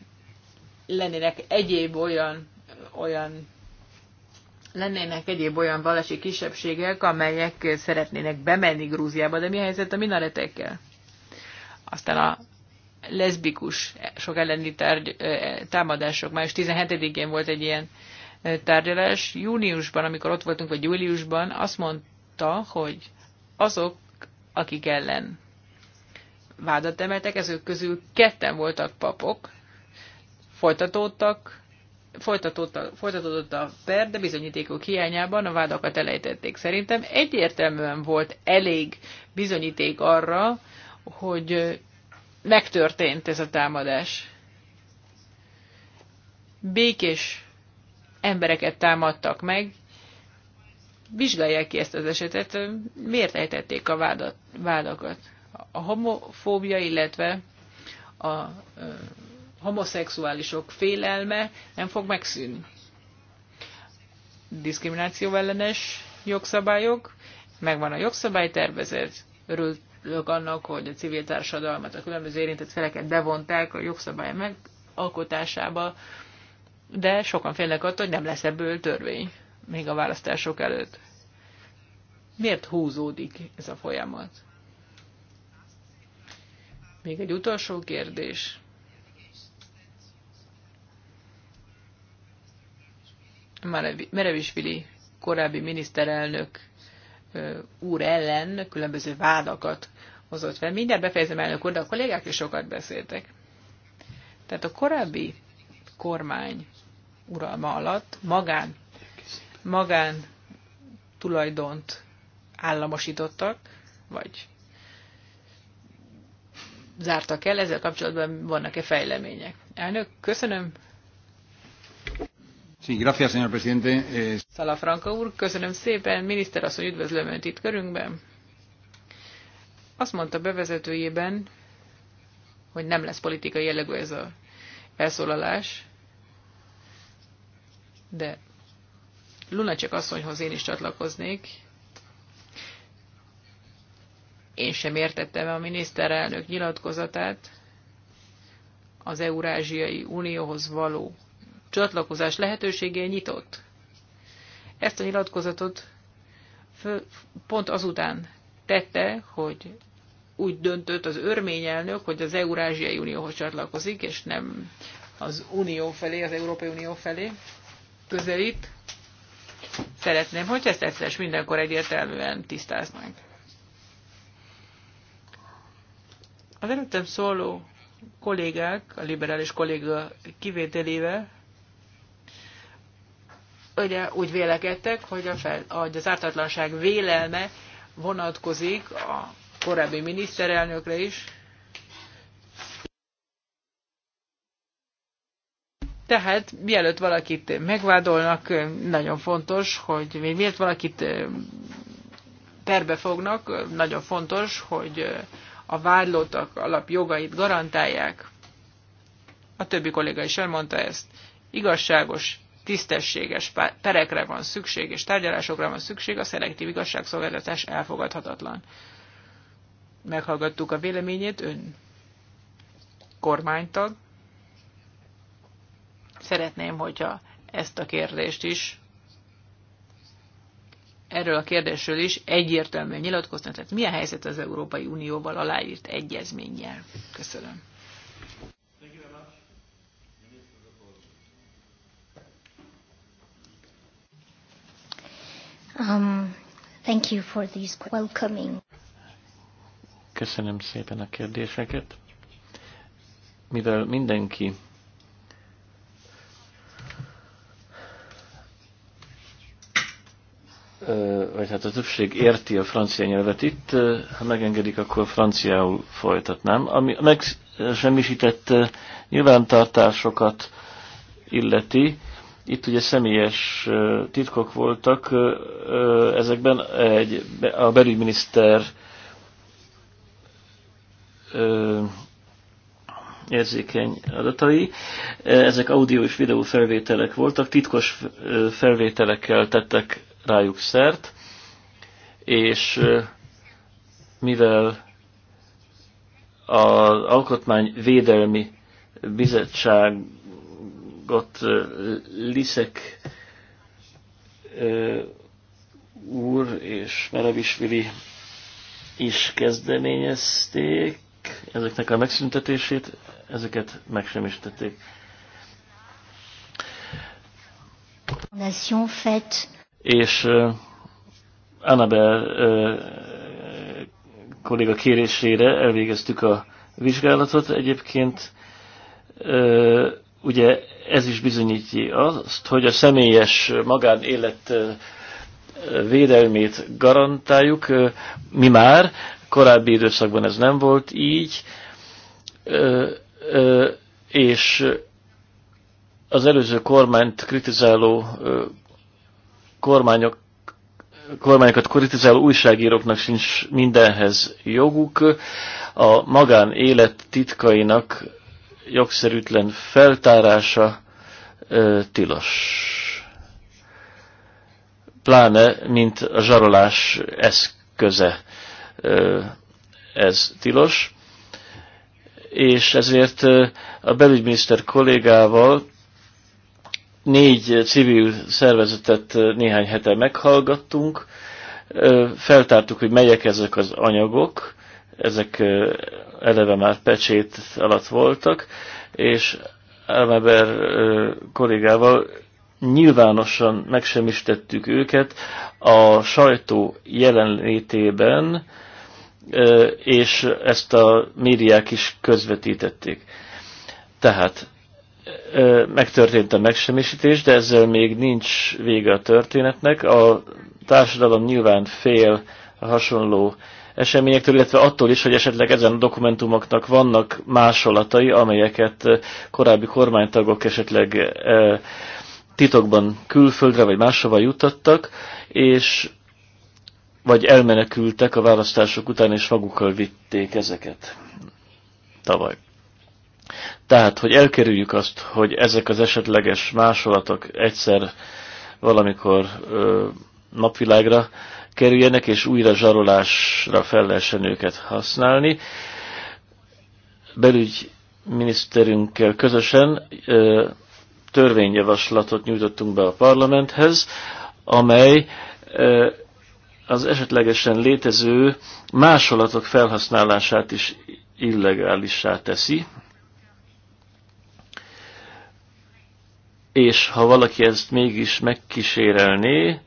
[SPEAKER 3] lennének egyéb olyan, olyan lennének egyéb olyan valási kisebbségek, amelyek szeretnének bemenni Grúziába, de mi a helyzet a minaretekkel? Aztán a leszbikus sok elleni tárgy, támadások. Május 17-én volt egy ilyen tárgyalás. Júniusban, amikor ott voltunk, vagy júliusban, azt mondta, hogy azok, akik ellen vádat emeltek, ezek közül ketten voltak papok, folytatódtak, folytatódott, a per, de bizonyítékok hiányában a vádakat elejtették. Szerintem egyértelműen volt elég bizonyíték arra, hogy megtörtént ez a támadás. Békés embereket támadtak meg, vizsgálják ki ezt az esetet, miért ejtették a vádat, vádakat. A homofóbia, illetve a homoszexuálisok félelme nem fog megszűnni. Diszkrimináció ellenes jogszabályok, megvan a jogszabálytervezet, örülök annak, hogy a civil társadalmat, a különböző érintett feleket bevonták a jogszabály megalkotásába, de sokan félnek attól, hogy nem lesz ebből törvény, még a választások előtt. Miért húzódik ez a folyamat? Még egy utolsó kérdés. Merevisvili korábbi miniszterelnök úr ellen különböző vádakat hozott fel. Mindjárt befejezem elnök úr, de a kollégák is sokat beszéltek. Tehát a korábbi kormány uralma alatt magán, magán tulajdont államosítottak, vagy zártak el, ezzel kapcsolatban vannak-e fejlemények. Elnök, köszönöm,
[SPEAKER 2] Sí, gracias, señor presidente. Eh,
[SPEAKER 3] úr, köszönöm szépen. Miniszter asszony, üdvözlöm Önt itt körünkben. Azt mondta bevezetőjében, hogy nem lesz politikai jellegű ez a elszólalás, de luna csak asszonyhoz én is csatlakoznék. Én sem értettem a miniszterelnök nyilatkozatát az Eurázsiai Unióhoz való csatlakozás lehetősége nyitott. Ezt a nyilatkozatot pont azután tette, hogy úgy döntött az örmény elnök, hogy az Eurázsiai Unióhoz csatlakozik, és nem az Unió felé, az Európai Unió felé közelít. Szeretném, hogy ezt egyszer mindenkor egyértelműen tisztáznánk. Az előttem szóló kollégák, a liberális kolléga kivételével ugye úgy vélekedtek, hogy, a fel, hogy az ártatlanság vélelme vonatkozik a korábbi miniszterelnökre is. Tehát mielőtt valakit megvádolnak, nagyon fontos, hogy miért valakit perbe fognak, nagyon fontos, hogy a vádlottak alapjogait garantálják. A többi kolléga is elmondta ezt. Igazságos tisztességes perekre van szükség, és tárgyalásokra van szükség, a szelektív igazságszolgáltatás elfogadhatatlan. Meghallgattuk a véleményét, ön kormánytag. Szeretném, hogyha ezt a kérdést is, erről a kérdésről is egyértelműen nyilatkozna, tehát milyen helyzet az Európai Unióval aláírt egyezménnyel. Köszönöm.
[SPEAKER 2] Um, thank you for these welcoming. Köszönöm szépen a kérdéseket. Mivel mindenki vagy hát a többség érti a francia nyelvet itt, ha megengedik, akkor franciául folytatnám. Ami a megsemmisített nyilvántartásokat illeti, itt ugye személyes titkok voltak, ezekben egy, a belügyminiszter érzékeny adatai. Ezek audio és videó felvételek voltak, titkos felvételekkel tettek rájuk szert, és mivel az védelmi Bizottság Gott Liszek úr és Merevisvili is kezdeményezték ezeknek a megszüntetését, ezeket meg sem is tették. És uh, Annabel uh, kolléga kérésére elvégeztük a vizsgálatot. Egyébként uh, ugye ez is bizonyítja azt, hogy a személyes magánélet védelmét garantáljuk. Mi már, korábbi időszakban ez nem volt így, és az előző kormányt kritizáló kormányok, kormányokat kritizáló újságíróknak sincs mindenhez joguk. A magánélet titkainak jogszerűtlen feltárása ö, tilos. Pláne, mint a zsarolás eszköze ö, ez tilos, és ezért a belügyminiszter kollégával négy civil szervezetet néhány hete meghallgattunk, feltártuk, hogy melyek ezek az anyagok, ezek eleve már pecsét alatt voltak, és Elmeber kollégával nyilvánosan megsemmisítettük őket a sajtó jelenlétében, és ezt a médiák is közvetítették. Tehát megtörtént a megsemmisítés, de ezzel még nincs vége a történetnek. A társadalom nyilván fél a hasonló eseményektől, illetve attól is, hogy esetleg ezen a dokumentumoknak vannak másolatai, amelyeket eh, korábbi kormánytagok esetleg eh, titokban külföldre vagy máshova jutottak, és vagy elmenekültek a választások után, és magukkal vitték ezeket tavaly. Tehát, hogy elkerüljük azt, hogy ezek az esetleges másolatok egyszer valamikor ö, napvilágra kerüljenek, és újra zsarolásra fel lehessen őket használni. Belügy miniszterünkkel közösen törvényjavaslatot nyújtottunk be a parlamenthez, amely az esetlegesen létező másolatok felhasználását is illegálissá teszi, és ha valaki ezt mégis megkísérelné,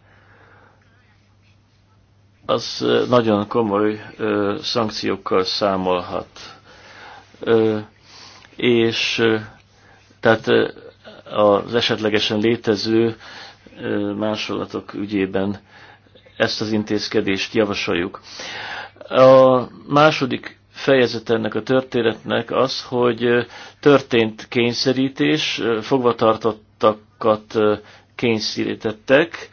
[SPEAKER 2] az nagyon komoly ö, szankciókkal számolhat. Ö, és ö, tehát ö, az esetlegesen létező ö, másolatok ügyében ezt az intézkedést javasoljuk. A második fejezet ennek a történetnek az, hogy történt kényszerítés, fogvatartottakat kényszerítettek,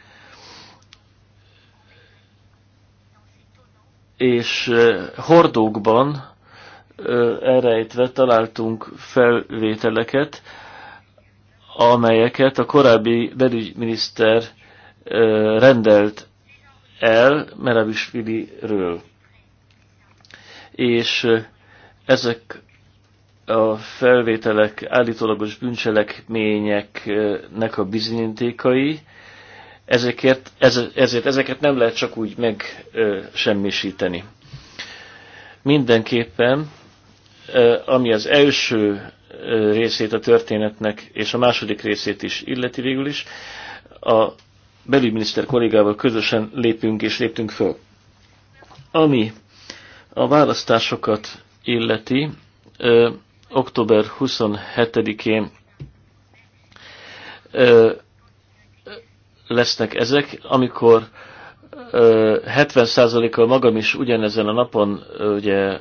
[SPEAKER 2] és hordókban elrejtve találtunk felvételeket, amelyeket a korábbi belügyminiszter rendelt el Merabisviliről. És ezek a felvételek állítólagos bűncselekményeknek a bizonyítékai, Ezekért, ez, ezért ezeket nem lehet csak úgy megsemmisíteni. Mindenképpen, ami az első részét a történetnek, és a második részét is illeti végül is, a belügyminiszter kollégával közösen lépünk és léptünk föl. Ami a választásokat illeti, ö, október 27-én lesznek ezek, amikor 70%-kal magam is ugyanezen a napon ugye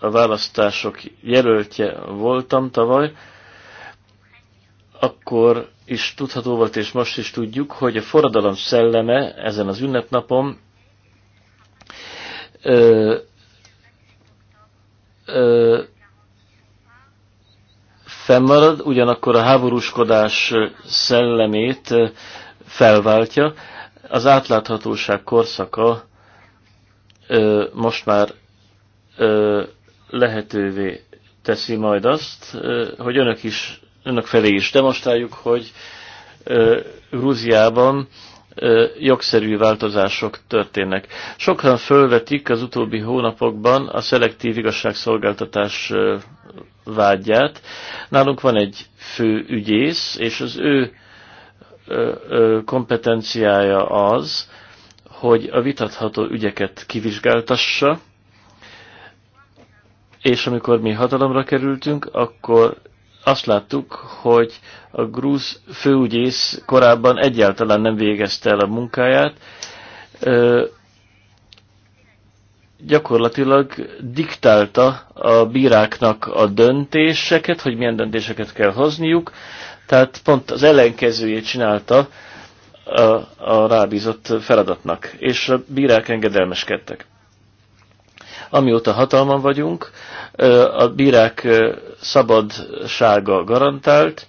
[SPEAKER 2] a választások jelöltje voltam tavaly, akkor is tudható volt, és most is tudjuk, hogy a forradalom szelleme ezen az ünnepnapon ö, ö, fennmarad, ugyanakkor a háborúskodás szellemét felváltja. Az átláthatóság korszaka ö, most már ö, lehetővé teszi majd azt, ö, hogy önök is, önök felé is demonstráljuk, hogy ö, Grúziában ö, jogszerű változások történnek. Sokan fölvetik az utóbbi hónapokban a szelektív igazságszolgáltatás ö, vágyját. Nálunk van egy fő ügyész, és az ő kompetenciája az, hogy a vitatható ügyeket kivizsgáltassa, és amikor mi hatalomra kerültünk, akkor azt láttuk, hogy a grúz főügyész korábban egyáltalán nem végezte el a munkáját, gyakorlatilag diktálta a bíráknak a döntéseket, hogy milyen döntéseket kell hozniuk, tehát pont az ellenkezőjét csinálta a, a rábízott feladatnak, és a bírák engedelmeskedtek. Amióta hatalman vagyunk, a bírák szabadsága garantált,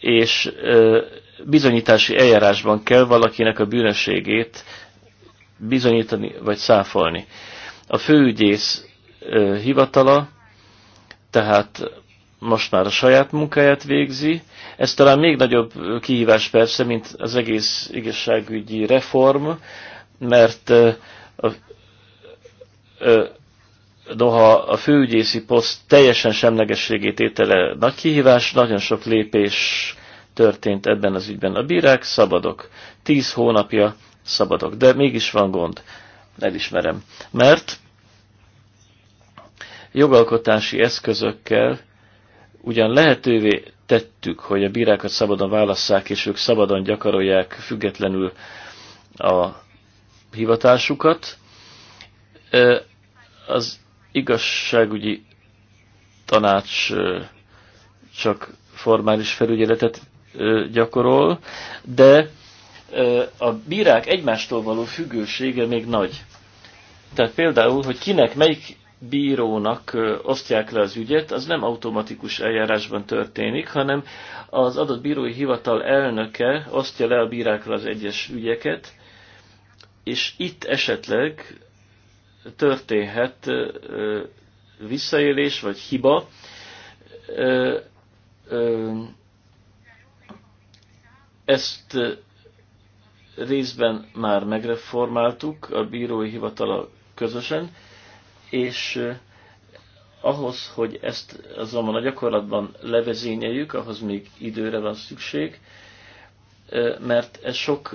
[SPEAKER 2] és bizonyítási eljárásban kell valakinek a bűnösségét bizonyítani vagy száfolni. A főügyész hivatala, tehát most már a saját munkáját végzi. Ez talán még nagyobb kihívás persze, mint az egész igazságügyi reform, mert a, noha a főügyészi poszt teljesen semlegességét étele nagy kihívás, nagyon sok lépés történt ebben az ügyben. A bírák szabadok, tíz hónapja szabadok, de mégis van gond, elismerem. Mert jogalkotási eszközökkel ugyan lehetővé tettük, hogy a bírákat szabadon válasszák, és ők szabadon gyakorolják függetlenül a hivatásukat, az igazságügyi tanács csak formális felügyeletet gyakorol, de a bírák egymástól való függősége még nagy. Tehát például, hogy kinek melyik bírónak osztják le az ügyet, az nem automatikus eljárásban történik, hanem az adott bírói hivatal elnöke osztja le a bírákra az egyes ügyeket, és itt esetleg történhet visszaélés vagy hiba. Ezt részben már megreformáltuk a bírói hivatala közösen, és ahhoz, hogy ezt azonban a gyakorlatban levezényeljük, ahhoz még időre van szükség, mert ez sok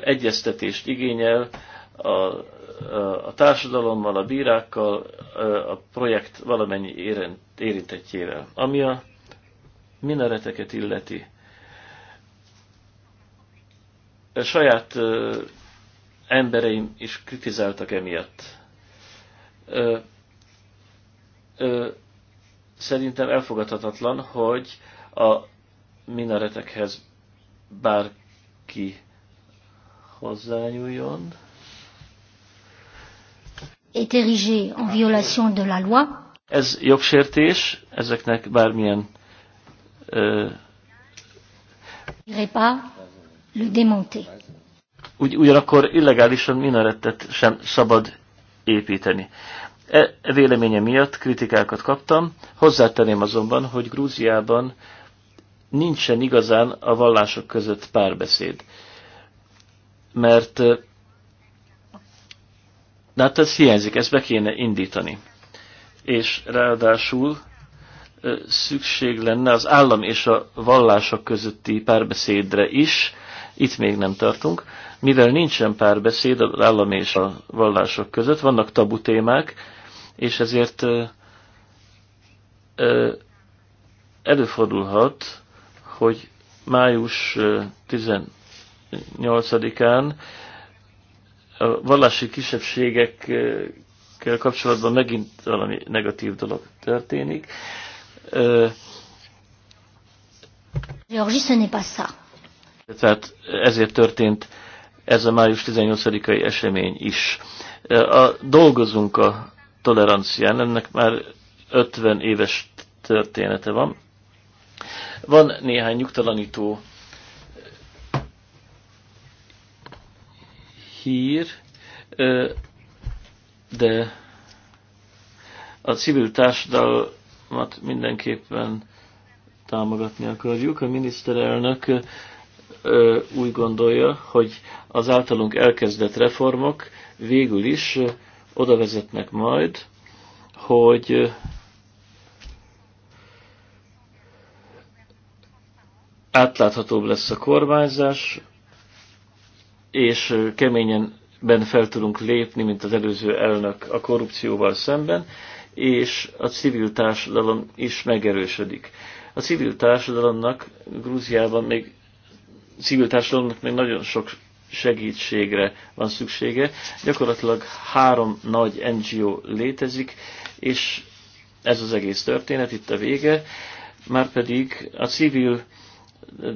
[SPEAKER 2] egyeztetést igényel a, a társadalommal, a bírákkal, a projekt valamennyi érintettjével. Ami a minareteket illeti, a saját embereim is kritizáltak emiatt ö, ö, szerintem elfogadhatatlan, hogy a minaretekhez bárki hozzányúljon. Est érigé
[SPEAKER 1] en violation de la loi.
[SPEAKER 2] Ez jogsértés, ezeknek bármilyen ö,
[SPEAKER 1] le démonter.
[SPEAKER 2] ugyanakkor illegálisan minaretet sem szabad építeni. E véleménye miatt kritikákat kaptam, hozzátenném azonban, hogy Grúziában nincsen igazán a vallások között párbeszéd. Mert de hát ez hiányzik, ezt be kéne indítani. És ráadásul szükség lenne az állam és a vallások közötti párbeszédre is, itt még nem tartunk mivel nincsen párbeszéd az állami és a vallások között, vannak tabu témák, és ezért előfordulhat, hogy május 18-án a vallási kisebbségekkel kapcsolatban megint valami negatív dolog történik. Georgi, ce n'est pas ça. Tehát ezért történt ez a május 18-ai esemény is. A, dolgozunk a tolerancián, ennek már 50 éves története van. Van néhány nyugtalanító hír, de a civil társadalmat mindenképpen támogatni akarjuk. A miniszterelnök ö, úgy gondolja, hogy az általunk elkezdett reformok végül is oda vezetnek majd, hogy átláthatóbb lesz a kormányzás, és keményen ben fel tudunk lépni, mint az előző elnök a korrupcióval szemben, és a civil társadalom is megerősödik. A civil társadalomnak Grúziában még civil társadalomnak még nagyon sok segítségre van szüksége. Gyakorlatilag három nagy NGO létezik, és ez az egész történet, itt a vége. Márpedig a civil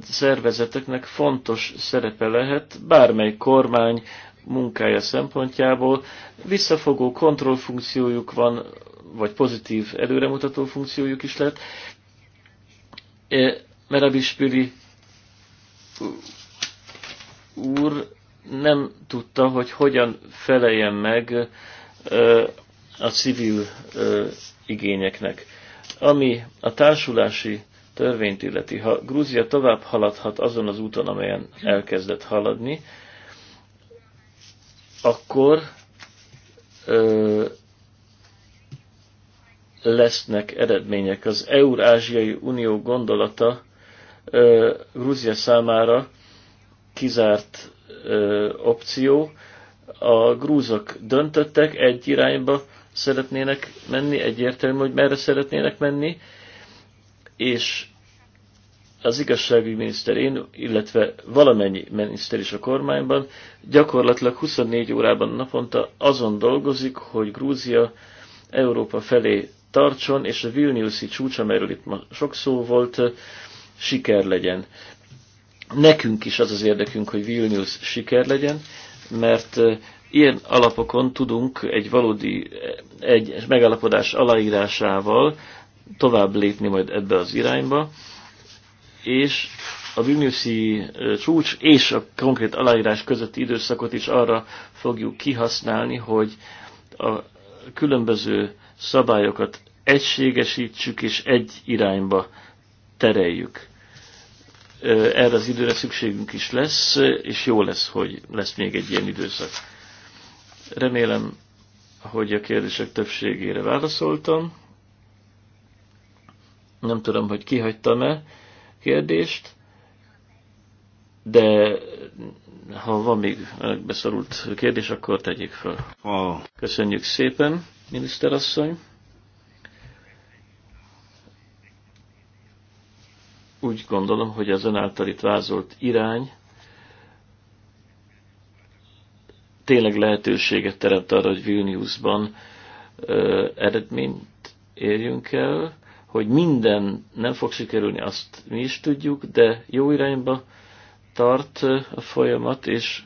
[SPEAKER 2] szervezeteknek fontos szerepe lehet bármely kormány munkája szempontjából. Visszafogó kontrollfunkciójuk van, vagy pozitív előremutató funkciójuk is lehet. E, Merabis Püli úr nem tudta, hogy hogyan feleljen meg a civil igényeknek. Ami a társulási törvényt illeti, ha Grúzia tovább haladhat azon az úton, amelyen elkezdett haladni, akkor ö, lesznek eredmények. Az Eurázsiai Unió gondolata Grúzia számára kizárt opció. A grúzok döntöttek, egy irányba szeretnének menni, egyértelmű, hogy merre szeretnének menni, és az igazságügyi én, illetve valamennyi miniszter is a kormányban gyakorlatilag 24 órában naponta azon dolgozik, hogy Grúzia Európa felé tartson, és a Vilniuszi csúcs, amelyről itt ma sok szó volt, siker legyen. Nekünk is az az érdekünk, hogy Vilnius siker legyen, mert ilyen alapokon tudunk egy valódi egy megállapodás aláírásával tovább lépni majd ebbe az irányba, és a Vilniuszi csúcs és a konkrét aláírás közötti időszakot is arra fogjuk kihasználni, hogy a különböző szabályokat egységesítsük és egy irányba tereljük erre az időre szükségünk is lesz, és jó lesz, hogy lesz még egy ilyen időszak. Remélem, hogy a kérdések többségére válaszoltam. Nem tudom, hogy kihagytam-e kérdést, de ha van még beszorult kérdés, akkor tegyék fel. Köszönjük szépen, miniszterasszony! úgy gondolom, hogy az ön által itt vázolt irány tényleg lehetőséget teremt arra, hogy Vilniusban ö, eredményt érjünk el, hogy minden nem fog sikerülni, azt mi is tudjuk, de jó irányba tart a folyamat, és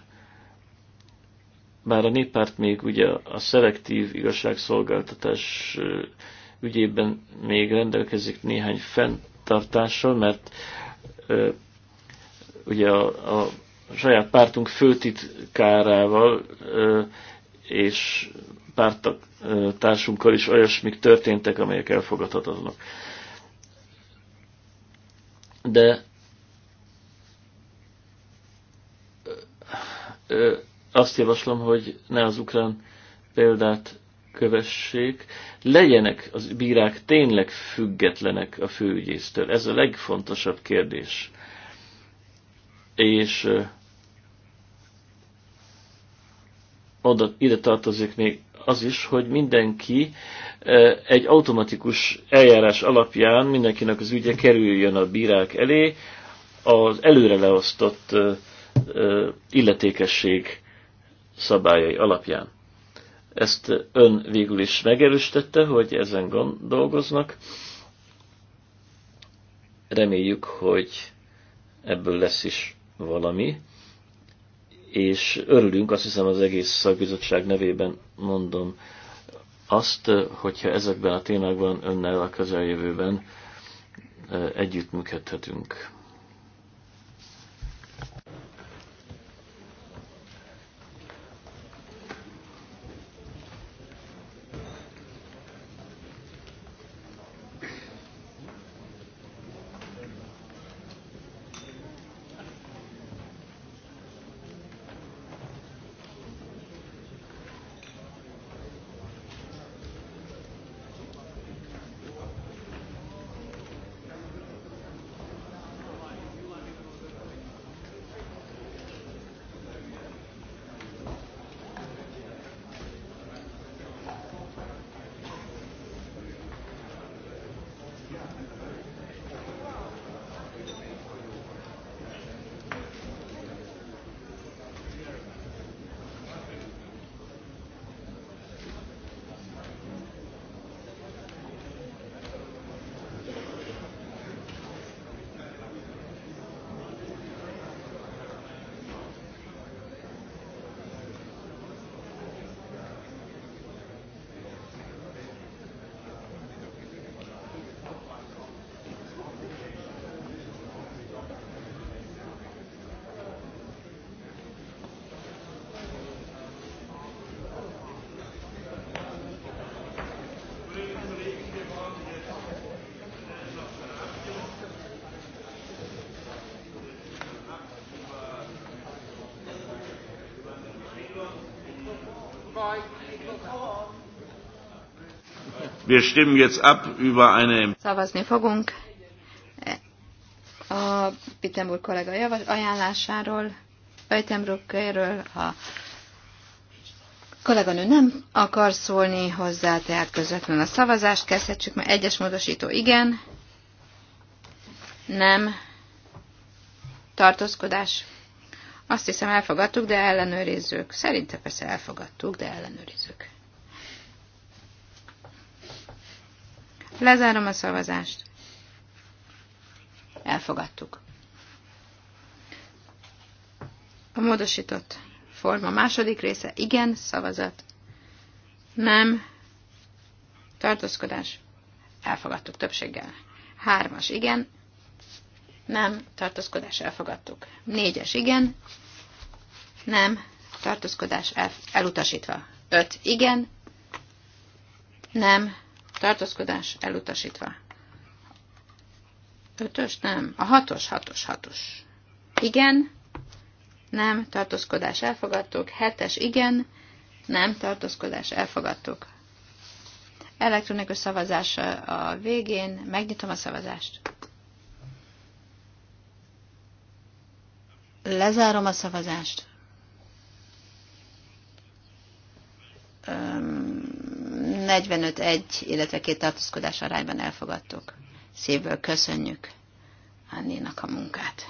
[SPEAKER 2] bár a néppárt még ugye a szelektív igazságszolgáltatás ügyében még rendelkezik néhány fent magatartással, mert ö, ugye a, a saját pártunk főtitkárával ö, és pártársunkkal is olyasmik történtek, amelyek elfogadhatatlanok. De ö, azt javaslom, hogy ne az ukrán példát kövessék, legyenek az bírák tényleg függetlenek a főügyésztől. Ez a legfontosabb kérdés. És oda, ide tartozik még az is, hogy mindenki egy automatikus eljárás alapján mindenkinek az ügye kerüljön a bírák elé, az előre leosztott illetékesség szabályai alapján. Ezt ön végül is megerősítette, hogy ezen dolgoznak. Reméljük, hogy ebből lesz is valami, és örülünk, azt hiszem az egész szakbizottság nevében mondom azt, hogyha ezekben a témákban önnel a közeljövőben eh, együttműködhetünk. Wir stimmen jetzt ab über eine...
[SPEAKER 1] Szavazni fogunk a Pitemburg kollega javas, ajánlásáról, Pitemburgről, ha kolléganő nem akar szólni hozzá, tehát közvetlenül a szavazást kezdhetjük, mert egyes módosító igen, nem, tartózkodás. Azt hiszem elfogadtuk, de ellenőrizzük. Szerintem persze elfogadtuk, de ellenőrizzük. Lezárom a szavazást. Elfogadtuk. A módosított forma második része igen, szavazat. Nem, tartózkodás. Elfogadtuk többséggel. Hármas igen, nem, tartózkodás elfogadtuk. Négyes igen, nem, tartózkodás el, elutasítva. Öt igen, nem, tartózkodás elutasítva. Ötös? Nem. A hatos, hatos, hatos. Igen, nem, tartózkodás elfogadtuk. Hetes, igen, nem, tartózkodás elfogadtuk. Elektronikus szavazás a végén. Megnyitom a szavazást. Lezárom a szavazást. 45-1, illetve két tartózkodás arányban elfogadtuk. Szívből köszönjük Annénak a munkát.